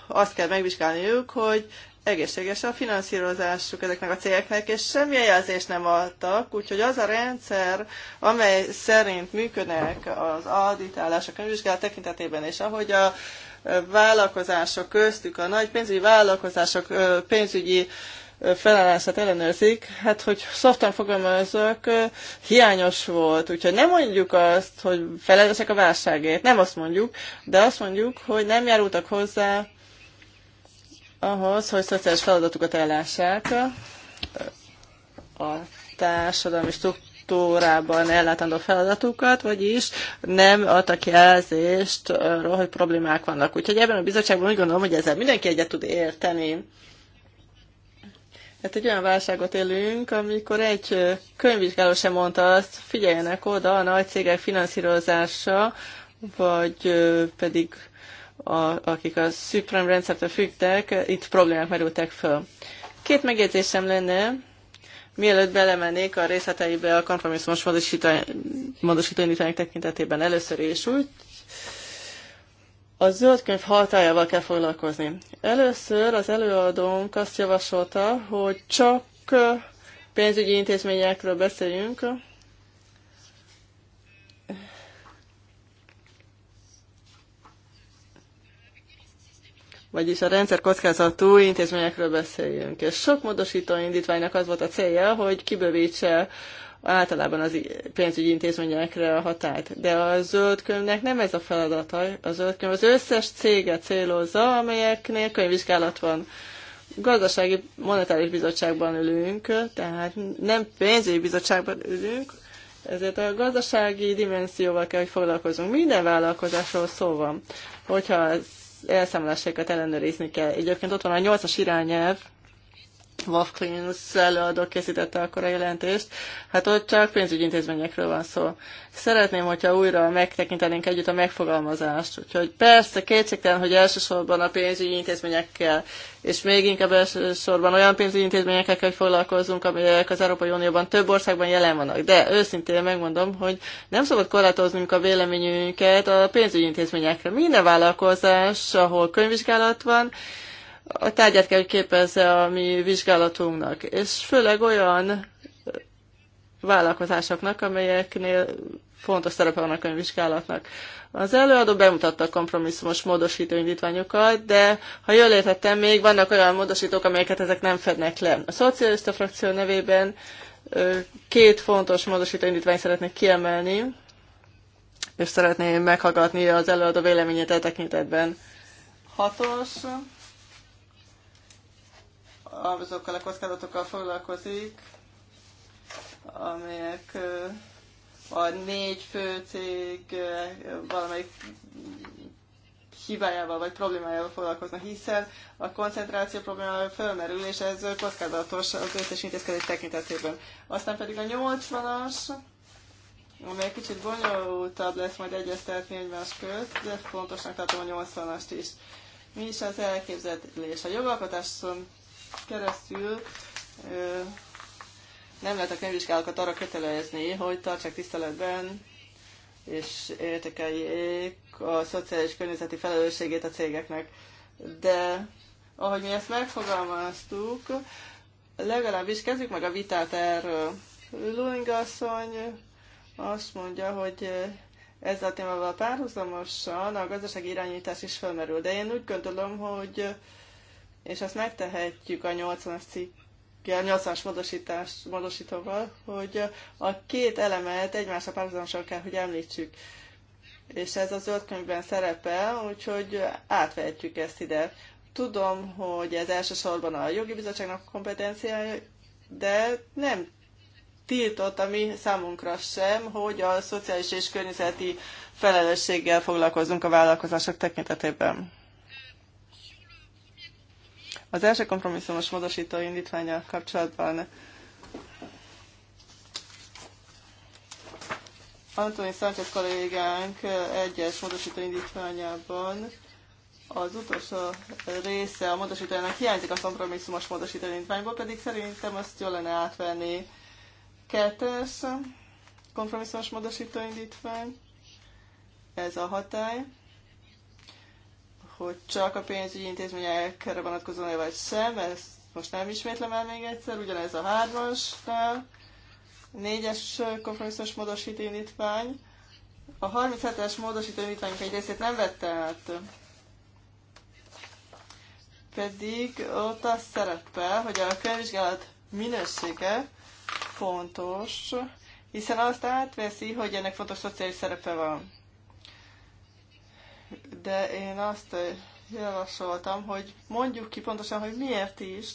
azt kell megvizsgálniuk, hogy egészséges a finanszírozásuk ezeknek a cégeknek, és semmilyen jelzést nem adtak, úgyhogy az a rendszer, amely szerint működnek az auditálás, a könyvvizsgálat tekintetében, és ahogy a vállalkozások köztük, a nagy pénzügyi vállalkozások pénzügyi felállását ellenőrzik, hát hogy szoftan fogalmazok, hiányos volt. Úgyhogy nem mondjuk azt, hogy felelősek a válságért, nem azt mondjuk, de azt mondjuk, hogy nem járultak hozzá ahhoz, hogy szociális feladatukat ellássák a társadalmi struktúrában ellátandó feladatukat, vagyis nem adtak jelzést arról, hogy problémák vannak. Úgyhogy ebben a bizottságban úgy gondolom, hogy ezzel mindenki egyet tud érteni Hát egy olyan válságot élünk, amikor egy könyvvizsgáló sem mondta azt, figyeljenek oda a nagy cégek finanszírozása, vagy pedig a, akik a Supreme rendszertől függtek, itt problémák merültek föl. Két megjegyzésem lenne, mielőtt belemennék a részleteibe a kompromisszumos módosító indítványok tekintetében először is úgy a zöld könyv hatájával kell foglalkozni. Először az előadónk azt javasolta, hogy csak pénzügyi intézményekről beszéljünk, vagyis a rendszer kockázatú intézményekről beszéljünk. És sok módosító indítványnak az volt a célja, hogy kibővítse általában az pénzügyi intézményekre a hatályt. De a zöldkönyvnek nem ez a feladata. A zöldkönyv az összes céget célozza, amelyeknél könyvvizsgálat van. Gazdasági Monetáris Bizottságban ülünk, tehát nem pénzügyi bizottságban ülünk, ezért a gazdasági dimenzióval kell, hogy foglalkozunk. Minden vállalkozásról szó van. Hogyha az elszámolásokat ellenőrizni kell. Egyébként ott van a nyolcas irányelv, Wolf Klins előadó készítette akkor a jelentést, hát ott csak pénzügyi intézményekről van szó. Szeretném, hogyha újra megtekintenénk együtt a megfogalmazást, úgyhogy persze kétségtelen, hogy elsősorban a pénzügyi intézményekkel, és még inkább elsősorban olyan pénzügyi intézményekkel kell, hogy foglalkozzunk, amelyek az Európai Unióban több országban jelen vannak. De őszintén megmondom, hogy nem szabad korlátoznunk a véleményünket a pénzügyi intézményekre. Minden vállalkozás, ahol könyvvizsgálat van, a tárgyát kell, hogy képezze a mi vizsgálatunknak. És főleg olyan vállalkozásoknak, amelyeknél fontos szerepe van a könyvvizsgálatnak. Az előadó bemutatta a kompromisszumos módosító indítványokat, de ha jól értettem, még vannak olyan módosítók, amelyeket ezek nem fednek le. A szocialista frakció nevében két fontos módosító indítványt szeretnék kiemelni, és szeretném meghallgatni az előadó véleményét a e tekintetben. Hatos azokkal a kockázatokkal foglalkozik, amelyek a négy fő cég valamelyik hibájával vagy problémájával foglalkoznak, hiszen a koncentráció problémája fölmerül, és ez kockázatos az összes intézkedés tekintetében. Aztán pedig a 80-as, amely kicsit bonyolultabb lesz majd egyeztetni egymás közt, de fontosnak tartom a 80-ast is. Mi is az elképzelés? A jogalkotáson keresztül nem lehet a könyvvizsgálókat arra kötelezni, hogy tartsák tiszteletben és értékeljék a szociális környezeti felelősségét a cégeknek. De ahogy mi ezt megfogalmaztuk, legalábbis kezdjük meg a vitát erről. Luling asszony azt mondja, hogy ezzel a témával párhuzamosan a gazdasági irányítás is felmerül. De én úgy gondolom, hogy és azt megtehetjük a 80-as cikkel, 80-as módosítás, módosítóval, hogy a két elemet egymásra párhuzamosan kell, hogy említsük. És ez a zöld könyvben szerepel, úgyhogy átvehetjük ezt ide. Tudom, hogy ez elsősorban a jogi bizottságnak kompetenciája, de nem tiltott a mi számunkra sem, hogy a szociális és környezeti felelősséggel foglalkozunk a vállalkozások tekintetében. Az első kompromisszumos módosító indítványa kapcsolatban Antoni Sánchez kollégánk egyes módosító indítványában az utolsó része a módosítójának hiányzik a kompromisszumos módosító indítványból, pedig szerintem azt jól lenne átvenni. Kettes kompromisszumos módosító indítvány, ez a hatály hogy csak a pénzügyi intézményekre vonatkozóan vagy sem, ezt most nem ismétlem el még egyszer, ugyanez a hármasnál, négyes kompromisszos módosító indítvány. A 37-es módosító indítványok egy részét nem vette át, pedig ott az szerepel, hogy a könyvvizsgálat minősége fontos, hiszen azt átveszi, hogy ennek fontos szociális szerepe van de én azt javasoltam, hogy mondjuk ki pontosan, hogy miért is.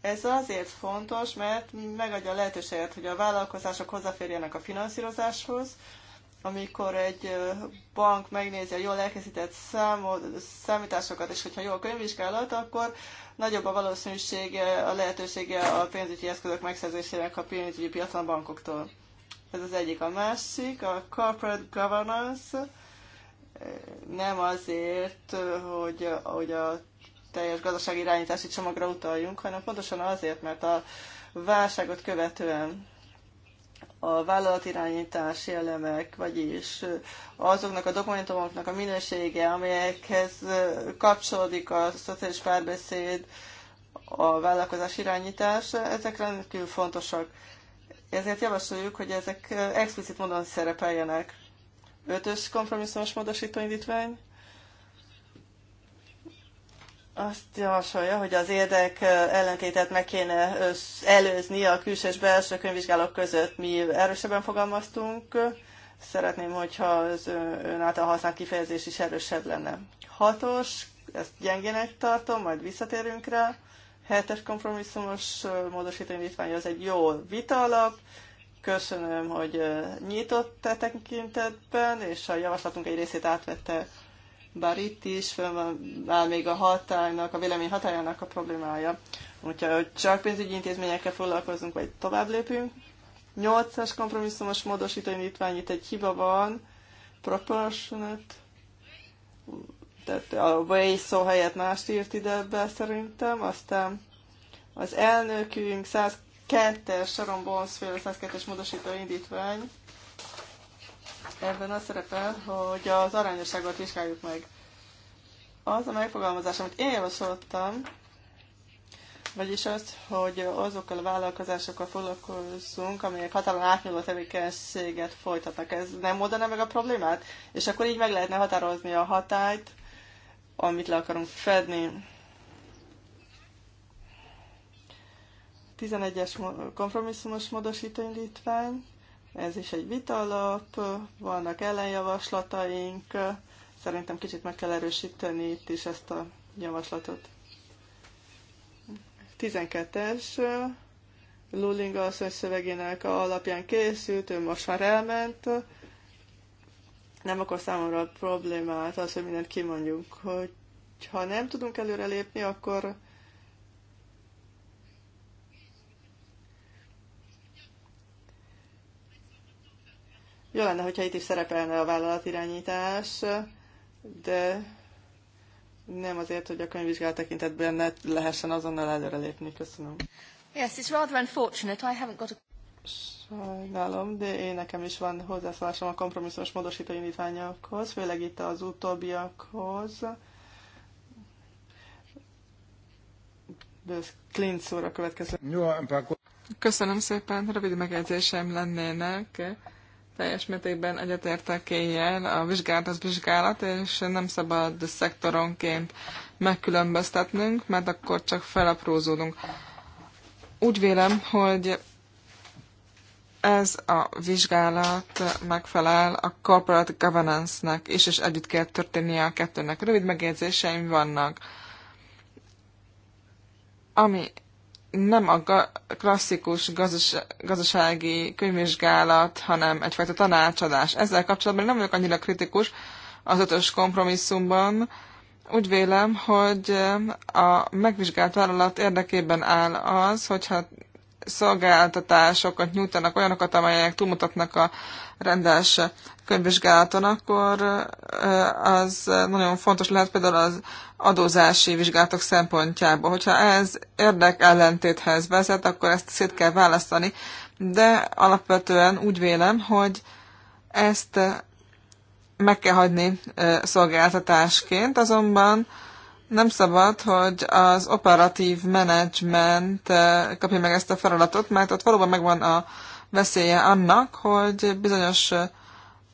Ez azért fontos, mert megadja a lehetőséget, hogy a vállalkozások hozzáférjenek a finanszírozáshoz, amikor egy bank megnézi a jól elkészített számot, számításokat, és hogyha jól könyvvizsgálat, akkor nagyobb a valószínűsége, a lehetősége a pénzügyi eszközök megszerzésének a pénzügyi piacon a bankoktól. Ez az egyik. A másik, a corporate governance, nem azért, hogy, hogy a teljes gazdasági irányítási csomagra utaljunk, hanem pontosan azért, mert a válságot követően a vállalatirányítás elemek, vagyis azoknak a dokumentumoknak a minősége, amelyekhez kapcsolódik a szociális párbeszéd, a vállalkozás irányítás, ezek rendkívül fontosak. Ezért javasoljuk, hogy ezek explicit módon szerepeljenek. Ötös kompromisszumos módosító indítvány azt javasolja, hogy az érdek ellentétet meg kéne előzni a külső és belső könyvvizsgálók között. Mi erősebben fogalmaztunk, szeretném, hogyha az ön által használt kifejezés is erősebb lenne. Hatos, ezt gyengének tartom, majd visszatérünk rá. Hetes kompromisszumos módosító indítvány az egy jó vita alap, Köszönöm, hogy nyitott te tekintetben, és a javaslatunk egy részét átvette bár itt is fönn van már még a hatálynak, a vélemény hatájának a problémája. Úgyhogy csak pénzügyi intézményekkel foglalkozunk, vagy tovább lépünk. Nyolcas kompromisszumos módosító indítvány, itt egy hiba van, proportionate, tehát a way szó helyett mást írt ide be szerintem, aztán az elnökünk 100 kettes Sharon Bones féle 102-es módosító indítvány. Ebben az szerepel, hogy az arányosságot vizsgáljuk meg. Az a megfogalmazás, amit én javasoltam, vagyis az, hogy azokkal a vállalkozásokkal foglalkozzunk, amelyek határon átnyúló tevékenységet folytatnak. Ez nem oldaná meg a problémát? És akkor így meg lehetne határozni a hatályt, amit le akarunk fedni. 11-es kompromisszumos módosítóindítvány, ez is egy vitalap, vannak ellenjavaslataink, szerintem kicsit meg kell erősíteni itt is ezt a javaslatot. 12-es Lulinga asszony szövegének alapján készült, ő most már elment, nem akkor számomra a problémát az, hogy mindent kimondjuk, hogy ha nem tudunk előrelépni, akkor Jó lenne, hogyha itt is szerepelne a vállalatirányítás, de nem azért, hogy a könyvvizsgálat tekintetben ne lehessen azonnal előrelépni. Köszönöm. Yes, it's rather unfortunate. I haven't got a... Sajnálom, de én nekem is van hozzászólásom a kompromisszumos módosító indítványokhoz, főleg itt az utóbbiakhoz. Klinc úr a következő. Köszönöm szépen, rövid megjegyzésem lennének teljes mértékben egyetértek éjjel, a vizsgálat az vizsgálat, és nem szabad szektoronként megkülönböztetnünk, mert akkor csak felaprózódunk. Úgy vélem, hogy ez a vizsgálat megfelel a corporate governance-nek is, és együtt kell történnie a kettőnek. Rövid megjegyzéseim vannak. Ami nem a ga- klasszikus gazdas- gazdasági könyvvizsgálat, hanem egyfajta tanácsadás. Ezzel kapcsolatban nem vagyok annyira kritikus az ötös kompromisszumban. Úgy vélem, hogy a megvizsgált vállalat érdekében áll az, hogyha szolgáltatásokat nyújtanak, olyanokat, amelyek túlmutatnak a rendes könyvvizsgálaton, akkor az nagyon fontos lehet például az adózási vizsgálatok szempontjából. Hogyha ez érdek ellentéthez vezet, akkor ezt szét kell választani, de alapvetően úgy vélem, hogy ezt meg kell hagyni szolgáltatásként, azonban nem szabad, hogy az operatív menedzsment eh, kapja meg ezt a feladatot, mert ott valóban megvan a veszélye annak, hogy bizonyos eh,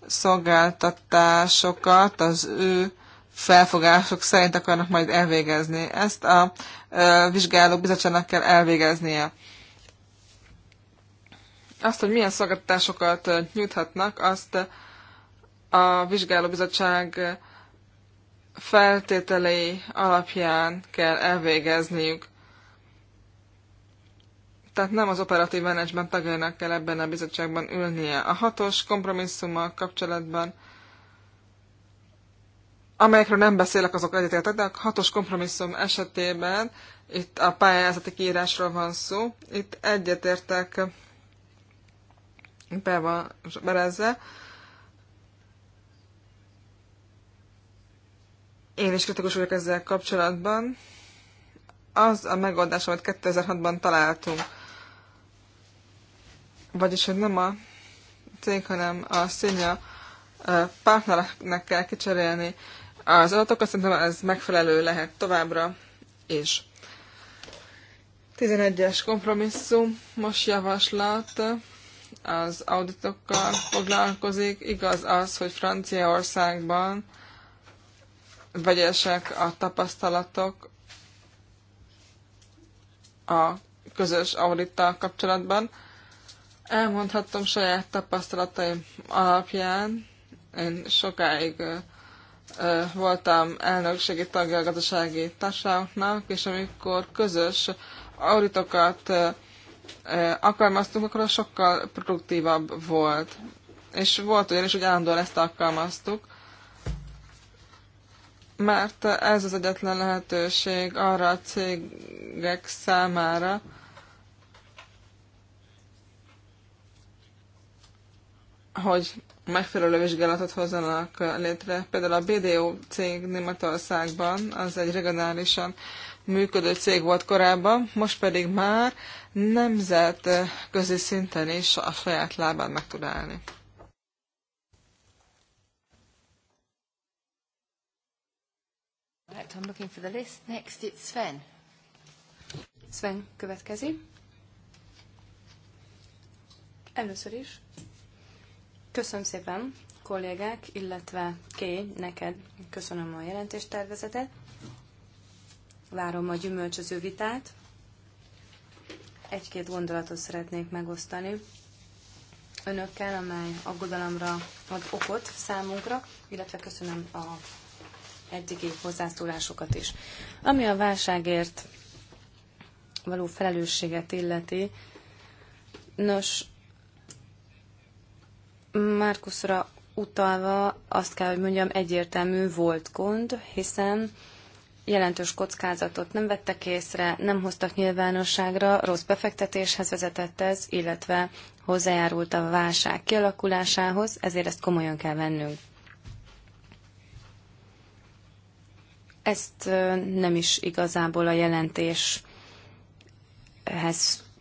szolgáltatásokat az ő felfogások szerint akarnak majd elvégezni. Ezt a eh, vizsgáló bizottságnak kell elvégeznie. Azt, hogy milyen szolgáltatásokat nyújthatnak, azt a vizsgálóbizottság bizottság feltételei alapján kell elvégezniük. Tehát nem az operatív menedzsment tagjának kell ebben a bizottságban ülnie. A hatos kompromisszummal kapcsolatban, amelyekről nem beszélek, azok egyetértek, de a hatos kompromisszum esetében itt a pályázati kiírásról van szó. Itt egyetértek Beva Berezze, Én is kritikus vagyok ezzel kapcsolatban. Az a megoldás, amit 2006-ban találtunk, vagyis, hogy nem a cég, hanem a színja partnereknek kell kicserélni az adatokat, szerintem ez megfelelő lehet továbbra is. 11-es kompromisszum, most javaslat az auditokkal foglalkozik. Igaz az, hogy Franciaországban vegyesek a tapasztalatok a közös Aurita kapcsolatban. Elmondhatom saját tapasztalataim alapján. Én sokáig ö, ö, voltam elnökségi tagja a gazdasági társaságoknak, és amikor közös auditokat ö, alkalmaztunk, akkor az sokkal produktívabb volt. És volt ugyanis, hogy állandóan ezt alkalmaztuk mert ez az egyetlen lehetőség arra a cégek számára, hogy megfelelő vizsgálatot hozzanak létre. Például a BDO cég Németországban az egy regionálisan működő cég volt korábban, most pedig már nemzetközi szinten is a saját lábán meg tud állni. Right, I'm looking for the list. Next, it's Sven. Sven Először is köszönöm szépen kollégák, illetve Ké, neked köszönöm a jelentéstervezetet. Várom a gyümölcsöző vitát. Egy-két gondolatot szeretnék megosztani önökkel, amely aggodalomra ad okot számunkra, illetve köszönöm a eddigi hozzászólásokat is. Ami a válságért való felelősséget illeti, nos, Márkuszra utalva azt kell, hogy mondjam, egyértelmű volt gond, hiszen jelentős kockázatot nem vettek észre, nem hoztak nyilvánosságra, rossz befektetéshez vezetett ez, illetve hozzájárult a válság kialakulásához, ezért ezt komolyan kell vennünk. Ezt nem is igazából a jelentéshez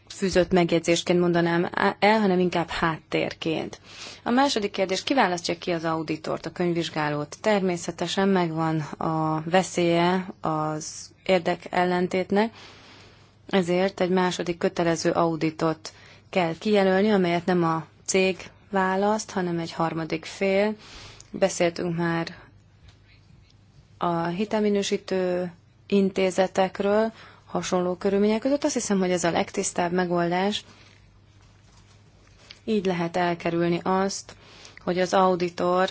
fűzött megjegyzésként mondanám el, hanem inkább háttérként. A második kérdés, kiválasztja ki az auditort, a könyvvizsgálót? Természetesen megvan a veszélye az érdek ellentétnek, ezért egy második kötelező auditot kell kijelölni, amelyet nem a cég választ, hanem egy harmadik fél. Beszéltünk már a hitelminősítő intézetekről hasonló körülmények között. Azt hiszem, hogy ez a legtisztább megoldás. Így lehet elkerülni azt, hogy az auditor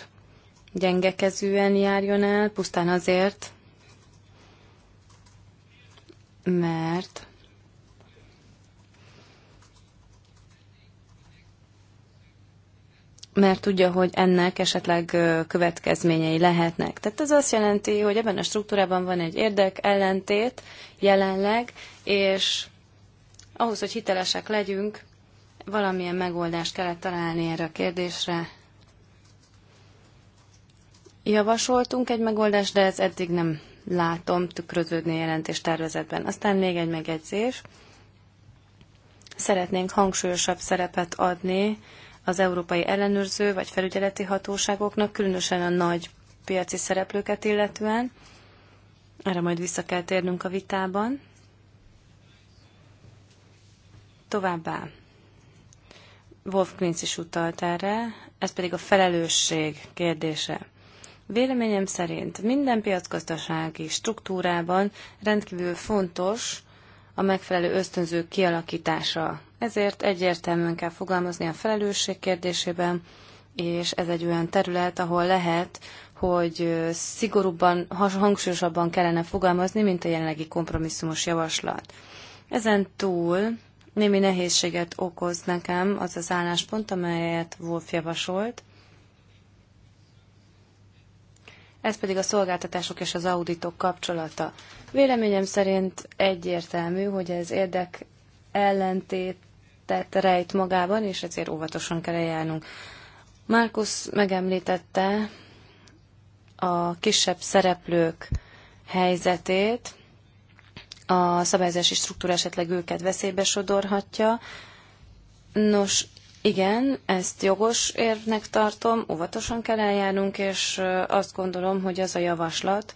gyengekezően járjon el, pusztán azért, mert mert tudja, hogy ennek esetleg következményei lehetnek. Tehát ez azt jelenti, hogy ebben a struktúrában van egy érdek ellentét jelenleg, és ahhoz, hogy hitelesek legyünk, valamilyen megoldást kellett találni erre a kérdésre. Javasoltunk egy megoldást, de ez eddig nem látom tükröződni jelentés tervezetben. Aztán még egy megjegyzés. Szeretnénk hangsúlyosabb szerepet adni az európai ellenőrző vagy felügyeleti hatóságoknak, különösen a nagy piaci szereplőket illetően. Erre majd vissza kell térnünk a vitában. Továbbá, Wolf Klinz is utalt erre, ez pedig a felelősség kérdése. Véleményem szerint minden piacgazdasági struktúrában rendkívül fontos, a megfelelő ösztönzők kialakítása. Ezért egyértelműen kell fogalmazni a felelősség kérdésében, és ez egy olyan terület, ahol lehet, hogy szigorúbban, hangsúlyosabban kellene fogalmazni, mint a jelenlegi kompromisszumos javaslat. Ezen túl némi nehézséget okoz nekem az az álláspont, amelyet Wolf javasolt, ez pedig a szolgáltatások és az auditok kapcsolata. Véleményem szerint egyértelmű, hogy ez érdek ellentétet rejt magában, és ezért óvatosan kell eljárnunk. Márkusz megemlítette a kisebb szereplők helyzetét, a szabályozási struktúra esetleg őket veszélybe sodorhatja. Nos, igen, ezt jogos érvnek tartom, óvatosan kell eljárnunk, és azt gondolom, hogy az a javaslat,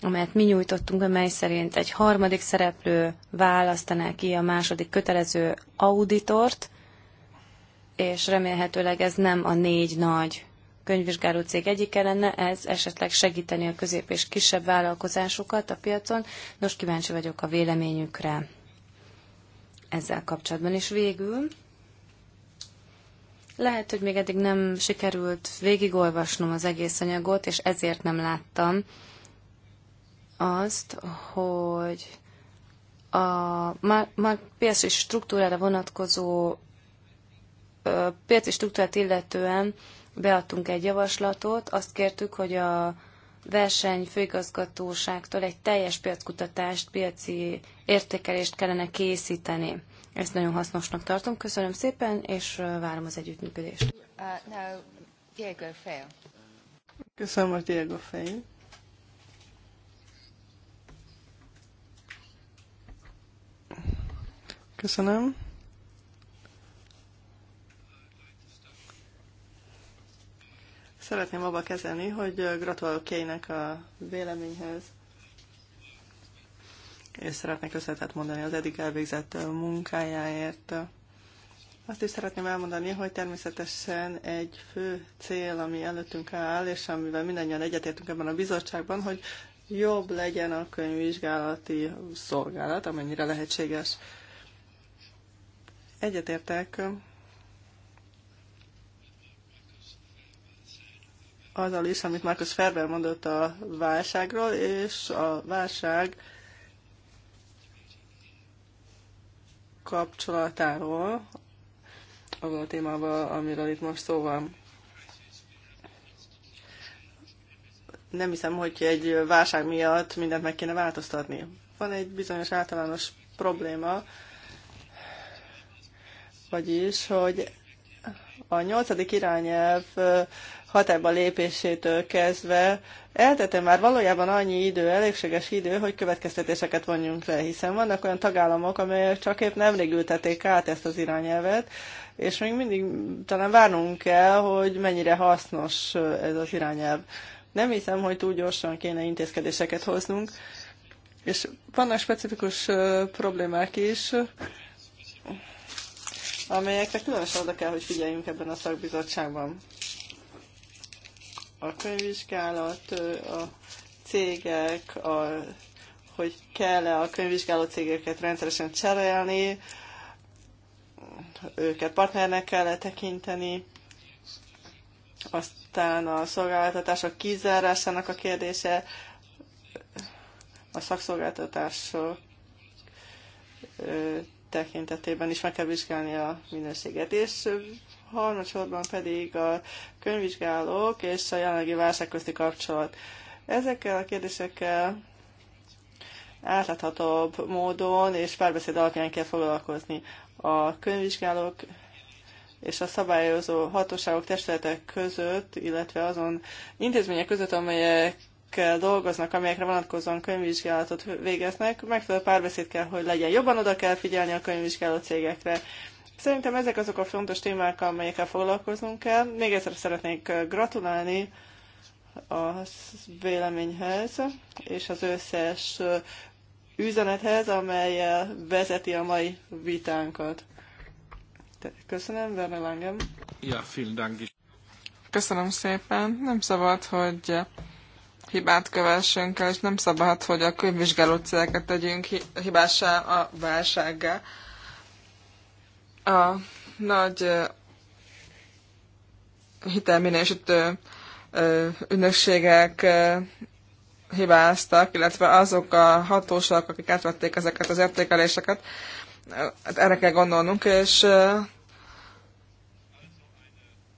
amelyet mi nyújtottunk, amely szerint egy harmadik szereplő választaná ki a második kötelező auditort, és remélhetőleg ez nem a négy nagy könyvvizsgáló cég egyike lenne, ez esetleg segíteni a közép és kisebb vállalkozásokat a piacon. Nos, kíváncsi vagyok a véleményükre ezzel kapcsolatban. És végül lehet, hogy még eddig nem sikerült végigolvasnom az egész anyagot, és ezért nem láttam azt, hogy a már, piaci struktúrára vonatkozó piaci struktúrát illetően beadtunk egy javaslatot, azt kértük, hogy a verseny főigazgatóságtól egy teljes piackutatást, piaci értékelést kellene készíteni. Ezt nagyon hasznosnak tartom. Köszönöm szépen, és várom az együttműködést. Uh, no, Diego Fail. Köszönöm, hogy Diego Fail. Köszönöm. Szeretném abba kezelni, hogy gratulálok Kének a véleményhez és szeretnék köszönetet mondani az eddig elvégzett munkájáért. Azt is szeretném elmondani, hogy természetesen egy fő cél, ami előttünk áll, és amivel mindannyian egyetértünk ebben a bizottságban, hogy jobb legyen a könyvvizsgálati szolgálat, amennyire lehetséges. Egyetértek azzal is, amit Markus Ferber mondott a válságról, és a válság kapcsolatáról, avval a témával, amiről itt most szó van. Nem hiszem, hogy egy válság miatt mindent meg kéne változtatni. Van egy bizonyos általános probléma, vagyis, hogy a nyolcadik irányelv hatályba lépésétől kezdve eltette már valójában annyi idő, elégséges idő, hogy következtetéseket vonjunk le, hiszen vannak olyan tagállamok, amelyek csak épp nemrég ültették át ezt az irányelvet, és még mindig talán várnunk kell, hogy mennyire hasznos ez az irányelv. Nem hiszem, hogy túl gyorsan kéne intézkedéseket hoznunk, és vannak specifikus problémák is, amelyekre különösen oda kell, hogy figyeljünk ebben a szakbizottságban a könyvvizsgálat, a cégek, a, hogy kell-e a könyvvizsgáló cégeket rendszeresen cserélni, őket partnernek kell -e tekinteni, aztán a szolgáltatások kizárásának a kérdése, a szakszolgáltatások tekintetében is meg kell vizsgálni a minőséget. És harmadsorban pedig a könyvvizsgálók és a jelenlegi válság közti kapcsolat. Ezekkel a kérdésekkel átláthatóbb módon és párbeszéd alapján kell foglalkozni. A könyvvizsgálók és a szabályozó hatóságok testületek között, illetve azon intézmények között, amelyek dolgoznak, amelyekre vonatkozóan könyvvizsgálatot végeznek, megfelelő párbeszéd kell, hogy legyen. Jobban oda kell figyelni a könyvvizsgáló cégekre, Szerintem ezek azok a fontos témák, amelyekkel foglalkoznunk kell. Még egyszer szeretnék gratulálni a véleményhez és az összes üzenethez, amely vezeti a mai vitánkat. Köszönöm, Werner Langem. Ja, vielen Dank is. Köszönöm szépen. Nem szabad, hogy hibát kövessünk el, és nem szabad, hogy a könyvvizsgáló cégeket tegyünk hibásá a válsággal a nagy hitelminősítő ünnökségek hibáztak, illetve azok a hatóságok, akik átvették ezeket az értékeléseket, hát erre kell gondolnunk, és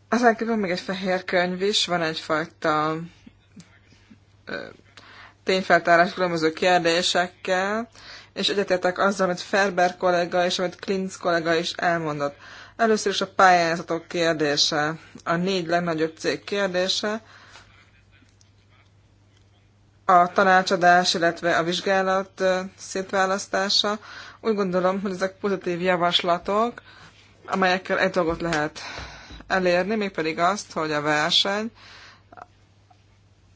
aztán kívül még egy fehér könyv is, van egyfajta tényfeltárás különböző kérdésekkel, és egyetértek azzal, amit Ferber kollega és amit Klinz kollega is elmondott. Először is a pályázatok kérdése, a négy legnagyobb cég kérdése, a tanácsadás, illetve a vizsgálat szétválasztása. Úgy gondolom, hogy ezek pozitív javaslatok, amelyekkel egy dolgot lehet elérni, mégpedig azt, hogy a verseny,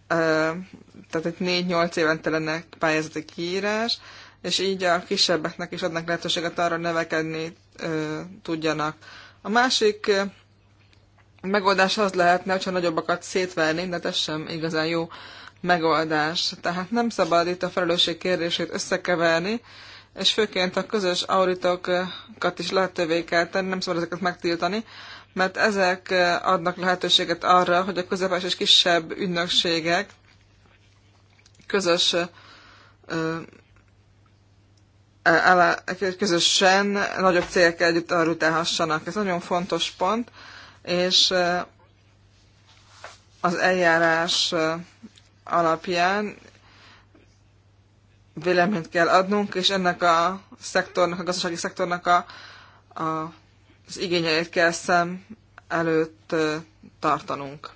tehát egy 4-8 évente lenne pályázati kiírás, és így a kisebbeknek is adnak lehetőséget arra, hogy növekedni ö, tudjanak. A másik megoldás az lehetne, hogyha nagyobbakat szétverni, de hát ez sem igazán jó megoldás. Tehát nem szabad itt a felelősség kérdését összekeverni, és főként a közös auditokat is lehetővé kell tenni, nem szabad ezeket megtiltani, mert ezek adnak lehetőséget arra, hogy a közepes és kisebb ügynökségek közös E, közösen nagyobb célkel együtt arra utálhassanak. Ez nagyon fontos pont, és e, az eljárás e, alapján véleményt kell adnunk, és ennek a szektornak, a gazdasági szektornak a, a, az igényeit kell szem előtt tartanunk.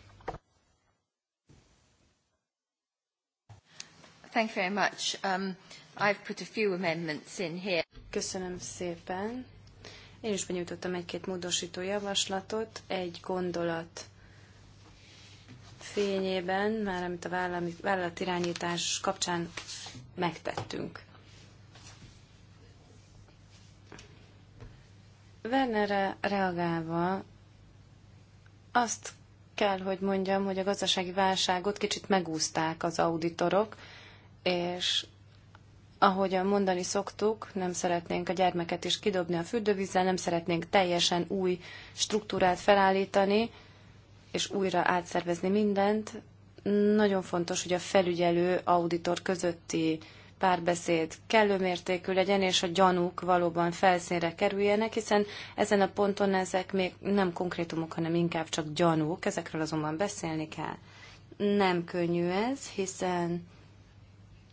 Thank you very much. Um... I've put a few amendments in here. Köszönöm szépen. Én is benyújtottam egy-két módosító javaslatot, egy gondolat fényében, már amit a irányítás kapcsán megtettünk. Wernerre reagálva azt kell, hogy mondjam, hogy a gazdasági válságot kicsit megúzták az auditorok, és Ahogyan mondani szoktuk, nem szeretnénk a gyermeket is kidobni a fürdővízzel, nem szeretnénk teljesen új struktúrát felállítani, és újra átszervezni mindent. Nagyon fontos, hogy a felügyelő auditor közötti párbeszéd kellő mértékű legyen, és a gyanúk valóban felszínre kerüljenek, hiszen ezen a ponton ezek még nem konkrétumok, hanem inkább csak gyanúk, ezekről azonban beszélni kell. Nem könnyű ez, hiszen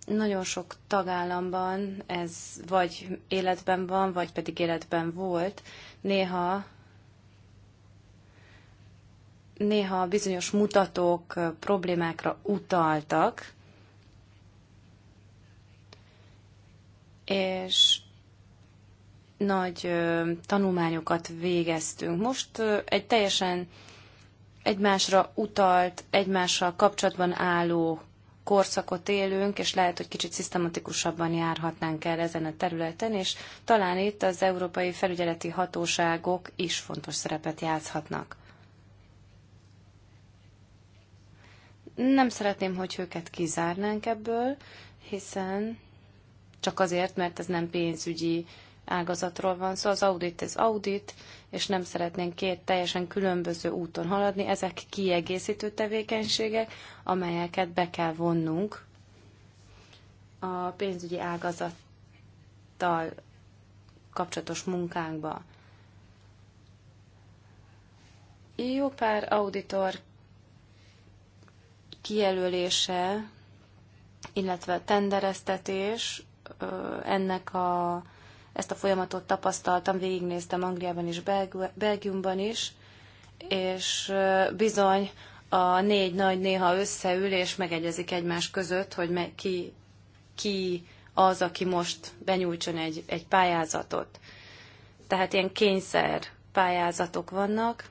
nagyon sok tagállamban ez vagy életben van, vagy pedig életben volt. Néha néha bizonyos mutatók problémákra utaltak, és nagy tanulmányokat végeztünk. Most egy teljesen egymásra utalt, egymással kapcsolatban álló korszakot élünk, és lehet, hogy kicsit szisztematikusabban járhatnánk el ezen a területen, és talán itt az európai felügyeleti hatóságok is fontos szerepet játszhatnak. Nem szeretném, hogy őket kizárnánk ebből, hiszen csak azért, mert ez nem pénzügyi ágazatról van szó, szóval az audit ez audit, és nem szeretnénk két teljesen különböző úton haladni. Ezek kiegészítő tevékenységek, amelyeket be kell vonnunk a pénzügyi ágazattal kapcsolatos munkánkba. Jó pár auditor kijelölése, illetve tendereztetés ennek a ezt a folyamatot tapasztaltam, végignéztem Angliában és Belgiumban is, és bizony a négy nagy néha összeül, és megegyezik egymás között, hogy ki, ki az, aki most benyújtson egy, egy pályázatot. Tehát ilyen kényszer pályázatok vannak,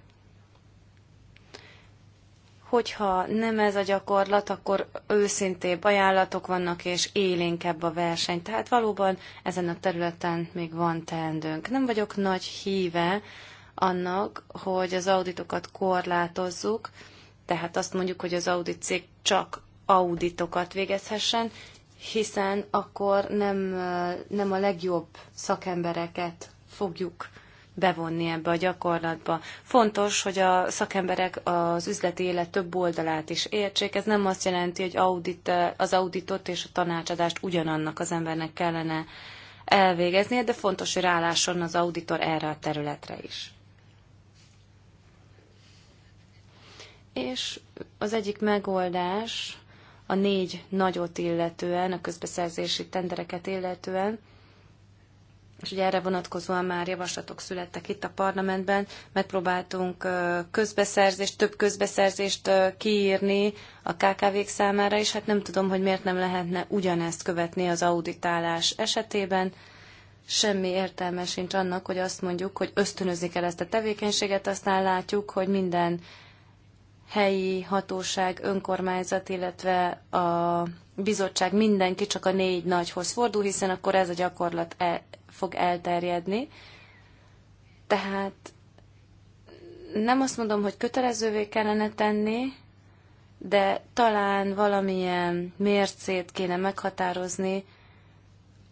Hogyha nem ez a gyakorlat, akkor őszintébb ajánlatok vannak, és élénkebb a verseny. Tehát valóban ezen a területen még van teendőnk. Nem vagyok nagy híve annak, hogy az auditokat korlátozzuk, tehát azt mondjuk, hogy az audit cég csak auditokat végezhessen, hiszen akkor nem, nem a legjobb szakembereket fogjuk bevonni ebbe a gyakorlatba. Fontos, hogy a szakemberek az üzleti élet több oldalát is értsék. Ez nem azt jelenti, hogy audit, az auditot és a tanácsadást ugyanannak az embernek kellene elvégeznie, de fontos, hogy ráláson az auditor erre a területre is. És az egyik megoldás a négy nagyot illetően, a közbeszerzési tendereket illetően, és ugye erre vonatkozóan már javaslatok születtek itt a parlamentben, megpróbáltunk közbeszerzést, több közbeszerzést kiírni a KKV-k számára, és hát nem tudom, hogy miért nem lehetne ugyanezt követni az auditálás esetében. Semmi értelme sincs annak, hogy azt mondjuk, hogy ösztönözni kell ezt a tevékenységet, aztán látjuk, hogy minden helyi hatóság, önkormányzat, illetve a bizottság mindenki csak a négy nagyhoz fordul, hiszen akkor ez a gyakorlat e- fog elterjedni. Tehát nem azt mondom, hogy kötelezővé kellene tenni, de talán valamilyen mércét kéne meghatározni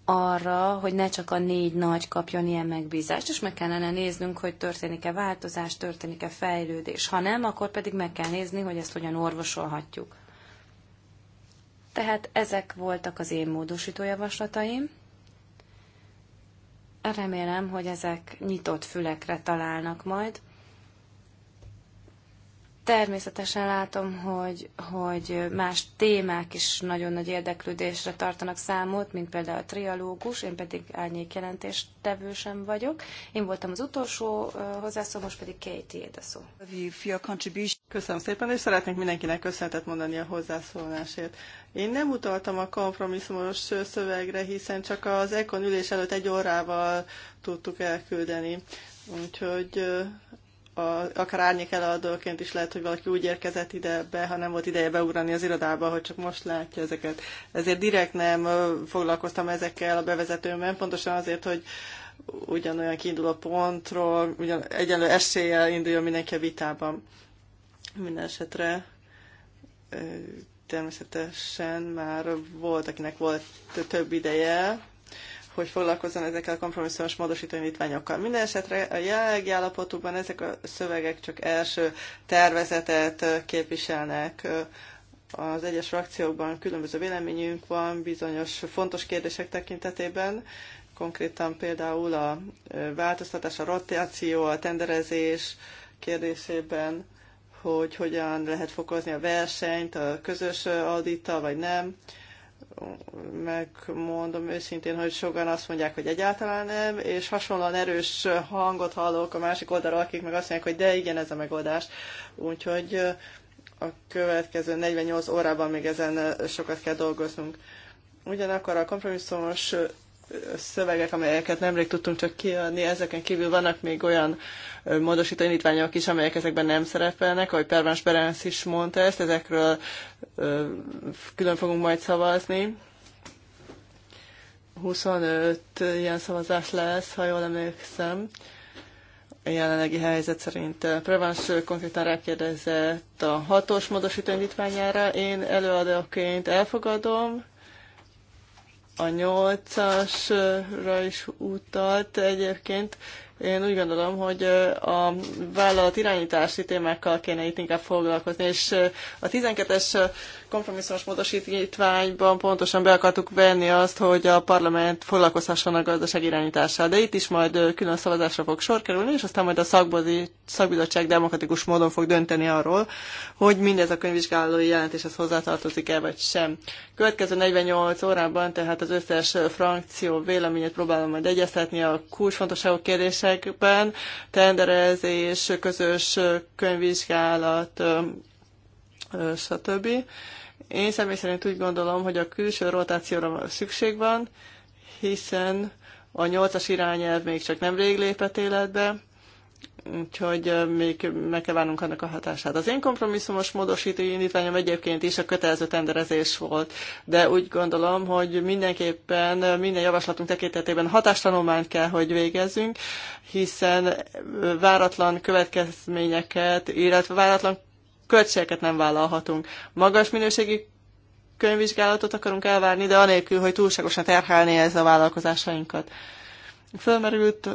arra, hogy ne csak a négy nagy kapjon ilyen megbízást, és meg kellene néznünk, hogy történik-e változás, történik-e fejlődés. Ha nem, akkor pedig meg kell nézni, hogy ezt hogyan orvosolhatjuk. Tehát ezek voltak az én módosító javaslataim. Remélem, hogy ezek nyitott fülekre találnak majd. Természetesen látom, hogy, hogy más témák is nagyon nagy érdeklődésre tartanak számot, mint például a trialógus, én pedig árnyék jelentéstevő sem vagyok. Én voltam az utolsó hozzászó, most pedig Katie éd a szó. Köszönöm szépen, és szeretnénk mindenkinek köszönetet mondani a hozzászólásért. Én nem utaltam a kompromisszumos szövegre, hiszen csak az Ekon ülés előtt egy órával tudtuk elküldeni. Úgyhogy a, akár árnyék eladóként is lehet, hogy valaki úgy érkezett ide be, ha nem volt ideje beugrani az irodába, hogy csak most látja ezeket. Ezért direkt nem foglalkoztam ezekkel a bevezetőmben, pontosan azért, hogy ugyanolyan kiinduló pontról, ugyan egyenlő eséllyel induljon mindenki a vitában. Minden esetre természetesen már volt, akinek volt több ideje, hogy foglalkozzon ezekkel a kompromisszumos módosító indítványokkal. Minden esetre a jelenlegi állapotukban ezek a szövegek csak első tervezetet képviselnek. Az egyes frakciókban különböző véleményünk van bizonyos fontos kérdések tekintetében, konkrétan például a változtatás, a rotáció, a tenderezés kérdésében hogy hogyan lehet fokozni a versenyt, a közös audita, vagy nem. Megmondom őszintén, hogy sokan azt mondják, hogy egyáltalán nem, és hasonlóan erős hangot hallok a másik oldalról, akik meg azt mondják, hogy de igen, ez a megoldás. Úgyhogy a következő 48 órában még ezen sokat kell dolgoznunk. Ugyanakkor a kompromisszumos szövegek, amelyeket nemrég tudtunk csak kiadni. Ezeken kívül vannak még olyan módosító indítványok is, amelyek ezekben nem szerepelnek, ahogy Pervans Berenc is mondta ezt, ezekről külön fogunk majd szavazni. 25 ilyen szavazás lesz, ha jól emlékszem a jelenlegi helyzet szerint. Prevans konkrétan rákérdezett a hatos módosító indítványára. Én előadóként elfogadom, a nyolcasra is utalt egyébként. Én úgy gondolom, hogy a vállalat irányítási témákkal kéne itt inkább foglalkozni, és a 12-es kompromisszumos módosítványban pontosan be akartuk venni azt, hogy a parlament foglalkozhasson a gazdaság irányítással, de itt is majd külön szavazásra fog sor kerülni, és aztán majd a szakbozi, szakbizottság demokratikus módon fog dönteni arról, hogy mindez a könyvvizsgálói jelentéshez hozzátartozik-e vagy sem. Következő 48 órában tehát az összes frakció véleményét próbálom majd egyeztetni a kulcsfontosságok kérdése bizottságban tenderezés, közös könyvvizsgálat, stb. Én személy szerint úgy gondolom, hogy a külső rotációra szükség van, hiszen a nyolcas irányelv még csak nemrég lépett életbe, úgyhogy még meg kell várnunk annak a hatását. Az én kompromisszumos módosító indítványom egyébként is a kötelező tenderezés volt, de úgy gondolom, hogy mindenképpen minden javaslatunk tekintetében hatástanulmányt kell, hogy végezzünk, hiszen váratlan következményeket, illetve váratlan költségeket nem vállalhatunk. Magas minőségi könyvvizsgálatot akarunk elvárni, de anélkül, hogy túlságosan terhelné ez a vállalkozásainkat. Fölmerült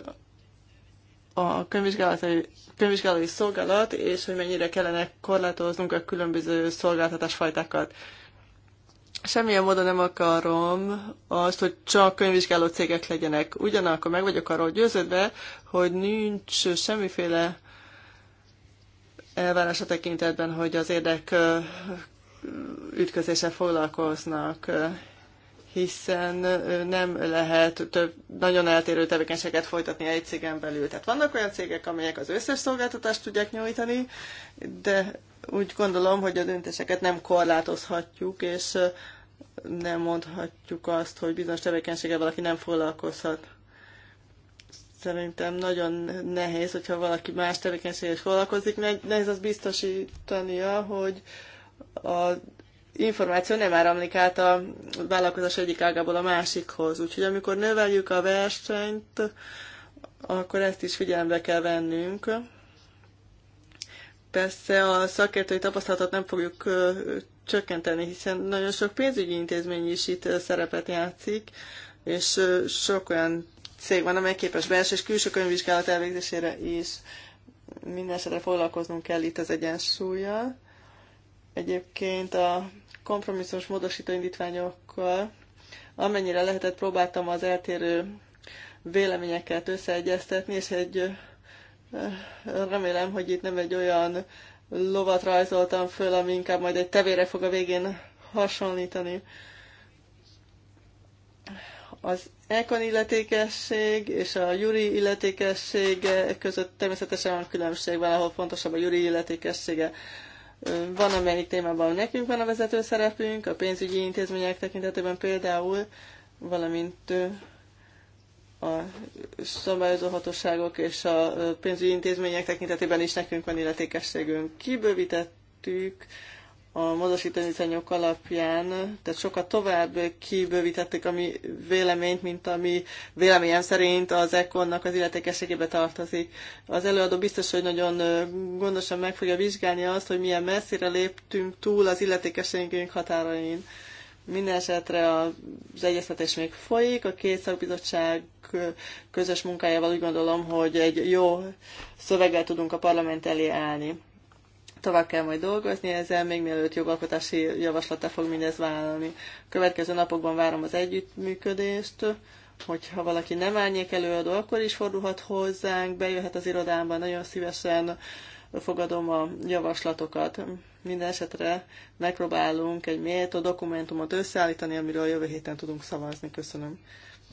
a könyvvizsgálati könyvvizsgálói szolgálat, és hogy mennyire kellene korlátoznunk a különböző szolgáltatásfajtákat. Semmilyen módon nem akarom azt, hogy csak könyvvizsgáló cégek legyenek. Ugyanakkor meg vagyok arról győződve, hogy nincs semmiféle elvárás a tekintetben, hogy az érdek ütközése foglalkoznak hiszen nem lehet több, nagyon eltérő tevékenységet folytatni egy cégen belül. Tehát vannak olyan cégek, amelyek az összes szolgáltatást tudják nyújtani, de úgy gondolom, hogy a döntéseket nem korlátozhatjuk, és nem mondhatjuk azt, hogy bizonyos tevékenységgel valaki nem foglalkozhat. Szerintem nagyon nehéz, hogyha valaki más tevékenységgel foglalkozik, nehéz azt biztosítania, hogy a információ nem áramlik át a vállalkozás egyik ágából a másikhoz. Úgyhogy amikor növeljük a versenyt, akkor ezt is figyelembe kell vennünk. Persze a szakértői tapasztalatot nem fogjuk csökkenteni, hiszen nagyon sok pénzügyi intézmény is itt szerepet játszik, és sok olyan cég van, amely képes belső és külső könyvvizsgálat elvégzésére is. Mindenesetre foglalkoznunk kell itt az egyensúlyjal. Egyébként a kompromisszumos módosító indítványokkal, amennyire lehetett, próbáltam az eltérő véleményeket összeegyeztetni, és egy eh, remélem, hogy itt nem egy olyan lovat rajzoltam föl, ami inkább majd egy tevére fog a végén hasonlítani. Az Econ illetékesség és a Juri illetékessége között természetesen van különbség, valahol fontosabb a Juri illetékessége. Van, amelyik témában nekünk van a vezető szerepünk, a pénzügyi intézmények tekintetében például, valamint a szabályozó hatóságok és a pénzügyi intézmények tekintetében is nekünk van illetékességünk. Kibővítettük a módosító indítványok alapján, tehát sokkal tovább kibővítették a mi véleményt, mint ami véleményem szerint az ekonnak az illetékességébe tartozik. Az előadó biztos, hogy nagyon gondosan meg fogja vizsgálni azt, hogy milyen messzire léptünk túl az illetékességünk határain. Minden esetre az egyeztetés még folyik, a két szakbizottság közös munkájával úgy gondolom, hogy egy jó szöveggel tudunk a parlament elé állni tovább kell majd dolgozni ezzel, még mielőtt jogalkotási javaslata fog mindez válni. Következő napokban várom az együttműködést, hogyha valaki nem árnyék előadó, akkor is fordulhat hozzánk, bejöhet az irodámban, nagyon szívesen fogadom a javaslatokat. Minden esetre megpróbálunk egy méltó dokumentumot összeállítani, amiről a jövő héten tudunk szavazni. Köszönöm.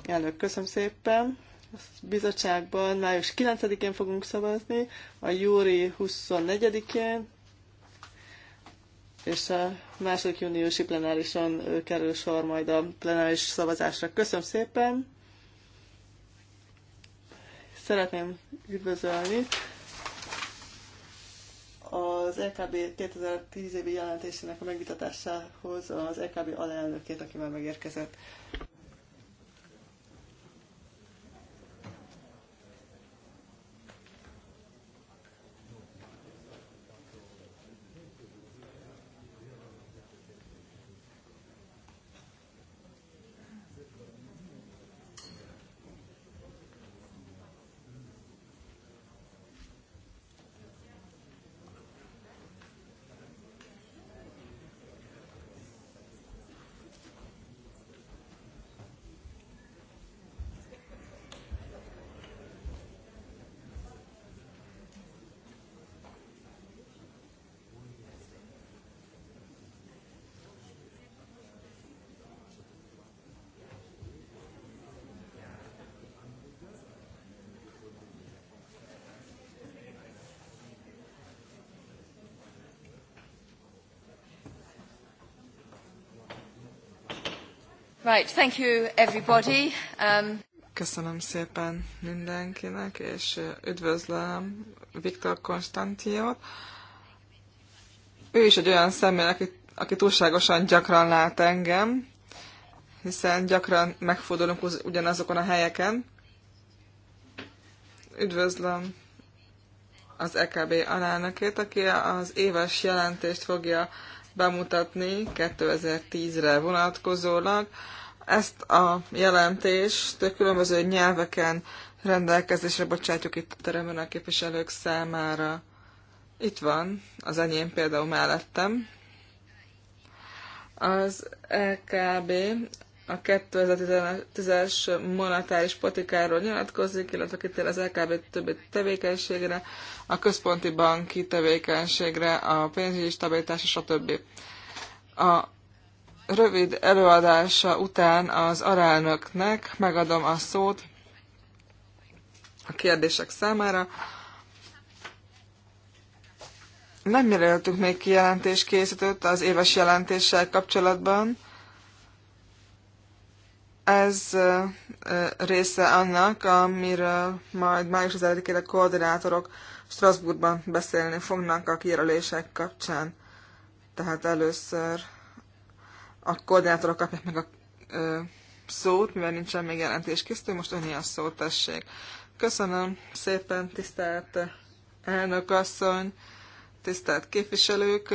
Elnök, köszönöm szépen. A bizottságban május 9-én fogunk szavazni, a júri 24-én, és a második júniusi plenárison kerül sor majd a plenáris szavazásra. Köszönöm szépen! Szeretném üdvözölni az EKB 2010 évi jelentésének a megvitatásához az EKB alelnökét, aki már megérkezett. Right, thank you everybody. Um... Köszönöm szépen mindenkinek, és üdvözlöm Viktor Konstantiót. Ő is egy olyan személy, aki, aki túlságosan gyakran lát engem, hiszen gyakran megfordulunk ugyanazokon a helyeken. Üdvözlöm az EKB alelnökét, aki az éves jelentést fogja bemutatni 2010-re vonatkozólag. Ezt a jelentést különböző nyelveken rendelkezésre bocsátjuk itt a teremben a képviselők számára. Itt van az enyém például mellettem. Az LKB e a 2010-es monetáris politikáról nyilatkozik, illetve kitér az LKB többi tevékenységre, a központi banki tevékenységre, a pénzügyi stabilitás, stb. A rövid előadása után az arelnöknek megadom a szót a kérdések számára. Nem jelöltünk még készítőt az éves jelentéssel kapcsolatban, ez része annak, amiről majd május 11-én a koordinátorok Strasbourgban beszélni fognak a kijelölések kapcsán. Tehát először a koordinátorok kapják meg a szót, mivel nincsen még készítő, most önnyi a szót tessék. Köszönöm szépen, tisztelt elnök asszony, tisztelt képviselők!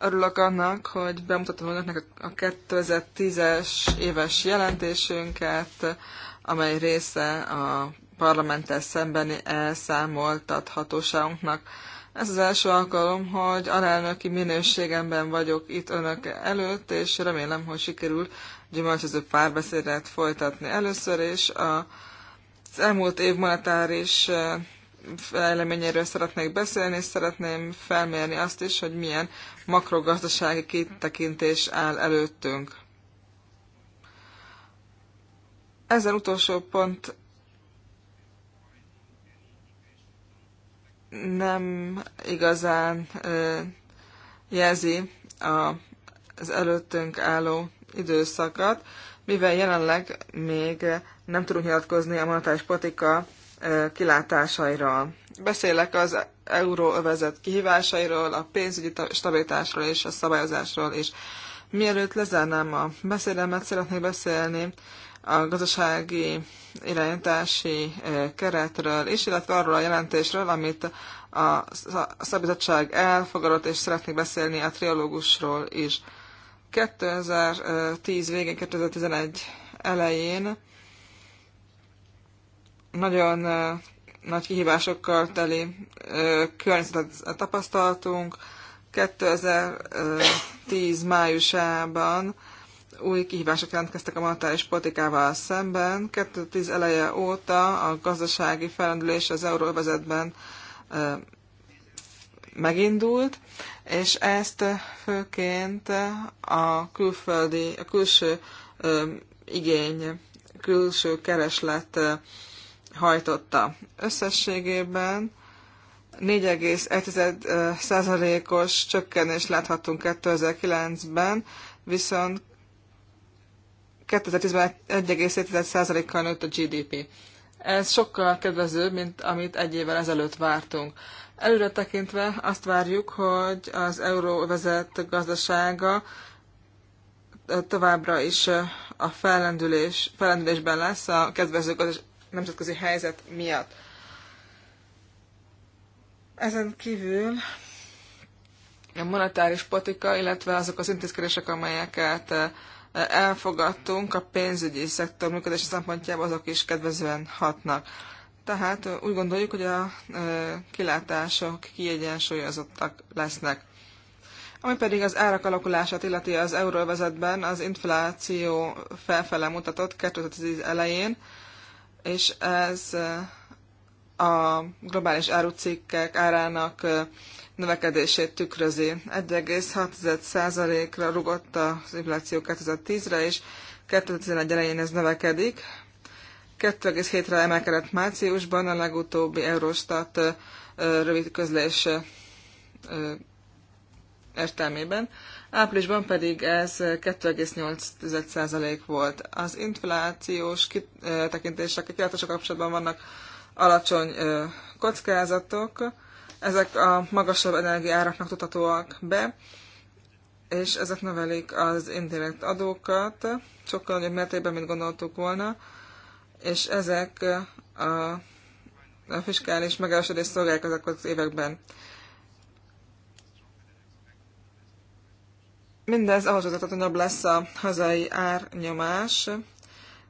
Örülök annak, hogy bemutatom önöknek a 2010-es éves jelentésünket, amely része a parlamenttel szembeni elszámoltathatóságunknak. Ez az első alkalom, hogy alelnöki minőségemben vagyok itt önök előtt, és remélem, hogy sikerül gyümölcsöző párbeszédet folytatni először, és a, az elmúlt év monetáris fejleményéről szeretnék beszélni, és szeretném felmérni azt is, hogy milyen makrogazdasági kitekintés áll előttünk. Ezen utolsó pont nem igazán jelzi az előttünk álló időszakat, mivel jelenleg még nem tudunk nyilatkozni a monetáris politika kilátásairól. Beszélek az euróövezet kihívásairól, a pénzügyi stabilitásról és a szabályozásról is. Mielőtt lezárnám a beszédemet, szeretnék beszélni a gazdasági irányítási keretről is, illetve arról a jelentésről, amit a szabadság elfogadott, és szeretnék beszélni a triológusról is. 2010 végén, 2011 elején nagyon nagy kihívásokkal teli környezetet tapasztaltunk. 2010 májusában új kihívások jelentkeztek a monetáris politikával szemben. 2010 eleje óta a gazdasági felrendülés az euróvezetben megindult, és ezt főként a külföldi, a külső igény, külső kereslet hajtotta. Összességében 4,1%-os csökkenés láthattunk 2009-ben, viszont 2010-ben 1,7%-kal nőtt a GDP. Ez sokkal kedvezőbb, mint amit egy évvel ezelőtt vártunk. Előre tekintve azt várjuk, hogy az euróvezet gazdasága továbbra is a fellendülés, fellendülésben lesz a kedvező nemzetközi helyzet miatt. Ezen kívül a monetáris politika, illetve azok az intézkedések, amelyeket eh, elfogadtunk a pénzügyi szektor működési szempontjából, azok is kedvezően hatnak. Tehát eh, úgy gondoljuk, hogy a eh, kilátások kiegyensúlyozottak lesznek. Ami pedig az árak alakulását illeti az euróvezetben, az infláció felfele mutatott 2010 elején, és ez a globális árucikkek árának növekedését tükrözi. 1,6%-ra rugott az infláció 2010-re, és 2011 elején ez növekedik. 2,7-re emelkedett márciusban a legutóbbi Eurostat rövid közlés értelmében áprilisban pedig ez 2,8% volt. Az inflációs kitekintések, kilátással kapcsolatban vannak alacsony kockázatok, ezek a magasabb energiáraknak tudhatóak be, és ezek növelik az indirekt adókat, sokkal nagyobb mértékben, mint gondoltuk volna, és ezek a, a fiskális megállapodást szolgálják ezek az években. Mindez ahhoz vezetett, hogy nagyobb lesz a hazai árnyomás.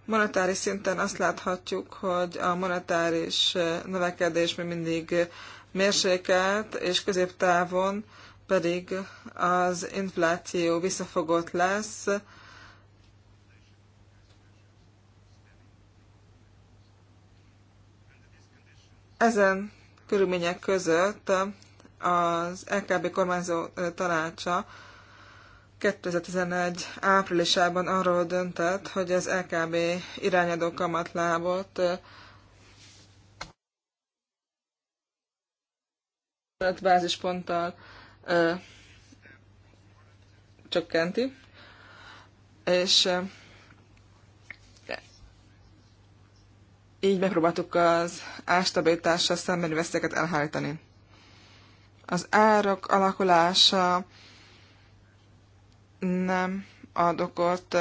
Monetári szinten azt láthatjuk, hogy a monetáris eh, növekedés még mindig mérsékelt, és középtávon pedig az infláció visszafogott lesz, Ezen körülmények között az LKB kormányzó eh, tanácsa 2011 áprilisában arról döntött, hogy az LKB irányadó kamatlábot bázisponttal csökkenti, és így megpróbáltuk az ástabilitással szembeni veszélyeket elhárítani. Az árak alakulása nem adok ott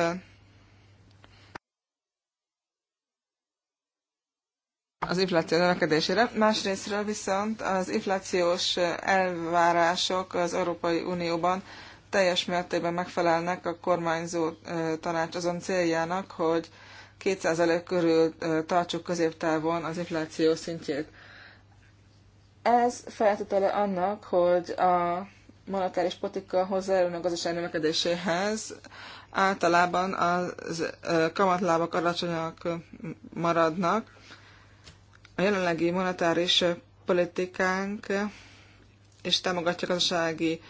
az infláció növekedésére. Másrésztről viszont az inflációs elvárások az Európai Unióban teljes mértékben megfelelnek a kormányzó tanács azon céljának, hogy 2% körül tartsuk középtávon az infláció szintjét. Ez feltétele annak, hogy a monetáris politika hozzájárulni a gazdaság növekedéséhez. Általában az kamatlábak alacsonyak maradnak. A jelenlegi monetáris politikánk és támogatja gazdasági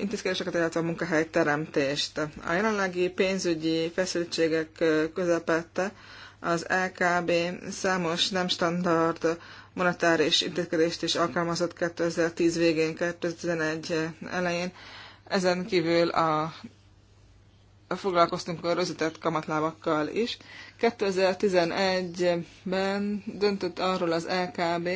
intézkedéseket, illetve a munkahely teremtést. A jelenlegi pénzügyi feszültségek közepette az LKB számos nem standard monetáris intézkedést is alkalmazott 2010 végén, 2011 elején. Ezen kívül a foglalkoztunk a rögzített kamatlábakkal is. 2011-ben döntött arról az LKB,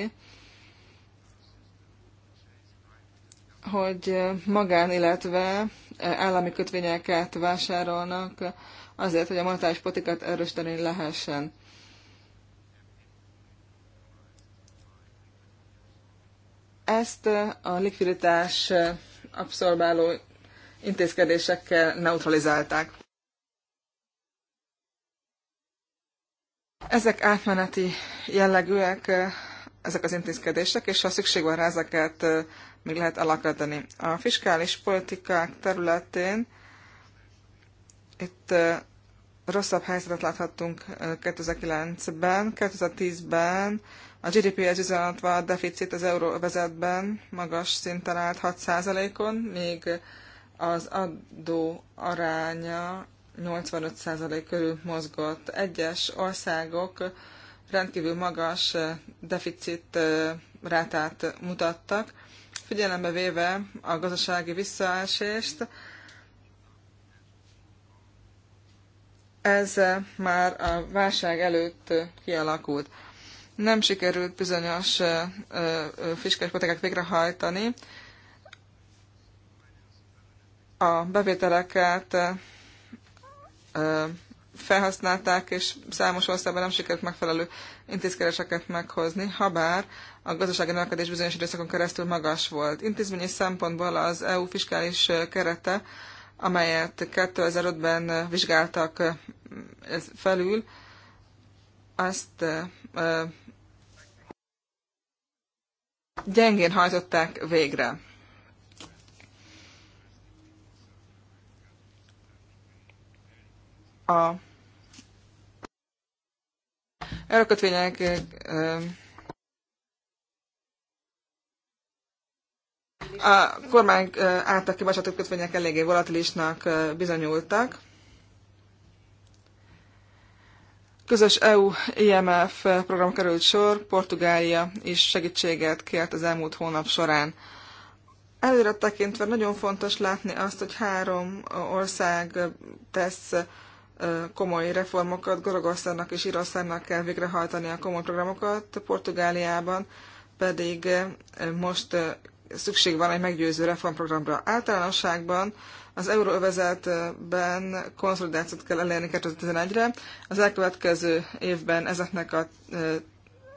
hogy magán, illetve állami kötvényeket vásárolnak azért, hogy a monetáris politikát erősíteni lehessen. Ezt a likviditás abszorbáló intézkedésekkel neutralizálták. Ezek átmeneti jellegűek, ezek az intézkedések, és ha szükség van rá, ezeket még lehet alakítani. A fiskális politikák területén itt rosszabb helyzetet láthattunk 2009-ben, 2010-ben a GDP az üzenetve a deficit az euróvezetben magas szinten állt 6%-on, még az adó aránya 85% körül mozgott. Egyes országok rendkívül magas deficit rátát mutattak, figyelembe véve a gazdasági visszaesést, ez már a válság előtt kialakult. Nem sikerült bizonyos fiskális politikát végrehajtani. A bevételeket felhasználták, és számos országban nem sikerült megfelelő intézkedéseket meghozni, habár a gazdasági növekedés bizonyos időszakon keresztül magas volt. Intézményi szempontból az EU fiskális kerete amelyet 2005-ben vizsgáltak ez felül, azt gyengén hajtották végre. A örökötvények a kormány által kibocsátott kötvények eléggé volatilisnak bizonyultak. Közös EU-IMF e program került sor, Portugália is segítséget kért az elmúlt hónap során. Előre tekintve nagyon fontos látni azt, hogy három ország tesz komoly reformokat, Görögországnak és Írországnak kell végrehajtani a komoly programokat, Portugáliában pedig most szükség van egy meggyőző reformprogramra. Általánosságban az euróövezetben konszolidációt kell elérni 2011-re. Az elkövetkező évben ezeknek a,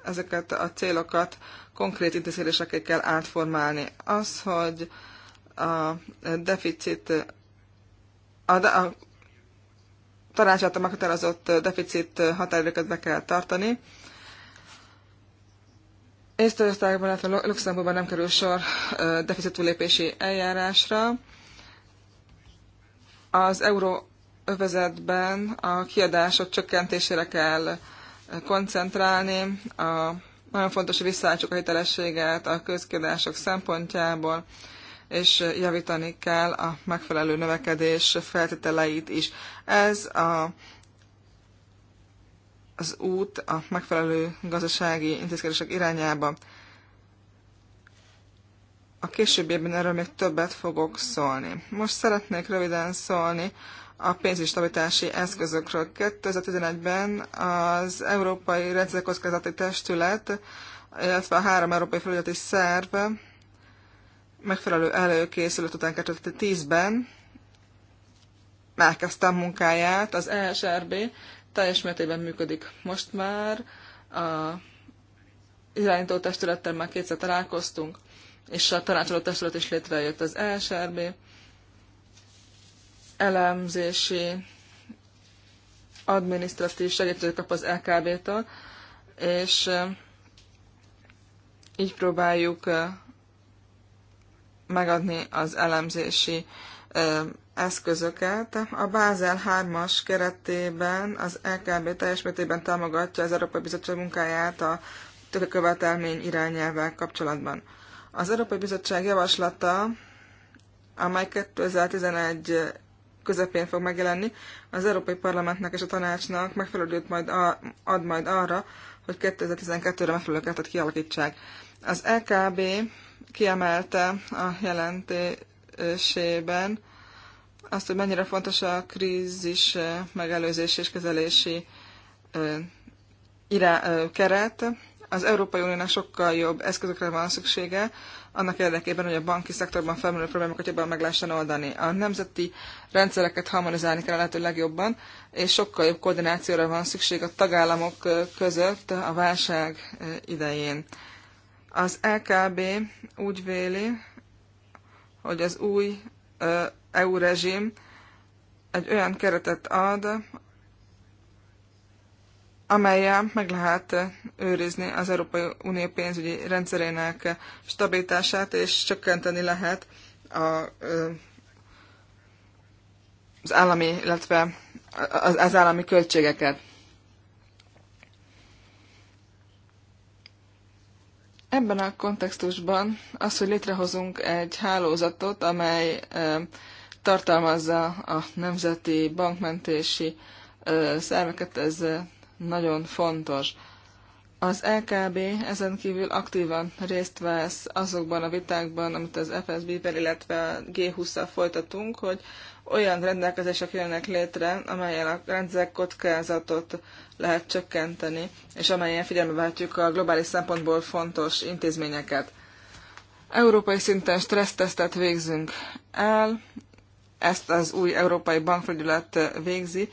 ezeket a célokat konkrét intézkedésekkel kell átformálni. Az, hogy a deficit, a, a tanácsát a meghatározott deficit határidőket be kell tartani, Észtországban, illetve Luxemburgban nem kerül sor deficitúlépési eljárásra. Az euróövezetben a kiadások csökkentésére kell koncentrálni. A, nagyon fontos, hogy visszaálltsuk a hitelességet a közkiadások szempontjából, és javítani kell a megfelelő növekedés feltételeit is. Ez a az út a megfelelő gazdasági intézkedések irányába. A későbbiekben erről még többet fogok szólni. Most szeretnék röviden szólni a pénzistabilitási eszközökről. 2011-ben az Európai Rendszerkockázati Testület, illetve a három európai felügyeleti szerv megfelelő előkészület után 2010-ben elkezdtem munkáját az ESRB teljes mértékben működik most már. A irányító testülettel már kétszer találkoztunk, és a tanácsoló testület is létrejött az ESRB elemzési adminisztratív segítőt kap az LKB-től, és így próbáljuk megadni az elemzési eszközöket. A Bázel 3-as keretében az EKB teljes mértékben támogatja az Európai Bizottság munkáját a követelmény irányelvvel kapcsolatban. Az Európai Bizottság javaslata, amely 2011 közepén fog megjelenni, az Európai Parlamentnek és a Tanácsnak megfelelőt majd a, ad majd arra, hogy 2012-re megfelelő keretet kialakítsák. Az LKB kiemelte a jelentésében, azt, hogy mennyire fontos a krízis megelőzés és kezelési irá, keret. Az Európai Uniónak sokkal jobb eszközökre van szüksége, annak érdekében, hogy a banki szektorban felmerülő problémákat jobban meg lehessen oldani. A nemzeti rendszereket harmonizálni kell a lehető legjobban, és sokkal jobb koordinációra van szükség a tagállamok között a válság idején. Az LKB e úgy véli, hogy az új EU rezsim egy olyan keretet ad, amelyel meg lehet őrizni az Európai Unió pénzügyi rendszerének stabilitását, és csökkenteni lehet a, az állami, illetve az, az állami költségeket. Ebben a kontextusban az, hogy létrehozunk egy hálózatot, amely tartalmazza a nemzeti bankmentési szerveket, ez nagyon fontos. Az LKB e ezen kívül aktívan részt vesz azokban a vitákban, amit az FSB-vel, illetve G20-szal folytatunk, hogy olyan rendelkezések jönnek létre, amelyen a rendszer kockázatot lehet csökkenteni, és amelyen figyelme váltjuk a globális szempontból fontos intézményeket. Európai szinten stressztesztet végzünk el, ezt az új európai bankfelügyelet végzi,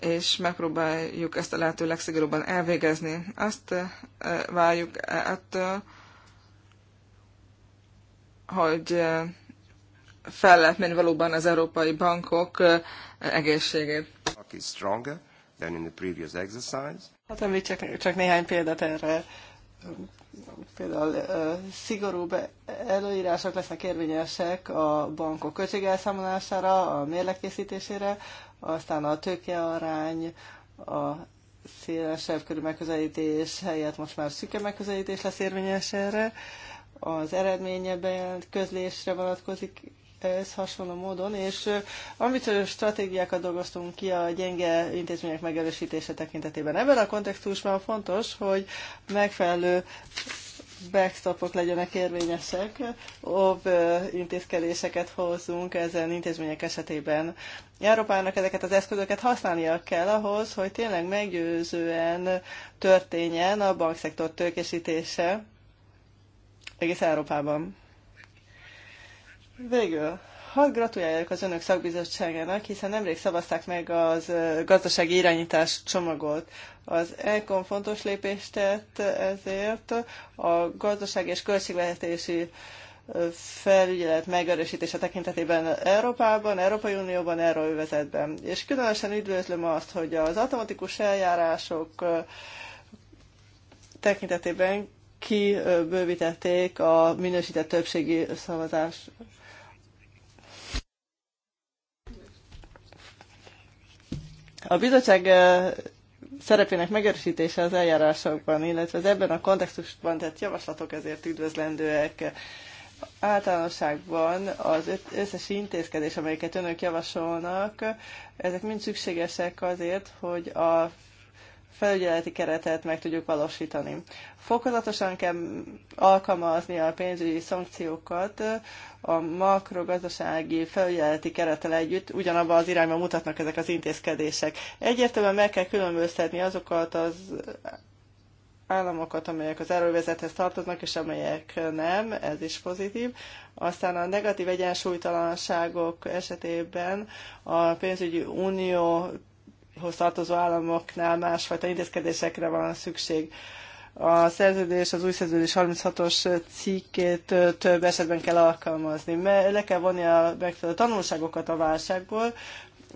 és megpróbáljuk ezt a lehető legszigorúbban elvégezni. Azt eh, várjuk ettől, hogy eh, fel lehet menni valóban az európai bankok eh, egészségét. Hát említsek csak néhány példát erre például szigorúbb előírások lesznek érvényesek a bankok költségelszámolására, a mérlekészítésére, aztán a tőkearány, a szélesebb körű megközelítés helyett most már szüke megközelítés lesz érvényes erre. Az eredménye közlésre vonatkozik ez hasonló módon, és amitől stratégiákat dolgoztunk ki a gyenge intézmények megerősítése tekintetében. Ebben a kontextusban fontos, hogy megfelelő backstopok legyenek érvényesek, ob intézkedéseket hozzunk ezen intézmények esetében. Európának ezeket az eszközöket használnia kell ahhoz, hogy tényleg meggyőzően történjen a bankszektor tőkésítése egész Európában. Végül, hadd gratuláljak az önök szakbizottságának, hiszen nemrég szavazták meg az gazdasági irányítás csomagot. Az ECON fontos lépést tett ezért a gazdaság és költségvetési felügyelet megerősítése tekintetében Európában, Európai Unióban, Euróövezetben. És különösen üdvözlöm azt, hogy az automatikus eljárások tekintetében kibővítették a minősített többségi szavazás A bizottság szerepének megerősítése az eljárásokban, illetve az ebben a kontextusban tett javaslatok ezért üdvözlendőek. Általánosságban az összes intézkedés, amelyeket önök javasolnak, ezek mind szükségesek azért, hogy a felügyeleti keretet meg tudjuk valósítani. Fokozatosan kell alkalmazni a pénzügyi szankciókat a makrogazdasági felügyeleti kerettel együtt, ugyanabban az irányba mutatnak ezek az intézkedések. Egyértelműen meg kell különböztetni azokat az államokat, amelyek az erővezethez tartoznak, és amelyek nem, ez is pozitív. Aztán a negatív egyensúlytalanságok esetében a pénzügyi unió tartozó államoknál másfajta intézkedésekre van szükség. A szerződés, az új szerződés 36-os cikkét több esetben kell alkalmazni. Le kell vonni a megfelelő tanulságokat a válságból,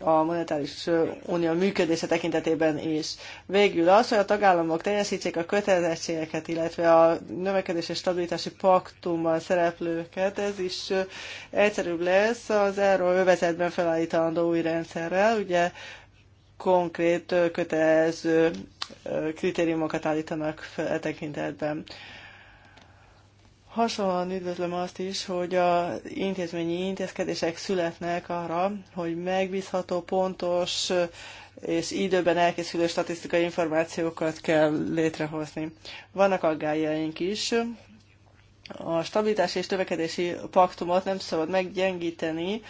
a monetáris unió működése tekintetében is. Végül az, hogy a tagállamok teljesítsék a kötelezettségeket, illetve a növekedés és stabilitási paktumban szereplőket, ez is egyszerűbb lesz az erről övezetben felállítandó új rendszerrel. Ugye konkrét, kötelező kritériumokat állítanak fel e tekintetben. Hasonlóan üdvözlöm azt is, hogy az intézményi intézkedések születnek arra, hogy megbízható, pontos és időben elkészülő statisztikai információkat kell létrehozni. Vannak aggájaink is, a stabilitási és növekedési paktumot nem szabad meggyengíteni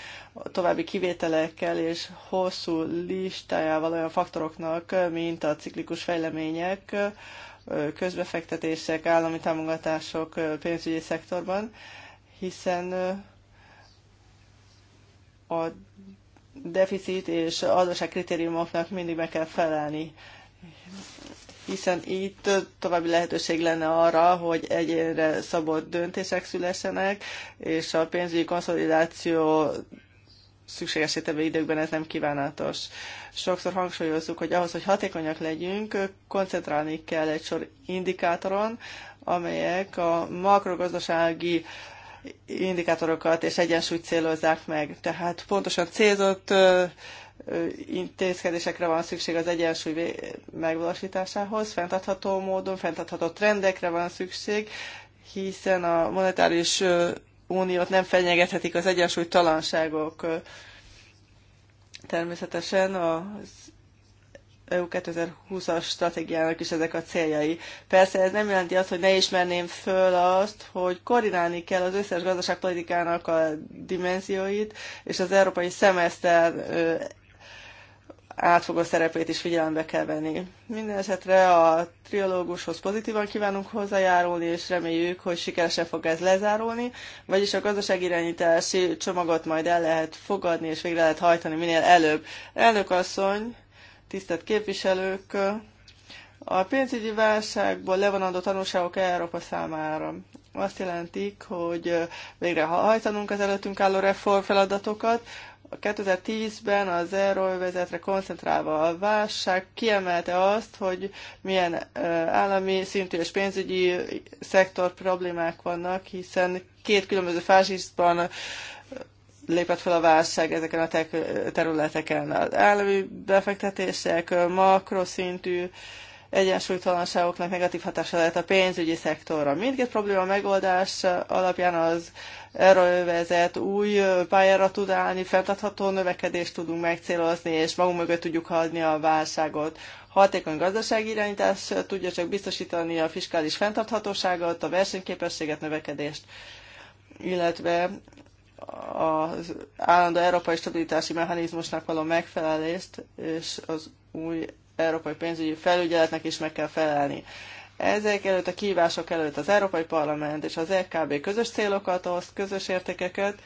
további kivételekkel és hosszú listájával olyan faktoroknak, mint a ciklikus fejlemények, közbefektetések, állami támogatások pénzügyi szektorban, hiszen a deficit és adóság kritériumoknak mindig meg kell felelni hiszen itt további lehetőség lenne arra, hogy egyénre szabott döntések szülessenek, és a pénzügyi konszolidáció szükségesé tevő időkben ez nem kívánatos. Sokszor hangsúlyozzuk, hogy ahhoz, hogy hatékonyak legyünk, koncentrálni kell egy sor indikátoron, amelyek a makrogazdasági indikátorokat és egyensúlyt célozzák meg. Tehát pontosan célzott intézkedésekre van szükség az egyensúly megvalósításához, fenntartható módon, fenntartható trendekre van szükség, hiszen a monetáris uniót nem fenyegethetik az egyensúlytalanságok. Természetesen az EU 2020-as stratégiának is ezek a céljai. Persze ez nem jelenti azt, hogy ne ismerném föl azt, hogy koordinálni kell az összes gazdaságpolitikának a dimenzióit, és az európai szemeszter átfogó szerepét is figyelembe kell venni. Mindenesetre a triológushoz pozitívan kívánunk hozzájárulni, és reméljük, hogy sikeresen fog ez lezárulni, vagyis a gazdaságirányítási csomagot majd el lehet fogadni, és végre lehet hajtani minél előbb. Elnök asszony, tisztelt képviselők, a pénzügyi válságból levonandó tanulságok Európa számára azt jelentik, hogy végre hajtanunk az előttünk álló reform feladatokat, a 2010-ben az euróvezetre koncentrálva a válság kiemelte azt, hogy milyen állami szintű és pénzügyi szektor problémák vannak, hiszen két különböző fázisban lépett fel a válság ezeken a területeken. Az állami befektetések, makroszintű egyensúlytalanságoknak negatív hatása lehet a pénzügyi szektorra. Mindkét probléma megoldás alapján az erővezet új pályára tud állni, fenntartható növekedést tudunk megcélozni, és magunk mögött tudjuk hagyni a válságot. Hatékony gazdasági irányítás tudja csak biztosítani a fiskális fenntarthatóságot, a versenyképességet, növekedést, illetve az állandó európai stabilitási mechanizmusnak való megfelelést és az új európai pénzügyi felügyeletnek is meg kell felelni. Ezek előtt, a kívások előtt az Európai Parlament és az EKB közös célokat azt közös értékeket,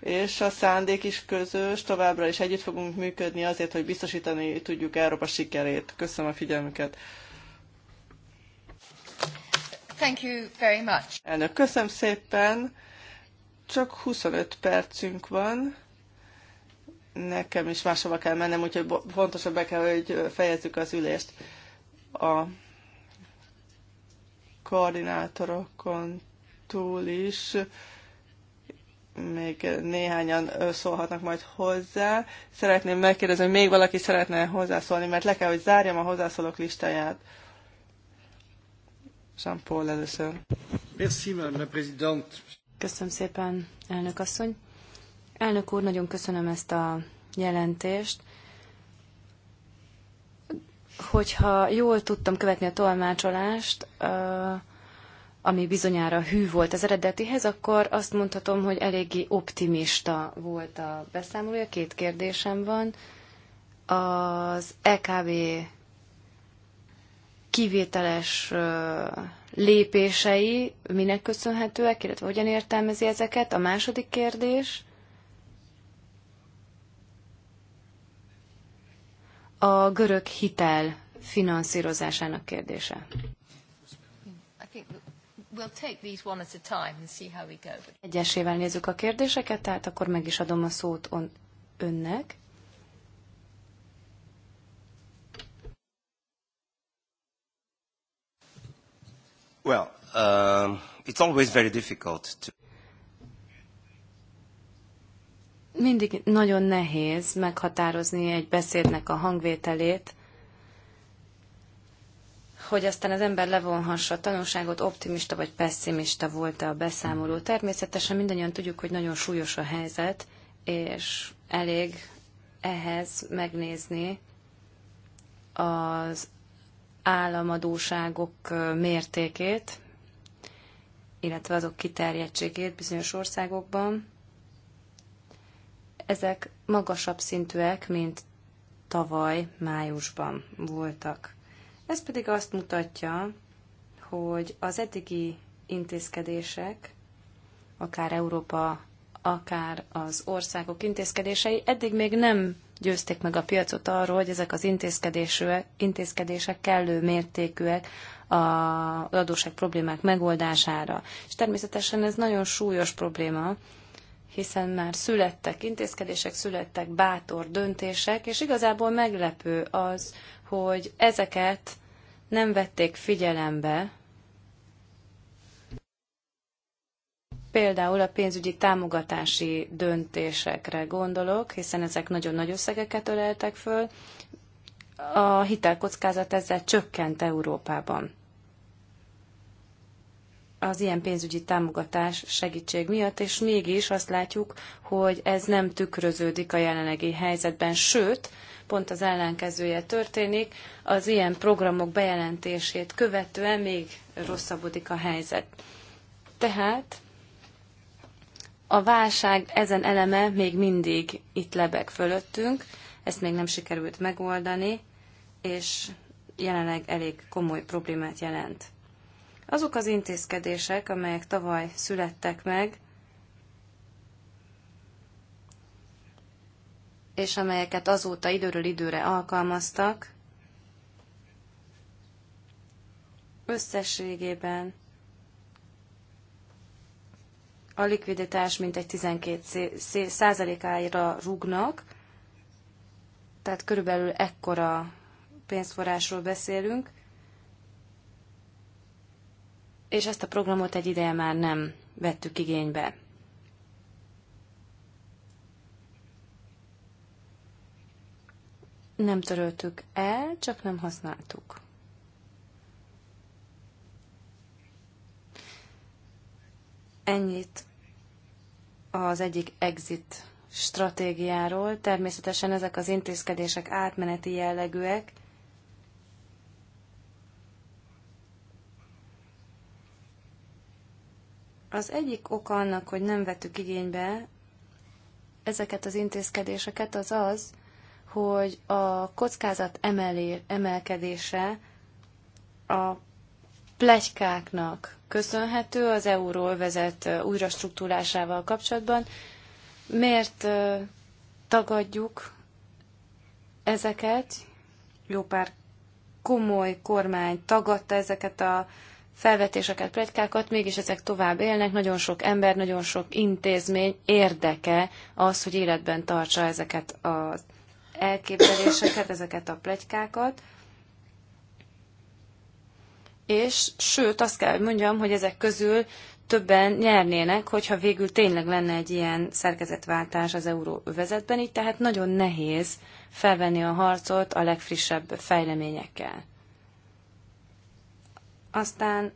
és a szándék is közös, továbbra is együtt fogunk működni azért, hogy biztosítani tudjuk Európa sikerét. Köszönöm a figyelmüket. Thank you very much. Elnök, köszönöm szépen. Csak 25 percünk van nekem is máshova kell mennem, úgyhogy fontosabb be kell, hogy fejezzük az ülést. A koordinátorokon túl is még néhányan szólhatnak majd hozzá. Szeretném megkérdezni, hogy még valaki szeretne hozzászólni, mert le kell, hogy zárjam a hozzászólók listáját. Jean-Paul először. Köszönöm szépen, elnök asszony. Elnök úr, nagyon köszönöm ezt a jelentést. Hogyha jól tudtam követni a tolmácsolást, ami bizonyára hű volt az eredetihez, akkor azt mondhatom, hogy eléggé optimista volt a beszámolója. Két kérdésem van. Az EKB kivételes lépései minek köszönhetőek, illetve hogyan értelmezi ezeket? A második kérdés a görög hitel finanszírozásának kérdése. Egyesével nézzük a kérdéseket, tehát akkor meg is adom a szót önnek. Well, um, it's always very difficult to... mindig nagyon nehéz meghatározni egy beszédnek a hangvételét, hogy aztán az ember levonhassa a tanulságot, optimista vagy pessimista volt -e a beszámoló. Természetesen mindannyian tudjuk, hogy nagyon súlyos a helyzet, és elég ehhez megnézni az államadóságok mértékét, illetve azok kiterjedtségét bizonyos országokban. Ezek magasabb szintűek, mint tavaly májusban voltak. Ez pedig azt mutatja, hogy az eddigi intézkedések, akár Európa, akár az országok intézkedései eddig még nem győzték meg a piacot arról, hogy ezek az intézkedések kellő mértékűek az adóság problémák megoldására. És természetesen ez nagyon súlyos probléma, hiszen már születtek intézkedések, születtek bátor döntések, és igazából meglepő az, hogy ezeket nem vették figyelembe, Például a pénzügyi támogatási döntésekre gondolok, hiszen ezek nagyon nagy összegeket öleltek föl. A hitelkockázat ezzel csökkent Európában az ilyen pénzügyi támogatás segítség miatt, és mégis azt látjuk, hogy ez nem tükröződik a jelenlegi helyzetben, sőt, pont az ellenkezője történik, az ilyen programok bejelentését követően még rosszabbodik a helyzet. Tehát a válság ezen eleme még mindig itt lebeg fölöttünk, ezt még nem sikerült megoldani, és jelenleg elég komoly problémát jelent. Azok az intézkedések, amelyek tavaly születtek meg, és amelyeket azóta időről időre alkalmaztak, összességében a likviditás mintegy 12%-ára rúgnak, tehát körülbelül ekkora pénzforrásról beszélünk, és ezt a programot egy ideje már nem vettük igénybe. Nem töröltük el, csak nem használtuk. Ennyit az egyik exit stratégiáról. Természetesen ezek az intézkedések átmeneti jellegűek, Az egyik oka annak, hogy nem vettük igénybe ezeket az intézkedéseket, az az, hogy a kockázat emelé, emelkedése a plegykáknak köszönhető az euróról vezet újrastruktúrásával kapcsolatban. Miért tagadjuk ezeket? Jó pár komoly kormány tagadta ezeket a felvetéseket, plegykákat, mégis ezek tovább élnek, nagyon sok ember, nagyon sok intézmény érdeke az, hogy életben tartsa ezeket az elképzeléseket, ezeket a plegykákat, és sőt, azt kell, hogy mondjam, hogy ezek közül többen nyernének, hogyha végül tényleg lenne egy ilyen szerkezetváltás az euróvezetben, így tehát nagyon nehéz felvenni a harcot a legfrissebb fejleményekkel. Aztán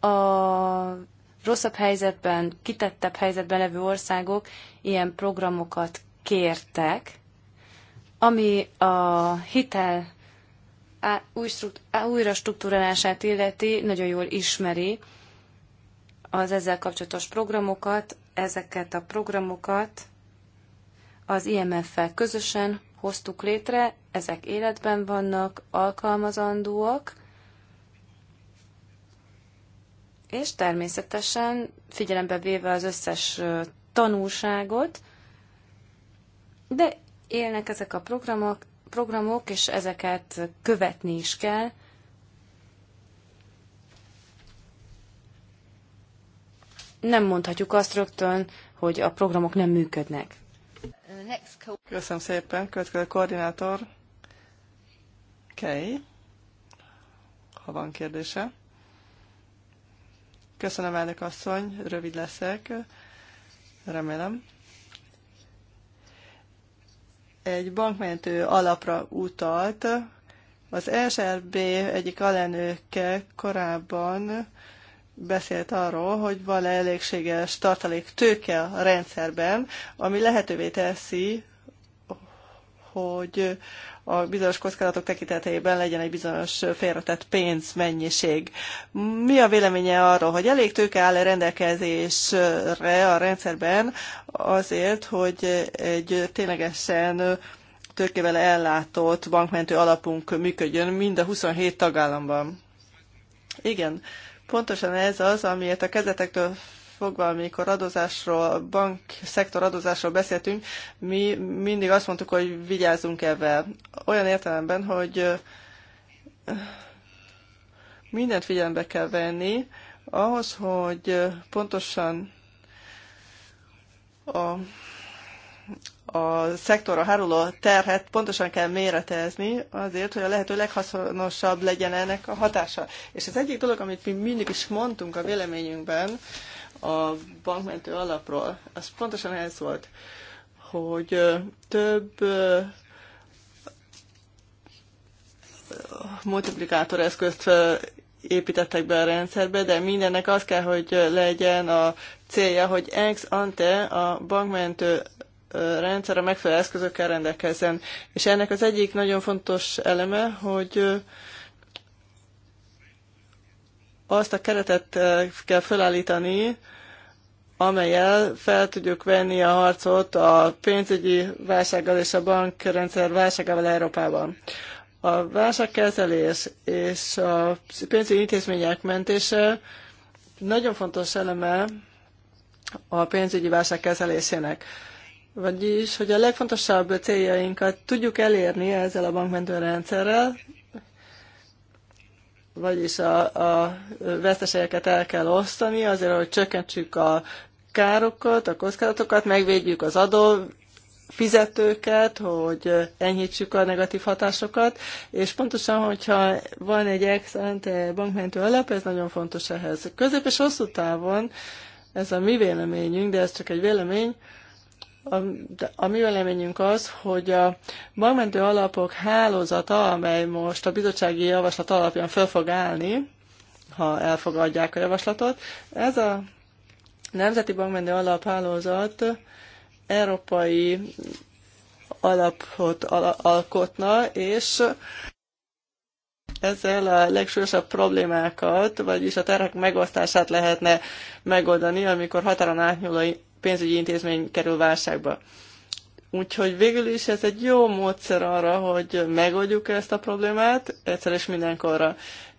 a rosszabb helyzetben, kitettebb helyzetben levő országok ilyen programokat kértek, ami a hitel új újra struktúrálását illeti, nagyon jól ismeri az ezzel kapcsolatos programokat, ezeket a programokat az IMF-fel közösen hoztuk létre, ezek életben vannak, alkalmazandóak, és természetesen figyelembe véve az összes tanulságot, de élnek ezek a programok, programok és ezeket követni is kell. Nem mondhatjuk azt rögtön, hogy a programok nem működnek. Köszönöm szépen. Következő koordinátor, Kei, ha van kérdése. Köszönöm, elnök asszony, rövid leszek, remélem. Egy bankmentő alapra utalt. Az SRB egyik alelnöke korábban beszélt arról, hogy van-e elégséges tartalék tőke a rendszerben, ami lehetővé teszi, hogy a bizonyos kockázatok tekintetében legyen egy bizonyos félretett pénzmennyiség. Mi a véleménye arról, hogy elég tőke áll -e rendelkezésre a rendszerben azért, hogy egy ténylegesen tőkével ellátott bankmentő alapunk működjön mind a 27 tagállamban? Igen, Pontosan ez az, amiért a kezetektől fogva, amikor adózásról, bank szektor adózásról beszéltünk, mi mindig azt mondtuk, hogy vigyázzunk ebben. Olyan értelemben, hogy mindent figyelembe kell venni, ahhoz, hogy pontosan a a szektorra háruló terhet pontosan kell méretezni azért, hogy a lehető leghasznosabb legyen ennek a hatása. És az egyik dolog, amit mi mindig is mondtunk a véleményünkben a bankmentő alapról, az pontosan ez volt, hogy több multiplikátor eszközt építettek be a rendszerbe, de mindennek az kell, hogy legyen a célja, hogy ex ante a bankmentő rendszer a megfelelő eszközökkel rendelkezzen. És ennek az egyik nagyon fontos eleme, hogy azt a keretet kell felállítani, amelyel fel tudjuk venni a harcot a pénzügyi válsággal és a bankrendszer válságával Európában. A válságkezelés és a pénzügyi intézmények mentése nagyon fontos eleme a pénzügyi válság kezelésének. Vagyis, hogy a legfontosabb céljainkat tudjuk elérni ezzel a bankmentő rendszerrel, vagyis a, a veszteségeket el kell osztani azért, hogy csökkentsük a károkat, a kockázatokat, megvédjük az adó fizetőket, hogy enyhítsük a negatív hatásokat, és pontosan, hogyha van egy excellent bankmentő alap, ez nagyon fontos ehhez. Közép és hosszú távon, ez a mi véleményünk, de ez csak egy vélemény, a, mi véleményünk az, hogy a bankmentő alapok hálózata, amely most a bizottsági javaslat alapján föl fog állni, ha elfogadják a javaslatot, ez a Nemzeti Bankmentő hálózat európai alapot alkotna, és ezzel a legsúlyosabb problémákat, vagyis a terhek megosztását lehetne megoldani, amikor határon átnyúló pénzügyi intézmény kerül válságba. Úgyhogy végül is ez egy jó módszer arra, hogy megoldjuk ezt a problémát egyszer és mindenkorra,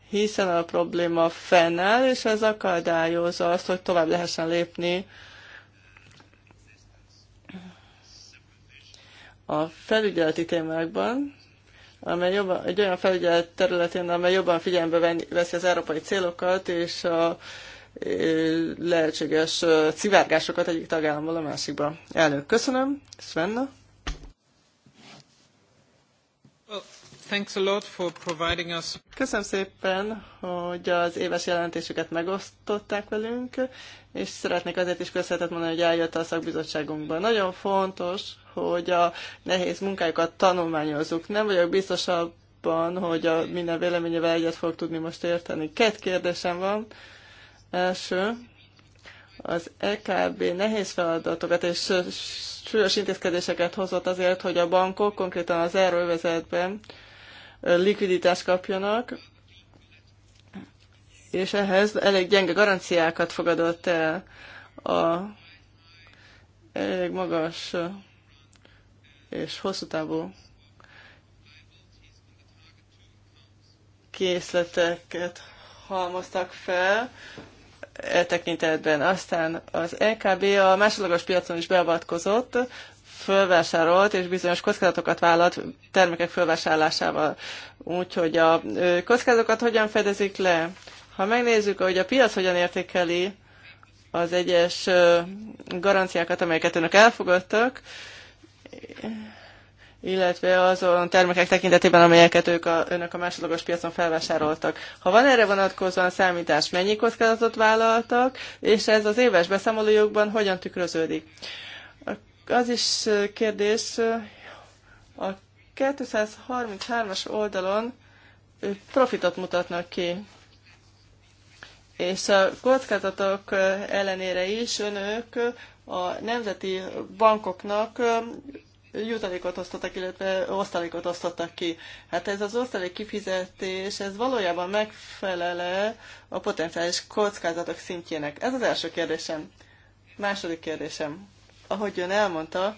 hiszen a probléma fennáll, és ez akadályozza azt, hogy tovább lehessen lépni a felügyeleti témákban, amely jobban, egy olyan felügyelet területén, amely jobban figyelembe veszi az európai célokat és a lehetséges szivárgásokat egyik tagállamból a másikba. Elnök, köszönöm. Svenna? Köszönöm szépen, hogy az éves jelentésüket megosztották velünk, és szeretnék azért is köszönetet mondani, hogy eljött a szakbizottságunkba. Nagyon fontos, hogy a nehéz munkájukat tanulmányozzuk. Nem vagyok biztos abban, hogy a minden véleményével egyet fog tudni most érteni. Két kérdésem van. Első, az EKB nehéz feladatokat és súlyos intézkedéseket hozott azért, hogy a bankok konkrétan az erővezetben likviditást kapjanak, és ehhez elég gyenge garanciákat fogadott el a elég magas és hosszú távú készleteket halmoztak fel e tekintetben. Aztán az LKB e a másodlagos piacon is beavatkozott, fölvásárolt és bizonyos kockázatokat vállalt termékek fölvásárlásával. Úgyhogy a kockázatokat hogyan fedezik le? Ha megnézzük, hogy a piac hogyan értékeli az egyes garanciákat, amelyeket önök elfogadtak, illetve azon termékek tekintetében, amelyeket ők a, önök a másodlagos piacon felvásároltak. Ha van erre vonatkozóan számítás, mennyi kockázatot vállaltak, és ez az éves beszámolójukban hogyan tükröződik? Az is kérdés, a 233-as oldalon profitot mutatnak ki. És a kockázatok ellenére is önök a nemzeti bankoknak jutalékot osztottak, illetve osztalékot osztottak ki. Hát ez az osztalék kifizetés, ez valójában megfelele a potenciális kockázatok szintjének. Ez az első kérdésem. Második kérdésem. Ahogy ön elmondta,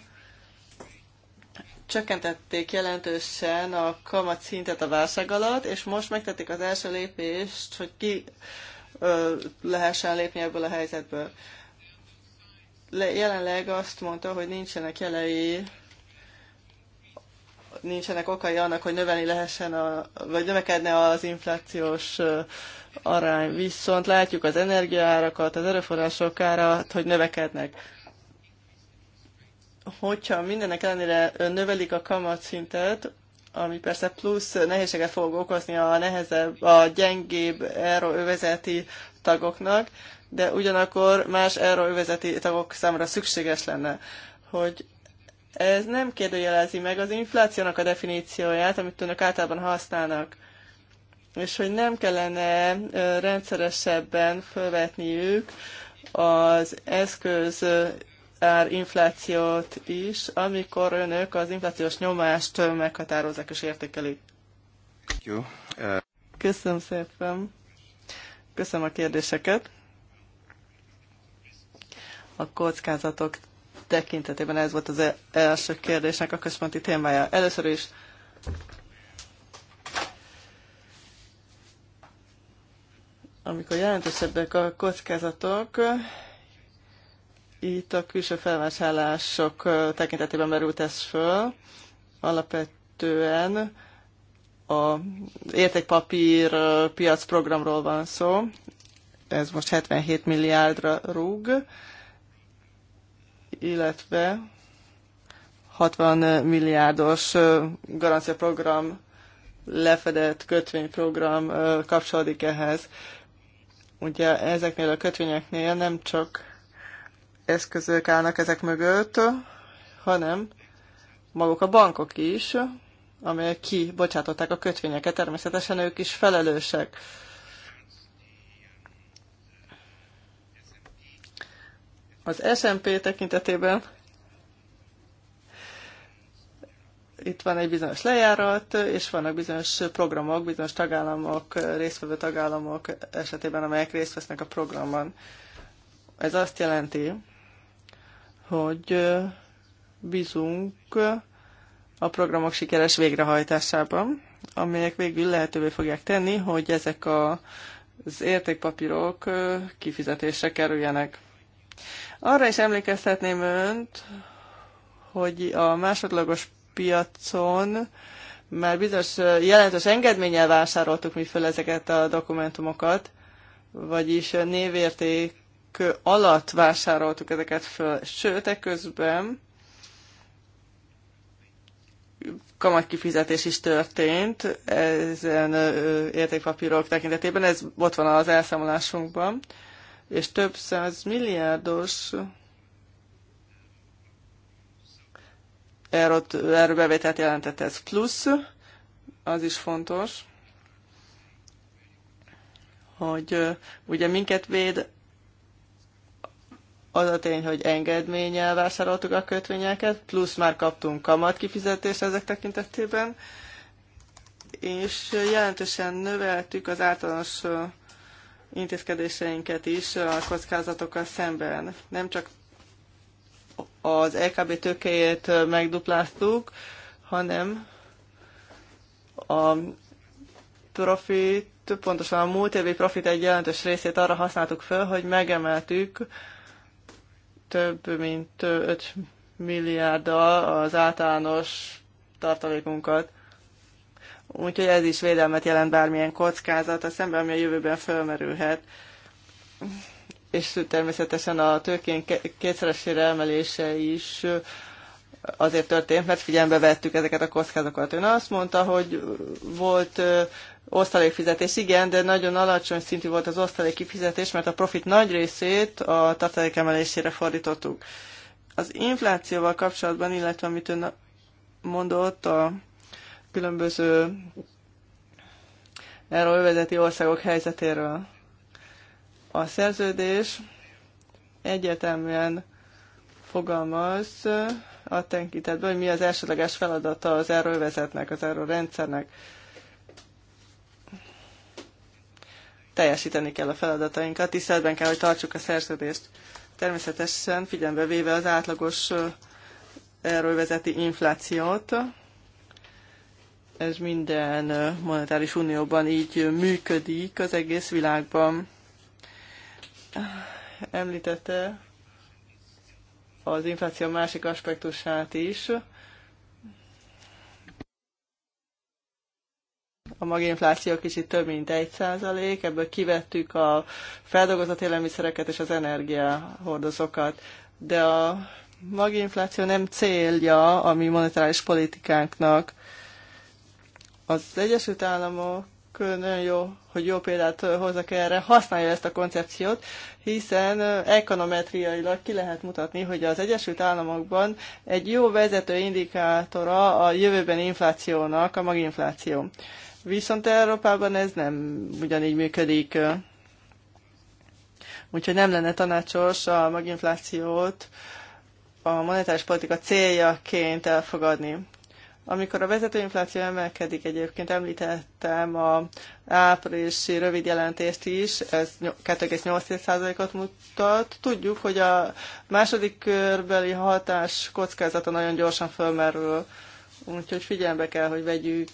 csökkentették jelentősen a kamat szintet a válság alatt, és most megtették az első lépést, hogy ki ö, lehessen lépni ebből a helyzetből. Le, jelenleg azt mondta, hogy nincsenek jelei nincsenek okai annak, hogy növelni lehessen, a, vagy növekedne az inflációs arány. Viszont látjuk az energiaárakat, az erőforrások árat, hogy növekednek. Hogyha mindenek ellenére növelik a kamatszintet, ami persze plusz nehézséget fog okozni a nehezebb, a gyengébb euróövezeti tagoknak, de ugyanakkor más euróövezeti tagok számára szükséges lenne, hogy ez nem kérdőjelezi meg az inflációnak a definícióját, amit önök általában használnak, és hogy nem kellene rendszeresebben felvetniük az eszköz inflációt is, amikor önök az inflációs nyomást meghatározzák és értékelik. Jó. Köszönöm szépen. Köszönöm a kérdéseket. A kockázatok tekintetében ez volt az e- első kérdésnek a központi témája. Először is amikor jelentősebbek a kockázatok, itt a külső felvásárlások tekintetében merült ez föl. Alapvetően a értékpapír programról van szó, ez most 77 milliárdra rúg, illetve 60 milliárdos garanciaprogram lefedett kötvényprogram kapcsolódik ehhez. Ugye ezeknél a kötvényeknél nem csak eszközök állnak ezek mögött, hanem maguk a bankok is, amelyek kibocsátották a kötvényeket, természetesen ők is felelősek. Az SMP tekintetében itt van egy bizonyos lejárat, és vannak bizonyos programok, bizonyos tagállamok, résztvevő tagállamok esetében, amelyek részt vesznek a programban. Ez azt jelenti, hogy bízunk a programok sikeres végrehajtásában, amelyek végül lehetővé fogják tenni, hogy ezek a, az értékpapírok kifizetésre kerüljenek. Arra is emlékeztetném önt, hogy a másodlagos piacon már bizonyos jelentős engedménnyel vásároltuk mi föl ezeket a dokumentumokat, vagyis névérték alatt vásároltuk ezeket föl. Sőt, eközben kamatkifizetés is történt ezen értékpapírok tekintetében, ez ott van az elszámolásunkban és több száz milliárdos erőt, erőbevételt jelentett ez. Plusz, az is fontos, hogy ugye minket véd az a tény, hogy engedménnyel vásároltuk a kötvényeket, plusz már kaptunk kamatkifizetést ezek tekintetében, és jelentősen növeltük az általános intézkedéseinket is a kockázatokkal szemben. Nem csak az LKB tőkejét megdupláztuk, hanem a profit, pontosan a múlt évi profit egy jelentős részét arra használtuk fel hogy megemeltük több mint 5 milliárddal az általános tartalékunkat. Úgyhogy ez is védelmet jelent bármilyen kockázat, a szemben, ami a jövőben felmerülhet. És természetesen a tőkén kétszeresére emelése is azért történt, mert figyelembe vettük ezeket a kockázatokat. Ön azt mondta, hogy volt osztalékfizetés, igen, de nagyon alacsony szintű volt az osztalékkifizetés, mert a profit nagy részét a tartalék emelésére fordítottuk. Az inflációval kapcsolatban, illetve amit ön mondott, a különböző euróövezeti országok helyzetéről. A szerződés egyértelműen fogalmaz a tenkítetben, hogy mi az elsődleges feladata az euróövezetnek, az eurórendszernek. Teljesíteni kell a feladatainkat, tiszteletben kell, hogy tartsuk a szerződést. Természetesen figyelembe véve az átlagos euróvezeti inflációt, ez minden monetáris unióban így működik az egész világban. Említette az infláció másik aspektusát is, a maginfláció kicsit több mint 1 százalék, ebből kivettük a feldolgozott élelmiszereket és az energiahordozókat. De a maginfláció nem célja a mi monetáris politikánknak. Az Egyesült Államok nagyon jó, hogy jó példát hozzak erre, használja ezt a koncepciót, hiszen ekonometriailag ki lehet mutatni, hogy az Egyesült Államokban egy jó vezető indikátora a jövőben inflációnak a maginfláció. Viszont Európában ez nem ugyanígy működik. Úgyhogy nem lenne tanácsos a maginflációt a monetáris politika céljaként elfogadni. Amikor a vezetőinfláció emelkedik, egyébként említettem a áprilisi rövid jelentést is, ez 2,8%-ot mutat. Tudjuk, hogy a második körbeli hatás kockázata nagyon gyorsan fölmerül, úgyhogy figyelembe kell, hogy vegyük,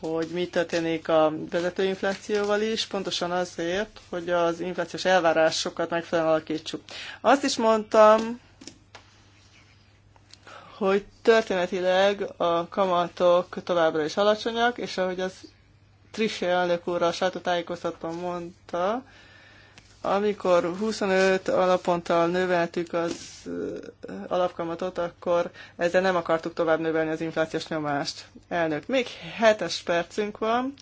hogy mi történik a vezetőinflációval is, pontosan azért, hogy az inflációs elvárásokat megfelelően alakítsuk. Azt is mondtam, hogy történetileg a kamatok továbbra is alacsonyak, és ahogy az Trisse elnök úr a sajtótájékoztatón mondta, amikor 25 alaponttal növeltük az alapkamatot, akkor ezzel nem akartuk tovább növelni az inflációs nyomást. Elnök, még 7-es percünk van.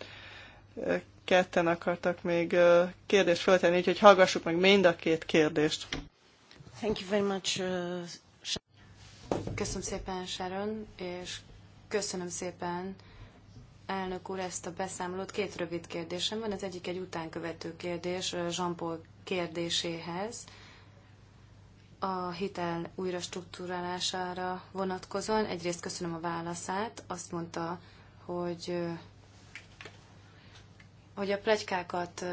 Ketten akartak még kérdést föltenni, úgyhogy hallgassuk meg mind a két kérdést. Thank you very much, uh, Köszönöm szépen, Sharon, és köszönöm szépen, elnök úr, ezt a beszámolót. Két rövid kérdésem van. Az egyik egy utánkövető kérdés Jean-Paul kérdéséhez a hitel újra struktúrálására vonatkozóan. Egyrészt köszönöm a válaszát. Azt mondta, hogy hogy a plegykákat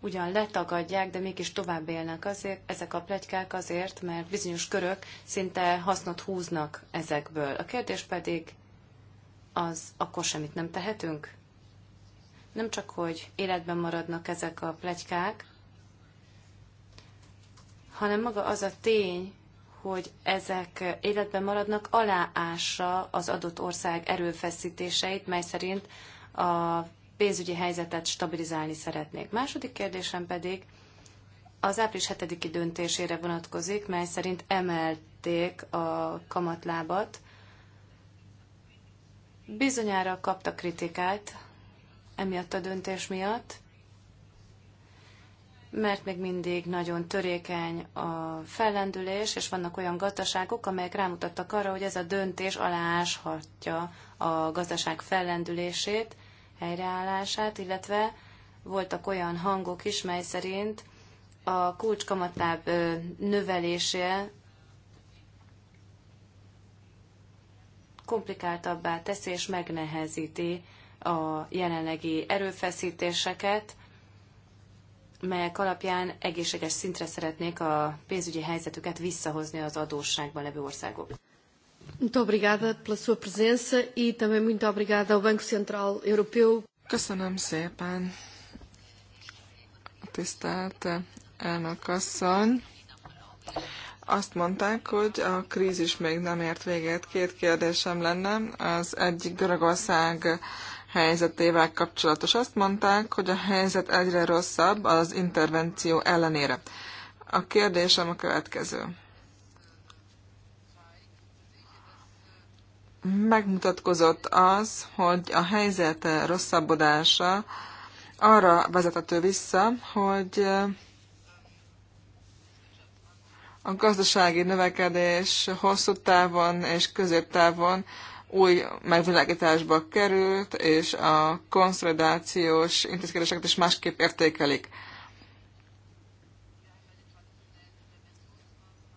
ugyan letagadják, de mégis tovább élnek azért, ezek a plegykák azért, mert bizonyos körök szinte hasznot húznak ezekből. A kérdés pedig az, akkor semmit nem tehetünk? Nem csak, hogy életben maradnak ezek a plegykák, hanem maga az a tény, hogy ezek életben maradnak, aláássa az adott ország erőfeszítéseit, mely szerint a pénzügyi helyzetet stabilizálni szeretnék. Második kérdésem pedig az április 7-i döntésére vonatkozik, mely szerint emelték a kamatlábat. Bizonyára kapta kritikát emiatt a döntés miatt, mert még mindig nagyon törékeny a fellendülés, és vannak olyan gazdaságok, amelyek rámutattak arra, hogy ez a döntés alááshatja a gazdaság fellendülését, helyreállását, illetve voltak olyan hangok is, mely szerint a kulcskamatláb növelése komplikáltabbá teszi és megnehezíti a jelenlegi erőfeszítéseket, melyek alapján egészséges szintre szeretnék a pénzügyi helyzetüket visszahozni az adósságban levő országok. Muito obrigada pela sua presença e também muito obrigada ao Banco Central Europeu. Köszönöm szépen, tisztelt elnök asszony. Azt mondták, hogy a krízis még nem ért véget. Két kérdésem lenne. Az egyik Görögország helyzetével kapcsolatos. Azt mondták, hogy a helyzet egyre rosszabb az intervenció ellenére. A kérdésem a következő. megmutatkozott az, hogy a helyzet rosszabbodása arra vezethető vissza, hogy a gazdasági növekedés hosszú távon és középtávon új megvilágításba került, és a konszolidációs intézkedéseket is másképp értékelik.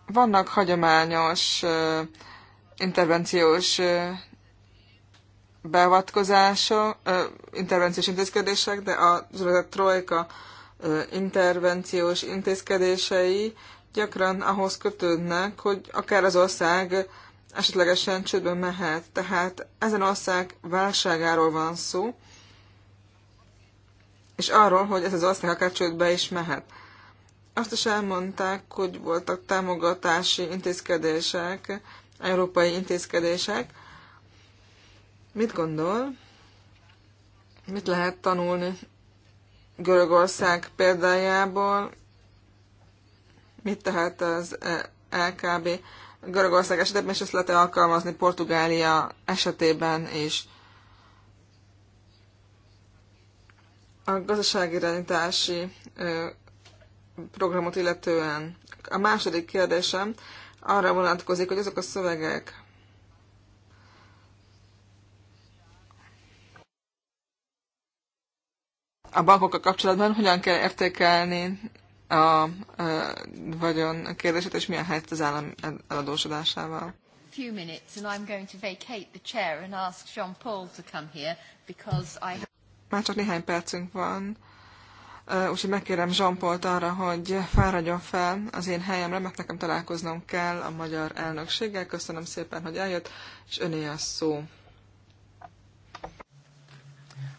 Vannak hagyományos intervenciós beavatkozása, intervenciós intézkedések, de a trojka intervenciós intézkedései gyakran ahhoz kötődnek, hogy akár az ország esetlegesen csődbe mehet. Tehát ezen ország válságáról van szó, és arról, hogy ez az ország akár csődbe is mehet. Azt is elmondták, hogy voltak támogatási intézkedések, európai intézkedések. Mit gondol? Mit lehet tanulni Görögország példájából? Mit tehet az LKB Görögország esetében, és ezt lehet alkalmazni Portugália esetében is? A gazdaságirányítási programot illetően. A második kérdésem, arra vonatkozik, hogy azok a szövegek, a bankokkal kapcsolatban hogyan kell értékelni a, a vagyon kérdését, és milyen helyzet az állam eladósodásával. few minutes and I'm going to vacate the chair and ask Jean-Paul to come here because I Már csak néhány percünk van, Eh, úgyhogy megkérem Zsampolt arra, hogy fáradjon fel az én helyemre, mert nekem találkoznom kell a magyar elnökséggel. Köszönöm szépen, hogy eljött, és öné a szó.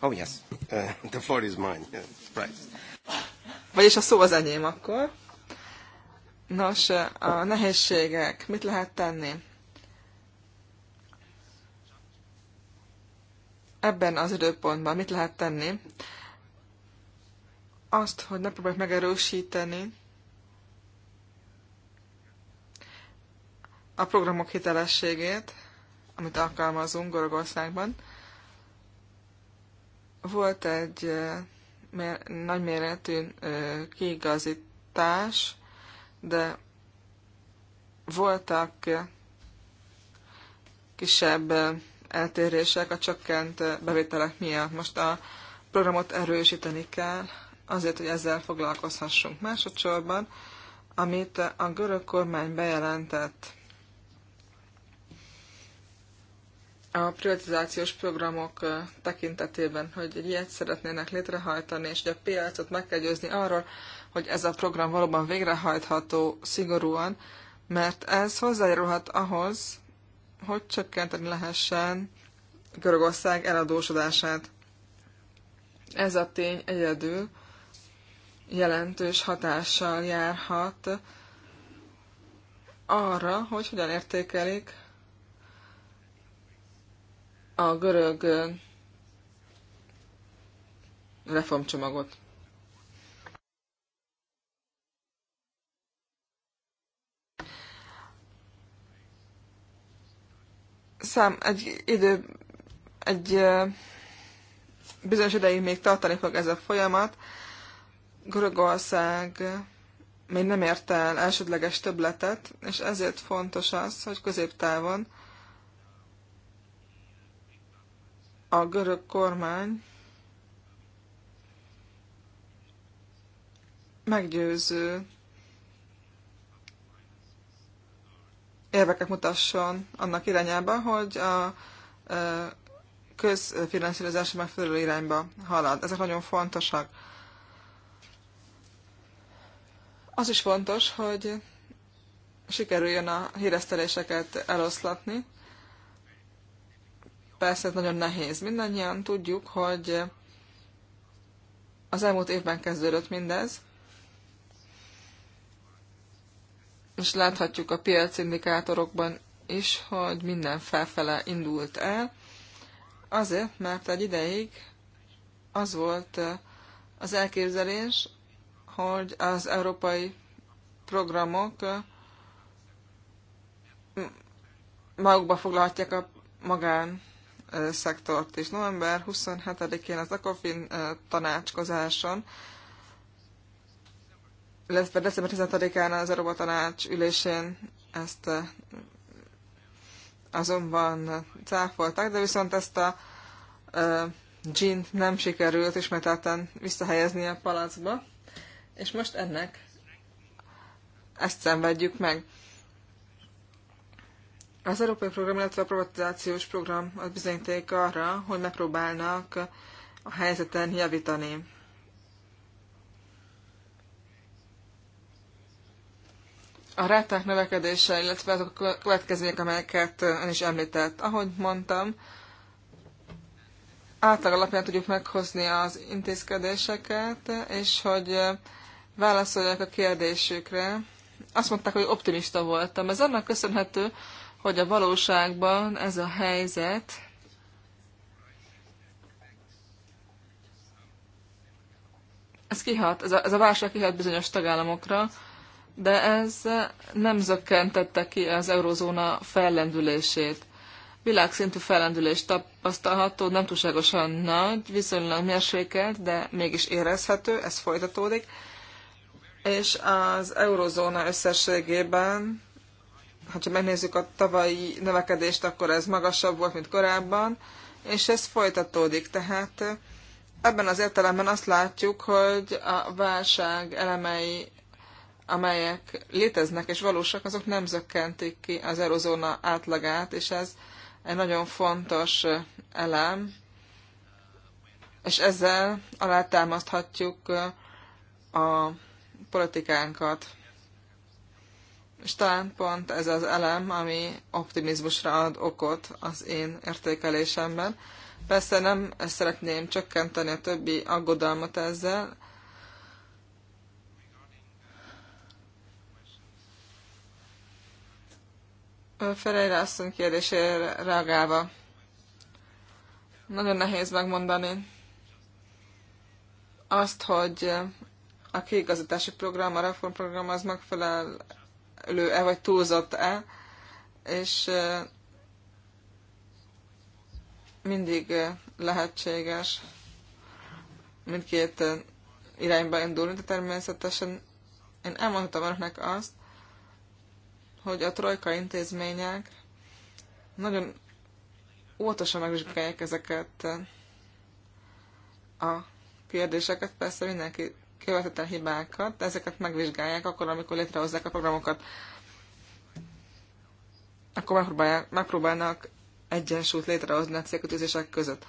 Oh, yes. Uh, the floor is mine. Right. Vagyis a szó az enyém akkor. Nos, eh, a nehézségek, mit lehet tenni? Ebben az időpontban mit lehet tenni azt, hogy próbálj megerősíteni a programok hitelességét, amit alkalmazunk Görögországban. Volt egy nagyméretű kiigazítás, de voltak kisebb eltérések a csökkent bevételek miatt. Most a programot erősíteni kell azért, hogy ezzel foglalkozhassunk. Másodszorban, amit a görög kormány bejelentett a privatizációs programok tekintetében, hogy egy ilyet szeretnének létrehajtani, és hogy a piacot meg kell győzni arról, hogy ez a program valóban végrehajtható szigorúan, mert ez hozzájárulhat ahhoz, hogy csökkenteni lehessen Görögország eladósodását. Ez a tény egyedül jelentős hatással járhat arra, hogy hogyan értékelik a görög reformcsomagot. Szám egy idő, egy bizonyos ideig még tartani fog ez a folyamat, Görögország még nem ért el elsődleges töbletet, és ezért fontos az, hogy középtávon a görög kormány meggyőző érveket mutasson annak irányába, hogy a közfinanszírozás megfelelő irányba halad. Ezek nagyon fontosak. Az is fontos, hogy sikerüljön a híreszteléseket eloszlatni. Persze ez nagyon nehéz. Mindannyian tudjuk, hogy az elmúlt évben kezdődött mindez, és láthatjuk a piac indikátorokban is, hogy minden felfele indult el, azért, mert egy ideig az volt az elképzelés, hogy az európai programok magukba foglalhatják a magán szektort is. November 27-én az ECOFIN tanácskozáson, illetve december 15-án az Európa Tanács ülésén ezt azonban cáfolták, de viszont ezt a gint nem sikerült ismételten visszahelyezni a palacba. És most ennek ezt szenvedjük meg. Az Európai Program, illetve a privatizációs program az bizonyíték arra, hogy megpróbálnak a helyzeten javítani. A ráták növekedése, illetve azok a következmények, amelyeket ön is említett. Ahogy mondtam, átlag alapján tudjuk meghozni az intézkedéseket, és hogy válaszoljak a kérdésükre. Azt mondták, hogy optimista voltam. Ez annak köszönhető, hogy a valóságban ez a helyzet ez kihat, ez a, ez a válság kihat bizonyos tagállamokra, de ez nem zökkentette ki az eurozóna fellendülését. Világszintű fellendülés tapasztalható, nem túlságosan nagy, viszonylag mérsékelt, de mégis érezhető, ez folytatódik és az eurozóna összességében, ha megnézzük a tavalyi növekedést, akkor ez magasabb volt, mint korábban, és ez folytatódik. Tehát ebben az értelemben azt látjuk, hogy a válság elemei, amelyek léteznek és valósak, azok nem zökkentik ki az eurozóna átlagát, és ez egy nagyon fontos elem, és ezzel alátámaszthatjuk a politikánkat. És talán pont ez az elem, ami optimizmusra ad okot az én értékelésemben. Persze nem szeretném csökkenteni a többi aggodalmat ezzel. Ferejre asszony kérdésére reagálva. Nagyon nehéz megmondani azt, hogy a kiigazítási program, a reformprogram az megfelelő-e, vagy túlzott-e, és mindig lehetséges mindkét irányba indulni, de természetesen én elmondhatom önöknek azt, hogy a trojka intézmények nagyon óvatosan megvizsgálják ezeket a kérdéseket. Persze mindenki követett el hibákat, ezeket megvizsgálják akkor, amikor létrehozzák a programokat. Akkor megpróbálják, megpróbálnak egyensúlyt létrehozni a célkötőzések között.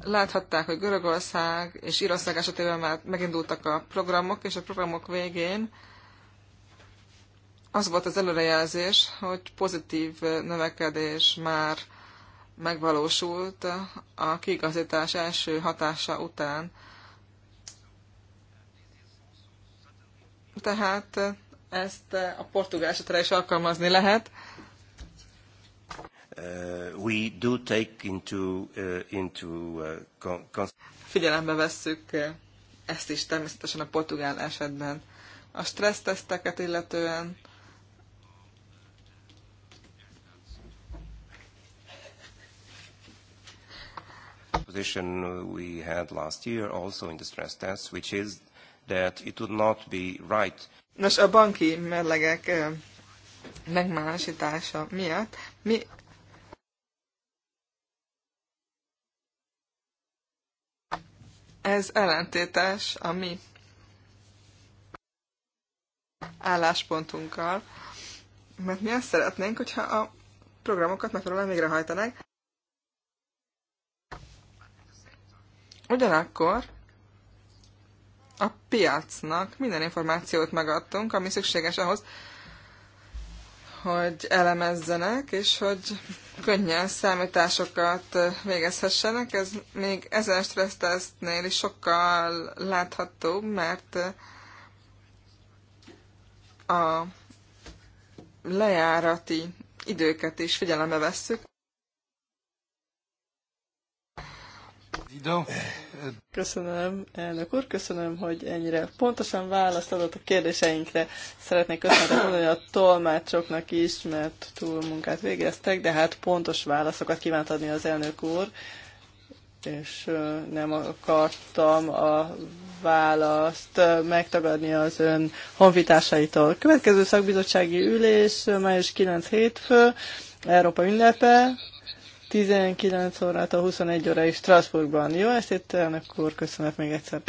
Láthatták, hogy Görögország és Írország esetében már megindultak a programok, és a programok végén az volt az előrejelzés, hogy pozitív növekedés már megvalósult a kiigazítás első hatása után. Tehát ezt a portugál is alkalmazni lehet. Uh, we do take into, uh, into, uh, Figyelembe vesszük ezt is természetesen a portugál esetben. A stressztesteket illetően position we had last year also in the stress test, which is that it would not be right. Nos, a banki mellegek megmásítása miatt mi ez ellentétes a mi álláspontunkkal, mert mi azt szeretnénk, hogyha a programokat megfelelően végrehajtanák, Ugyanakkor a piacnak minden információt megadtunk, ami szükséges ahhoz, hogy elemezzenek, és hogy könnyen számításokat végezhessenek. Ez még ezen stressztesztnél is sokkal láthatóbb, mert a lejárati időket is figyelembe vesszük. Köszönöm, elnök úr, köszönöm, hogy ennyire pontosan választ adott a kérdéseinkre. Szeretnék köszönetet mondani a tolmácsoknak is, mert túl munkát végeztek, de hát pontos válaszokat kívánt adni az elnök úr, és nem akartam a választ megtagadni az ön honfitársaitól. Következő szakbizottsági ülés, május 9 hétfő, Európa ünnepe, 19 órától 21 óráig Strasbourgban. Jó estét, elnök úr, köszönet még egyszer.